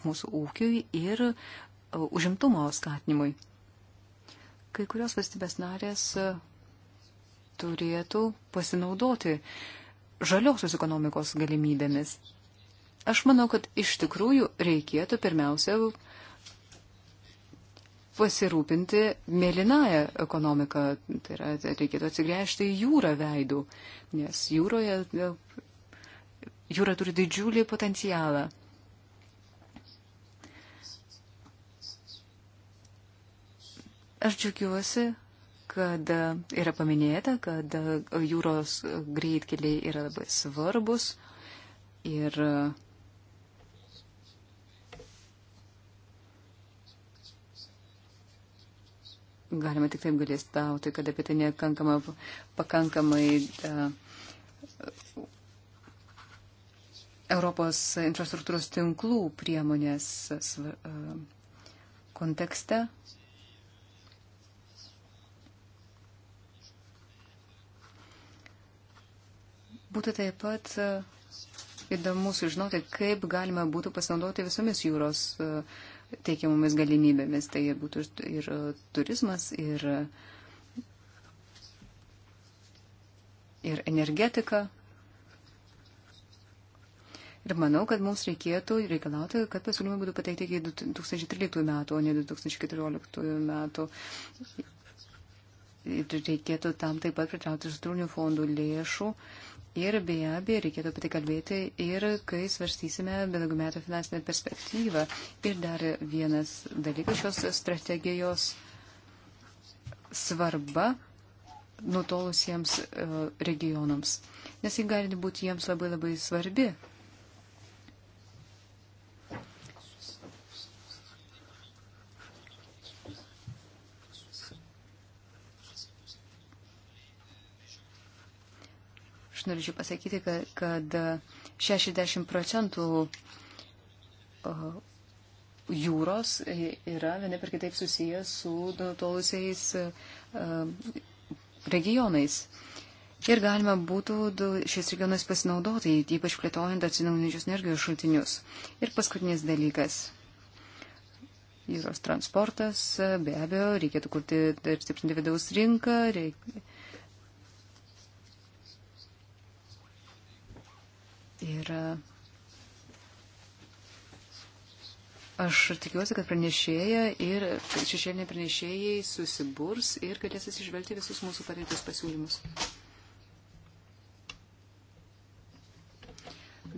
mūsų ūkiui ir užimtumo skatinimui kai kurios valstybės narės e, turėtų pasinaudoti žaliosios ekonomikos galimybėmis. Aš manau, kad iš tikrųjų reikėtų pirmiausia pasirūpinti mėlynąją ekonomiką, tai yra reikėtų atsigręžti į jūrą veidų, nes jūroje, e, jūra turi didžiulį potencialą. Aš džiaugiuosi, kad e, yra paminėta, kad e, jūros greitkeliai yra labai svarbus ir e, galima tik taip galės tauti, kad apie tai nekankama, pakankamai da, Europos infrastruktūros tinklų priemonės kontekste Būtų taip pat e, įdomu sužinoti, kaip galima būtų pasinaudoti visomis jūros e, teikiamomis galimybėmis. Tai būtų ir e, turizmas, ir, ir energetika. Ir manau, kad mums reikėtų reikalauti, kad pasiūlymai būtų pateikti iki 2013 metų, o ne 2014 metų. Ir reikėtų tam taip pat pritraukti struktūrinių fondų lėšų. Uh, Ir beje, beje, reikėtų apie tai kalbėti ir kai svarstysime bedagų metų finansinę perspektyvą. Ir dar vienas dalykas šios strategijos svarba nutolusiems e, regionams, nes ji gali būti jiems labai labai svarbi aš norėčiau pasakyti, kad, kad 60 procentų jūros yra vienai per kitaip susijęs su tolusiais regionais. Ir galima būtų šiais regionais pasinaudoti, ypač plėtojant atsinaujinančius energijos šaltinius. Ir paskutinis dalykas. Jūros transportas, be abejo, reikėtų kurti ir stiprinti vidaus rinką, reikia Ir e, aš tikiuosi, kad pranešėja ir šešėlinė pranešėjai susiburs ir galės atsižvelgti visus mūsų pateiktus pasiūlymus.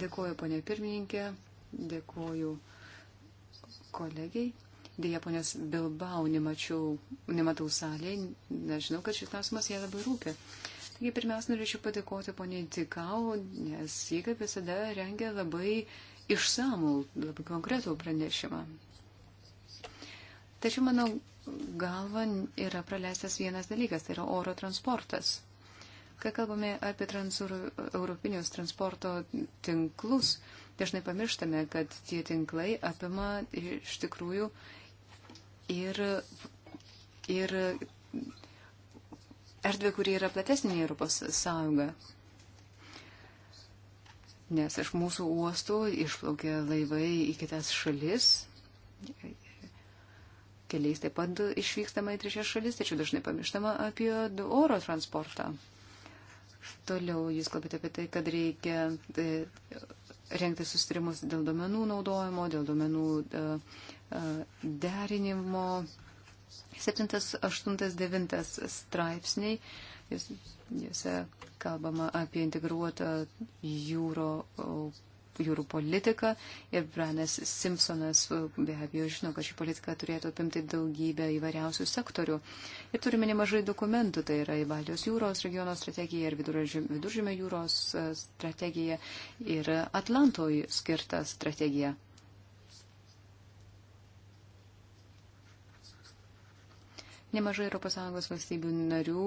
Dėkuoju, ponė pirmininkė, dėkuoju kolegiai. Dėja, ponės Bilbao nemačiau, nematau salėje, nežinau, kad šis klausimas jai labai rūpia. Taigi pirmiausia, norėčiau padėkoti poniai Tikau, nes jie kaip visada rengia labai išsamų, labai konkretų pranešimą. Tačiau mano galva yra praleistas vienas dalykas, tai yra oro transportas. Kai kalbame apie transeuropinius transporto tinklus, dažnai pamirštame, kad tie tinklai apima iš tikrųjų ir, ir erdvę, kuri yra platesnė nei Europos sąjunga. Nes iš mūsų uostų išplaukia laivai į kitas šalis. Keliais taip pat išvykstama į trečias šalis, tačiau dažnai pamirštama apie oro transportą. Toliau jūs kalbate apie tai, kad reikia e, rengti sustarimus dėl domenų naudojimo, dėl domenų e, e, derinimo. Uh, uh, 7, 8, 9 straipsniai, juose kalbama apie integruotą jūro, jūrų politiką ir Branas Simpsonas e, be abejo žino, kad ši politika turėtų apimti daugybę įvairiausių sektorių. Ir turime nemažai dokumentų, tai yra į Baltijos jūros regiono strategija ir viduržymio jūros e, strategija ir Atlantoj skirta strategija. nemažai ES valstybių narių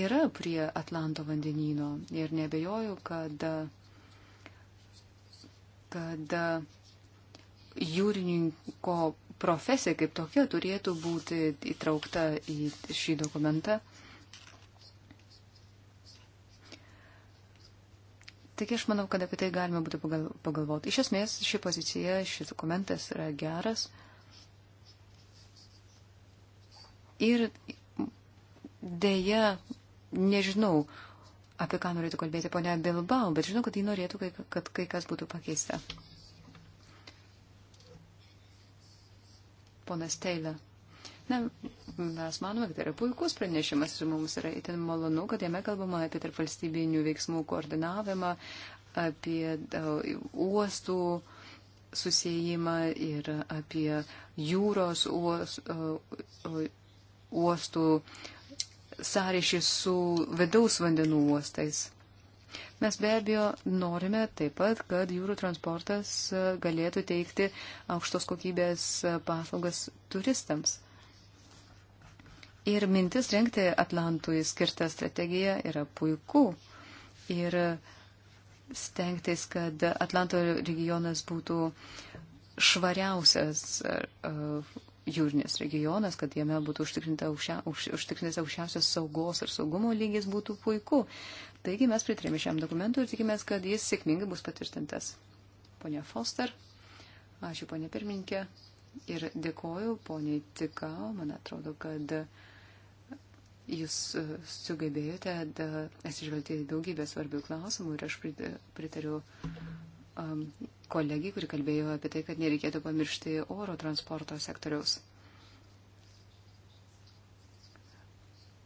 yra prie Atlanto vandenyno ir nebejoju, kad, kad jūrininko profesija kaip tokia turėtų būti įtraukta į šį dokumentą. Taigi aš manau, kad apie tai galima būtų pagal, pagalvoti. Iš esmės, ši pozicija, šis dokumentas yra geras. Uh, Ir dėja, nežinau, apie ką norėtų kalbėti ponia Bilbao, bet žinau, kad ji norėtų, kad kai kas būtų pakeista. Ponas Teilė. Na, mes manome, kad tai yra puikus pranešimas ir mums yra itin malonu, kad jame kalbama apie tarp valstybinių veiksmų koordinavimą, apie e, uostų susijimą ir apie jūros uos, e, uostų sąryšį su vidaus vandenų uostais. Mes be abejo norime taip pat, kad jūrų transportas e, galėtų teikti aukštos kokybės e, paslaugas turistams. Ir mintis renkti Atlantui skirtą strategiją yra puiku. Ir stengtis, kad Atlanto regionas būtų švariausias e, jūrinis regionas, kad jame būtų aukščia, už, užtikrintas aukščiausias saugos ir saugumo lygis būtų puiku. Taigi mes pritrėmė šiam dokumentui ir tikimės, kad jis sėkmingai bus patvirtintas. Pone Foster, ačiū pone pirmininkė ir dėkoju poniai Tikau, man atrodo, kad jūs e, sugebėjote atsižvelgti daugybę svarbių klausimų ir aš pritariu Um, kolegijai, kuri kalbėjo apie tai, kad nereikėtų pamiršti oro transporto sektoriaus.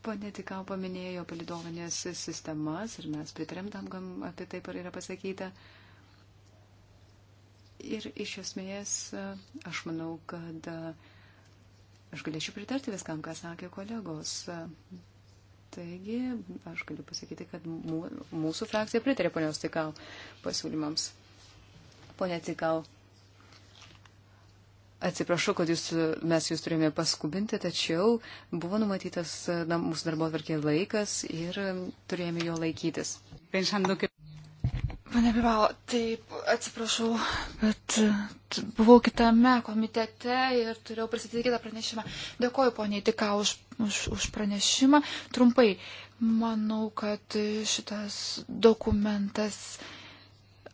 Pane Tikau paminėjo palidovinės sistemas ir mes pritarėm tam, kam apie taip ir yra pasakyta. Ir iš esmės aš manau, kad aš galėčiau pritarti viskam, ką sakė kolegos. Taigi aš galiu pasakyti, kad mūsų frakcija pritarė ponios Tikau pasiūlymams. Pone Tikau, atsiprašau, kad jūs, mes jūs turėjome paskubinti, tačiau buvo numatytas na, mūsų darbo atvarkė laikas ir turėjome jo laikytis. Pane Bivalo, taip, atsiprašau, bet buvau kitame komitete ir turėjau pristatyti kitą pranešimą. Dėkoju poniai Tika už, už, už pranešimą. Trumpai, manau, kad šitas dokumentas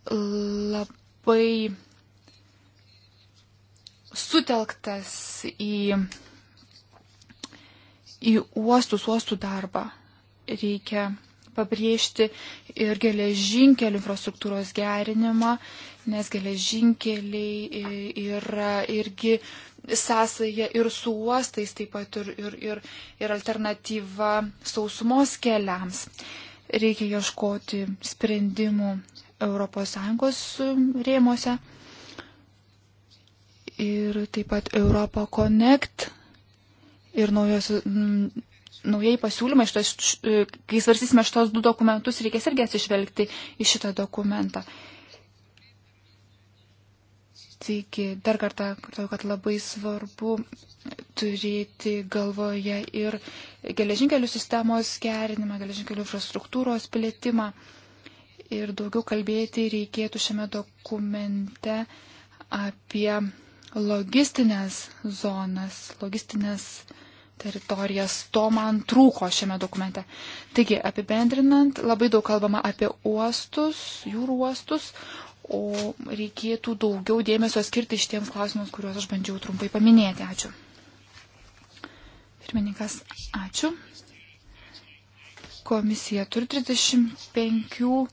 lab, labai sutelktas į, į uostus, uostų darbą. Reikia pabrėžti ir geležinkelių infrastruktūros gerinimą, nes geležinkeliai yra irgi sąsaja ir su uostais, taip pat ir, ir, ir, ir alternatyva sausumos keliams. Reikia ieškoti sprendimų ES um, rėmose ir taip pat Europa Connect ir naujos, m, mm, naujai pasiūlymai, šitos, š, kai svarsysime šitos du dokumentus, reikės irgi atsižvelgti į šitą dokumentą. Taigi, dar kartą kartu, kad labai svarbu turėti galvoje ir geležinkelių sistemos gerinimą, geležinkelių infrastruktūros plėtimą. Uh, ir daugiau kalbėti reikėtų šiame dokumente apie logistinės zonas, logistinės teritorijas. To man trūko šiame dokumente. Taigi, apibendrinant, labai daug kalbama apie uostus, jūrų uostus, o reikėtų daugiau dėmesio skirti šitiems klausimams, kuriuos aš bandžiau trumpai paminėti. Ačiū. Pirmininkas, ačiū. Komisija turi 35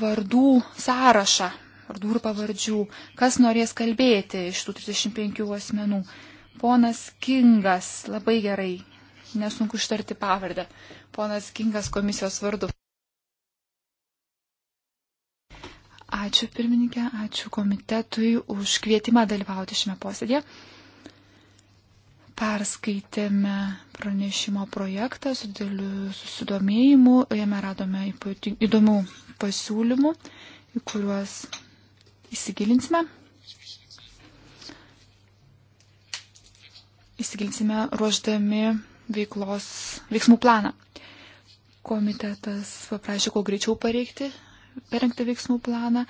vardų sąrašą, vardų ir pavardžių, kas norės kalbėti iš tų 35 asmenų. Ponas Kingas, labai gerai, nesunku ištarti pavardę. Ponas Kingas komisijos vardu. Ačiū pirmininkė, ačiū komitetui už kvietimą dalyvauti šiame posėdėje. Perskaitėme pranešimo projektą su dideliu susidomėjimu, jame radome įdomių pasiūlymų, į kuriuos įsigilinsime. Įsigilinsime ruoždami veiklos, veiksmų planą. Komitetas paprašė kuo greičiau pareikti, parengti veiksmų planą.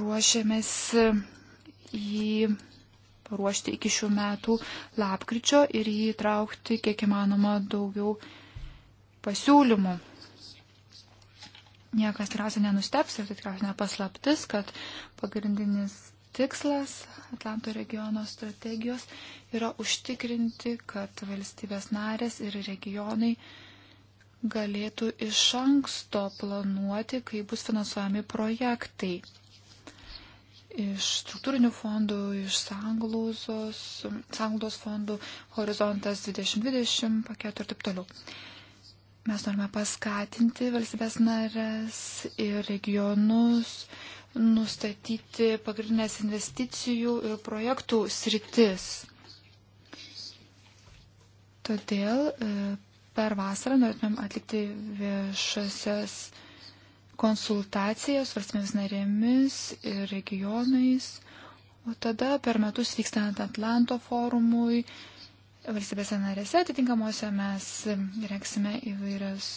Ruošiamės jį paruošti iki šių metų lapkričio ir jį įtraukti kiek įmanoma daugiau pasiūlymų niekas tikriausiai nenusteps ir tai tikriausiai nepaslaptis, kad pagrindinis tikslas Atlanto regiono strategijos yra užtikrinti, kad valstybės narės ir regionai galėtų iš anksto planuoti, kaip bus finansuojami projektai. Iš struktūrinių fondų, iš sanglaudos fondų, horizontas 2020 paketų ir taip toliau. Mes norime paskatinti valstybės narės ir regionus nustatyti pagrindinės investicijų ir projektų sritis. Todėl e, per vasarą norėtumėm atlikti viešasias konsultacijas valstybėmis narėmis ir regionais, o tada per metus vykstant Atlanto forumui, valstybėse narėse atitinkamuose mes reksime įvairias,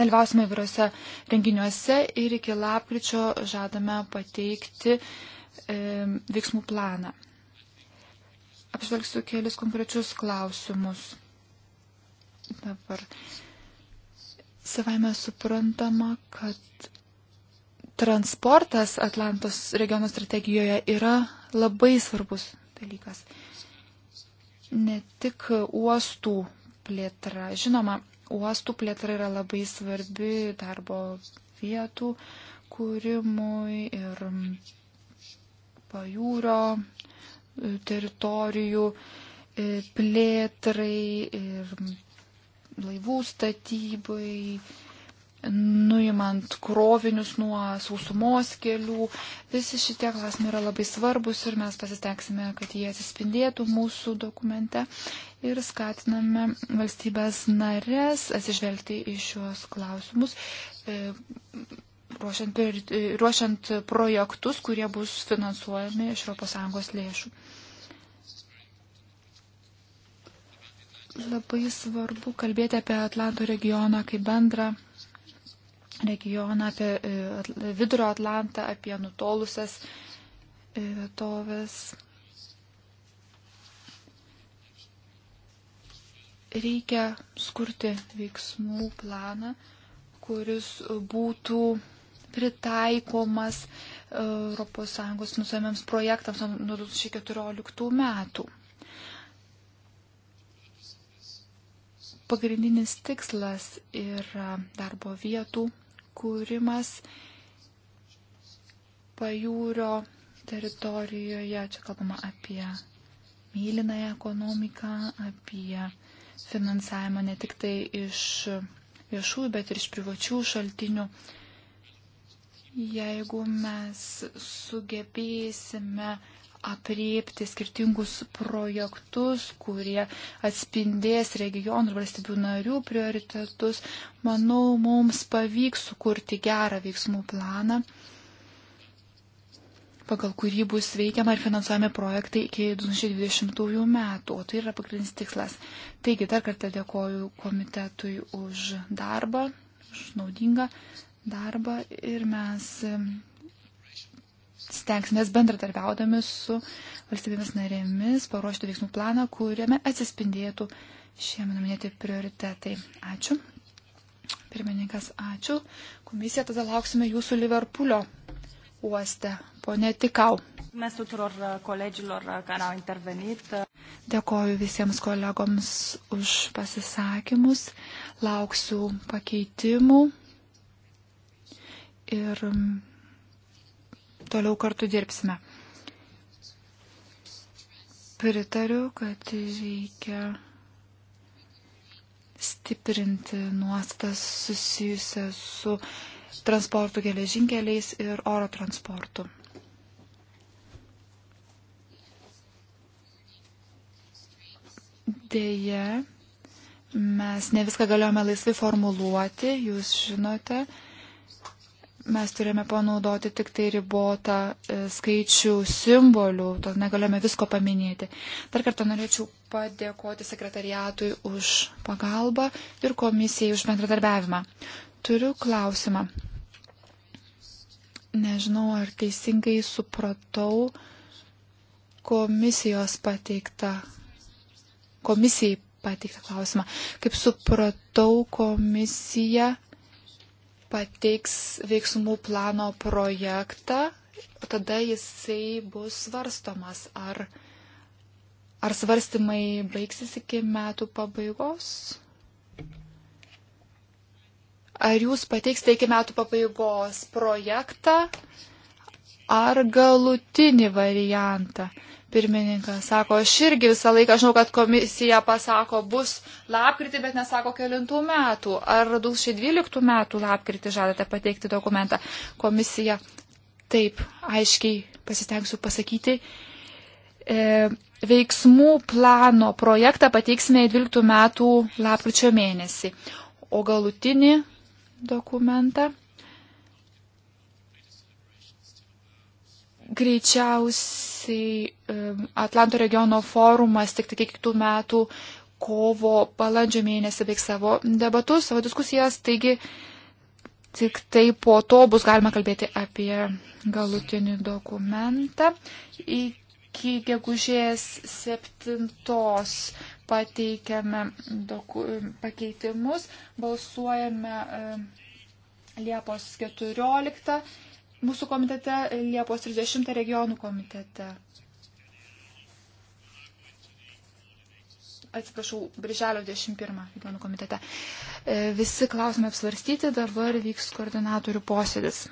dalyvausime įvairiose renginiuose ir iki lapkričio žadame pateikti e, veiksmų planą. Apžvelgsiu kelis konkrečius klausimus. Dabar savaime suprantama, kad transportas Atlantos regiono strategijoje yra labai svarbus dalykas ne tik uostų plėtra. Žinoma, uostų plėtra yra labai svarbi darbo vietų kūrimui ir pajūrio e, teritorijų e, plėtrai ir laivų statybai nuimant krovinius nuo sausumos kelių. Visi šitie klausimai yra labai svarbus ir mes pasistengsime, kad jie atsispindėtų mūsų dokumente ir skatiname valstybės narės atsižvelgti į šios klausimus, e, ruošiant, e, ruošiant projektus, kurie bus finansuojami iš ES lėšų. Labai svarbu kalbėti apie Atlanto regioną kaip bendrą regioną, apie e, vidurio Atlantą, apie nutolusias e, vietovės. Reikia skurti veiksmų planą, kuris būtų pritaikomas e, ES nusamiems projektams nuo 2014 metų. Pagrindinis tikslas yra darbo vietų kūrimas pajūrio teritorijoje. Čia kalbama apie mylinąją ekonomiką, apie finansavimą ne tik tai iš viešųjų, bet ir iš privačių šaltinių. Jeigu mes sugebėsime apriepti skirtingus projektus, kurie atspindės regionų ir valstybių narių prioritetus. Manau, mums pavyks sukurti gerą veiksmų planą, pagal kurį bus veikiama ir finansuojami projektai iki 2020 metų, o tai yra pagrindinis tikslas. Taigi, dar kartą dėkoju komitetui už darbą, už naudingą darbą ir mes stengsimės bendradarbiaudami su valstybėmis narėmis paruošti veiksmų planą, kuriame atsispindėtų šie mano minėti prioritetai. Ačiū. Pirmininkas, ačiū. Komisija tada lauksime jūsų Liverpulio uoste. Pone Tikau. Mes tuturor kolegilor, uh, uh, care au intervenit. Dėkoju visiems kolegoms už pasisakymus. Lauksiu pakeitimų. Ir mm, toliau kartu dirbsime. Pritariu, kad reikia stiprinti nuostas susijusią su transportu geležinkeliais ir oro transportu. Deja, mes ne viską galėjome laisvai formuluoti, jūs žinote, mes turėjome panaudoti tik tai ribotą e, skaičių simbolių, to negalėjome visko paminėti. Dar kartą norėčiau padėkoti sekretariatui už pagalbą ir komisijai už bendradarbiavimą. Turiu klausimą. Nežinau, ar teisingai supratau komisijos pateiktą, komisijai pateiktą klausimą. Kaip supratau, komisija pateiks veiksmų plano projektą, tada jisai bus svarstomas, ar, ar svarstymai baigsis iki metų pabaigos. Ar jūs pateiksite iki metų pabaigos projektą ar galutinį variantą? Pirmininkas sako, aš irgi visą laiką žinau, kad komisija pasako bus lapkritį, bet nesako kelintų metų. Ar 2012 metų lapkritį žadate pateikti dokumentą? Komisija taip aiškiai pasistengsiu pasakyti. E, veiksmų plano projektą pateiksime 12 metų lapkričio mėnesį, o galutinį dokumentą Greičiausiai Atlanto regiono forumas tik tik kitų metų kovo balandžio mėnesį baigs savo debatus, savo diskusijas, taigi tik tai po to bus galima kalbėti apie galutinį dokumentą. Iki gegužės septintos pateikiame doku, pakeitimus, balsuojame Liepos 14 mūsų komitete, Liepos 30 regionų komitete. Atsiprašau, Birželio 21 regionų komitete. E, visi klausimai apsvarstyti, dabar vyks koordinatorių posėdis.